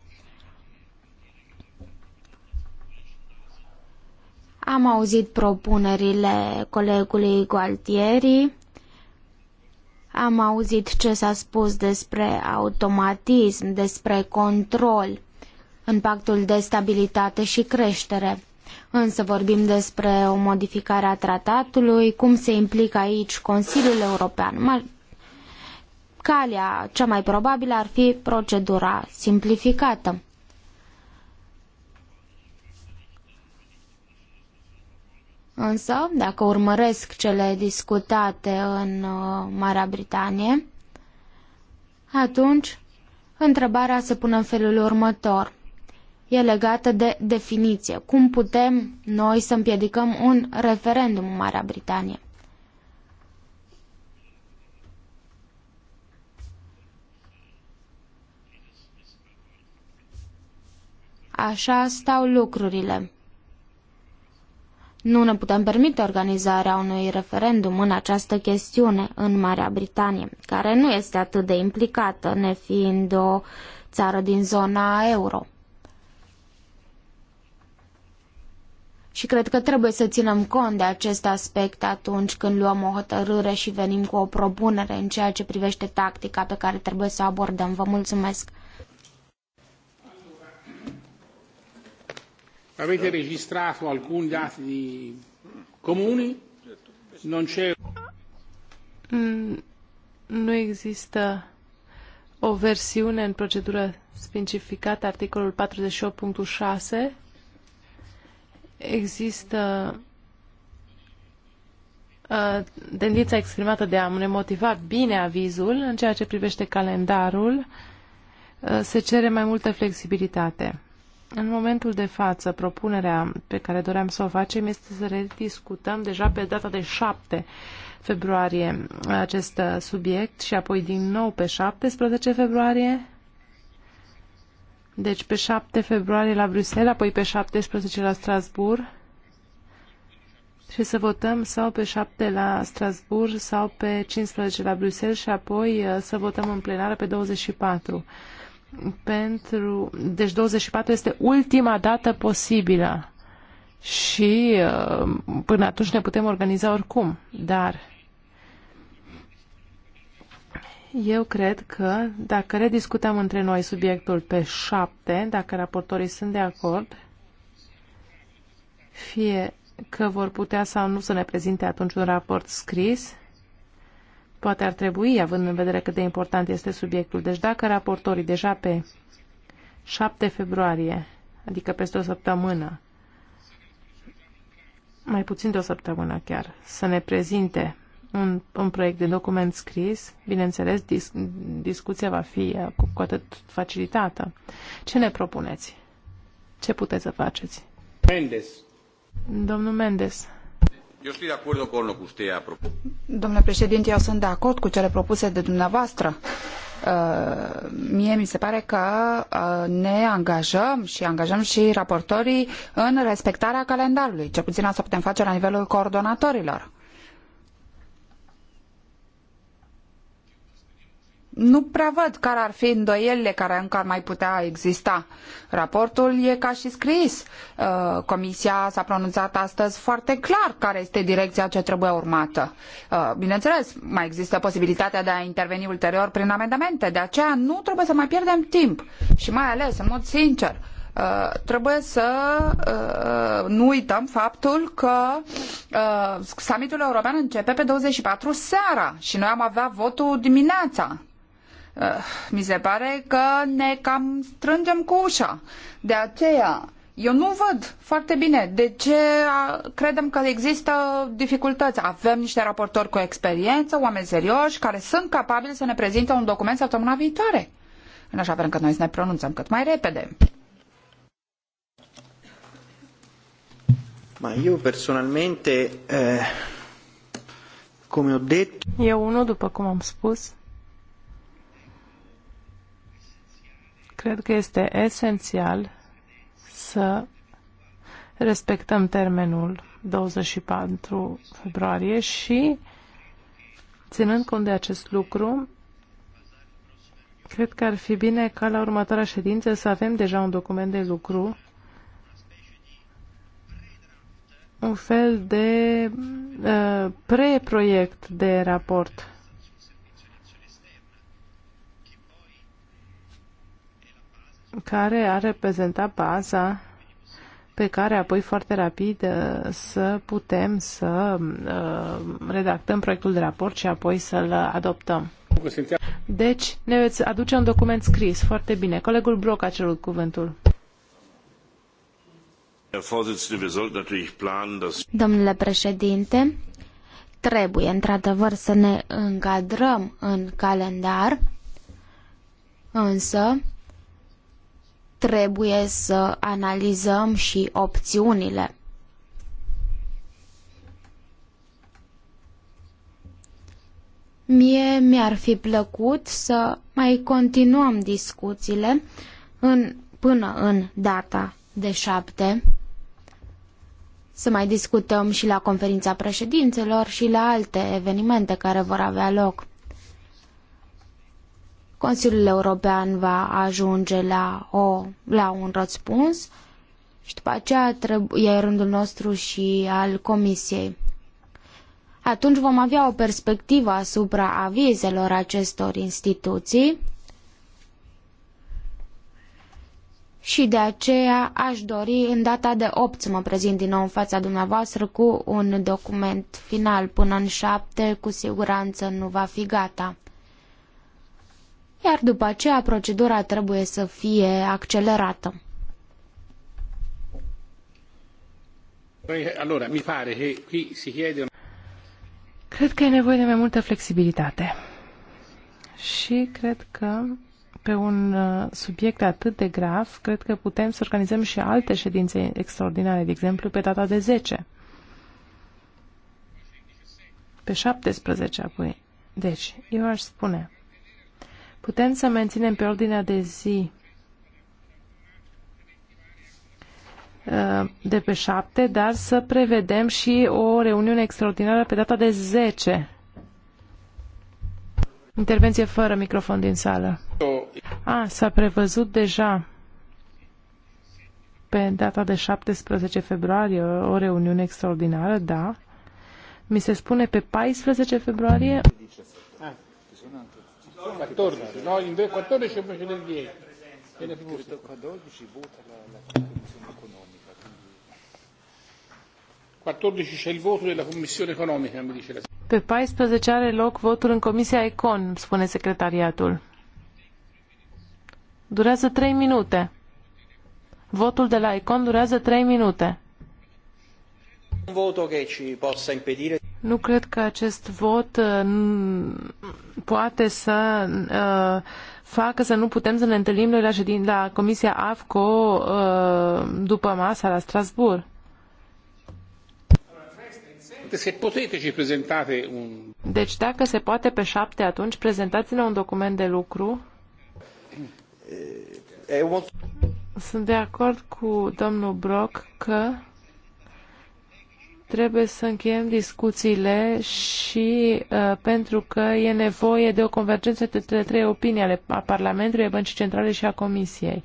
Am auzit propunerile colegului Gualtieri am auzit ce s-a spus despre automatism, despre control în pactul de stabilitate și creștere. Însă vorbim despre o modificare a tratatului, cum se implică aici Consiliul European. Calea cea mai probabilă ar fi procedura simplificată. Însă, dacă urmăresc cele discutate în uh, Marea Britanie, atunci întrebarea se pune în felul următor. E legată de definiție. Cum putem noi să împiedicăm un referendum în Marea Britanie? Așa stau lucrurile. Nu ne putem permite organizarea unui referendum în această chestiune în Marea Britanie, care nu este atât de implicată, nefiind o țară din zona euro. Și cred că trebuie să ținem cont de acest aspect atunci când luăm o hotărâre și venim cu o propunere în ceea ce privește tactica pe care trebuie să o abordăm. Vă mulțumesc! Avete registrato alcuni dati comuni? Non c'è... Mm, nu există o versiune în procedură specificată, articolul 48.6. Există uh, tendința exprimată de a ne motiva bine avizul în ceea ce privește calendarul uh, se cere mai multă flexibilitate. În momentul de față, propunerea pe care doream să o facem este să rediscutăm deja pe data de 7 februarie acest uh, subiect și apoi din nou pe 17 februarie. Deci pe 7 februarie la Bruxelles, apoi pe 17 la Strasbourg și să votăm sau pe 7 la Strasbourg sau pe 15 la Bruxelles și apoi uh, să votăm în plenară pe 24 pentru... Deci 24 este ultima dată posibilă și uh, până atunci ne putem organiza oricum, dar eu cred că dacă rediscutăm între noi subiectul pe șapte, dacă raportorii sunt de acord, fie că vor putea sau nu să ne prezinte atunci un raport scris, Poate ar trebui, având în vedere cât de important este subiectul. Deci dacă raportorii deja pe 7 februarie, adică peste o săptămână, mai puțin de o săptămână chiar, să ne prezinte un, un proiect de document scris, bineînțeles, dis, discuția va fi uh, cu, cu atât facilitată. Ce ne propuneți? Ce puteți să faceți? Mendes. Domnul Mendes. Eu sunt de acord cu Domnule președinte, eu sunt de acord cu cele propuse de dumneavoastră. Uh, mie mi se pare că uh, ne angajăm și angajăm și raportorii în respectarea calendarului. Cel puțin asta putem face la nivelul coordonatorilor. nu prea văd care ar fi îndoielile care încă ar mai putea exista. Raportul e ca și scris. Uh, comisia s-a pronunțat astăzi foarte clar care este direcția ce trebuie urmată. Uh, bineînțeles, mai există posibilitatea de a interveni ulterior prin amendamente, de aceea nu trebuie să mai pierdem timp. Și mai ales, în mod sincer, uh, trebuie să nu uităm faptul că summitul european începe pe 24 seara și noi am avea votul dimineața. Eh, mi se pare că ne cam strângem cu ușa. De aceea, eu nu văd foarte bine de ce credem că există dificultăți. Avem niște raportori cu experiență, oameni serioși, care sunt capabili să ne prezinte un document săptămâna viitoare. În așa fel încât noi să ne pronunțăm cât mai repede. Ma eu personalmente, eh, cum eu detto... Eu unul, după cum am spus, Cred că este esențial să respectăm termenul 24 februarie și, ținând cont de acest lucru, cred că ar fi bine ca la următoarea ședință să avem deja un document de lucru, un fel de uh, preproiect de raport care a reprezentat baza pe care apoi foarte rapid uh, să putem să uh, redactăm proiectul de raport și apoi să-l adoptăm. Deci, ne veți aduce un document scris. Foarte bine. Colegul Broc a cerut cuvântul. Domnule președinte, trebuie într-adevăr să ne încadrăm în calendar, însă trebuie să analizăm și opțiunile. Mie mi-ar fi plăcut să mai continuăm discuțiile în, până în data de șapte, să mai discutăm și la conferința președințelor și la alte evenimente care vor avea loc. Consiliul European va ajunge la, o, la un răspuns și după aceea e rândul nostru și al Comisiei. Atunci vom avea o perspectivă asupra avizelor acestor instituții și de aceea aș dori în data de 8 să mă prezint din nou în fața dumneavoastră cu un document final. Până în 7 cu siguranță nu va fi gata iar după aceea procedura trebuie să fie accelerată. mi pare Cred că e nevoie de mai multă flexibilitate. Și cred că pe un uh, subiect atât de grav, cred că putem să organizăm și alte ședințe extraordinare, de exemplu, pe data de 10. Pe 17 apoi. Deci, eu aș spune, Putem să menținem pe ordinea de zi uh, de pe 7, dar să prevedem și o reuniune extraordinară pe data de 10. Intervenție fără microfon din sală. A, s-a prevăzut deja pe data de 17 februarie o reuniune extraordinară, da. Mi se spune pe 14 februarie. 14, no? In 14 è precedente 10. Viene più credo vota la, la Commissione economica. Quindi... 14 c'è il voto della Commissione economica, mi dice la Pe 14 are loc votul în Comisia Econ, spune secretariatul. Durează 3 minute. Votul de la Econ durează 3 minute. Un voto che ci possa impedire. Nu cred că acest vot uh, poate să uh, facă să nu putem să ne întâlnim noi la, ședin, la Comisia AFCO uh, după masa la Strasbourg. Deci, deci dacă se poate pe șapte, atunci prezentați-ne un document de lucru. Eh, Sunt de acord cu domnul Brock că trebuie să încheiem discuțiile și uh, pentru că e nevoie de o convergență între trei opinii ale a Parlamentului, a Băncii Centrale și a Comisiei.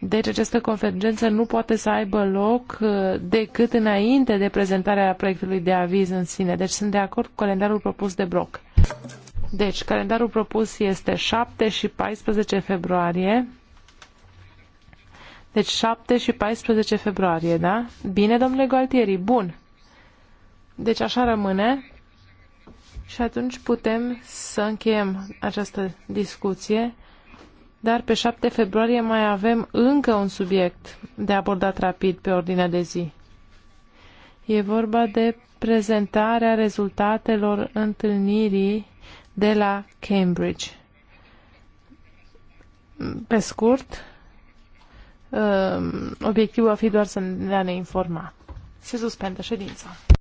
Deci această convergență nu poate să aibă loc uh, decât înainte de prezentarea proiectului de aviz în sine. Deci sunt de acord cu calendarul propus de bloc. Deci, calendarul propus este 7 și 14 februarie. Deci 7 și 14 februarie, da? Bine, domnule Gualtieri, bun. Deci așa rămâne și atunci putem să încheiem această discuție, dar pe 7 februarie mai avem încă un subiect de abordat rapid pe ordinea de zi. E vorba de prezentarea rezultatelor întâlnirii de la Cambridge. Pe scurt, um, obiectivul va fi doar să ne informa. Se suspendă ședința.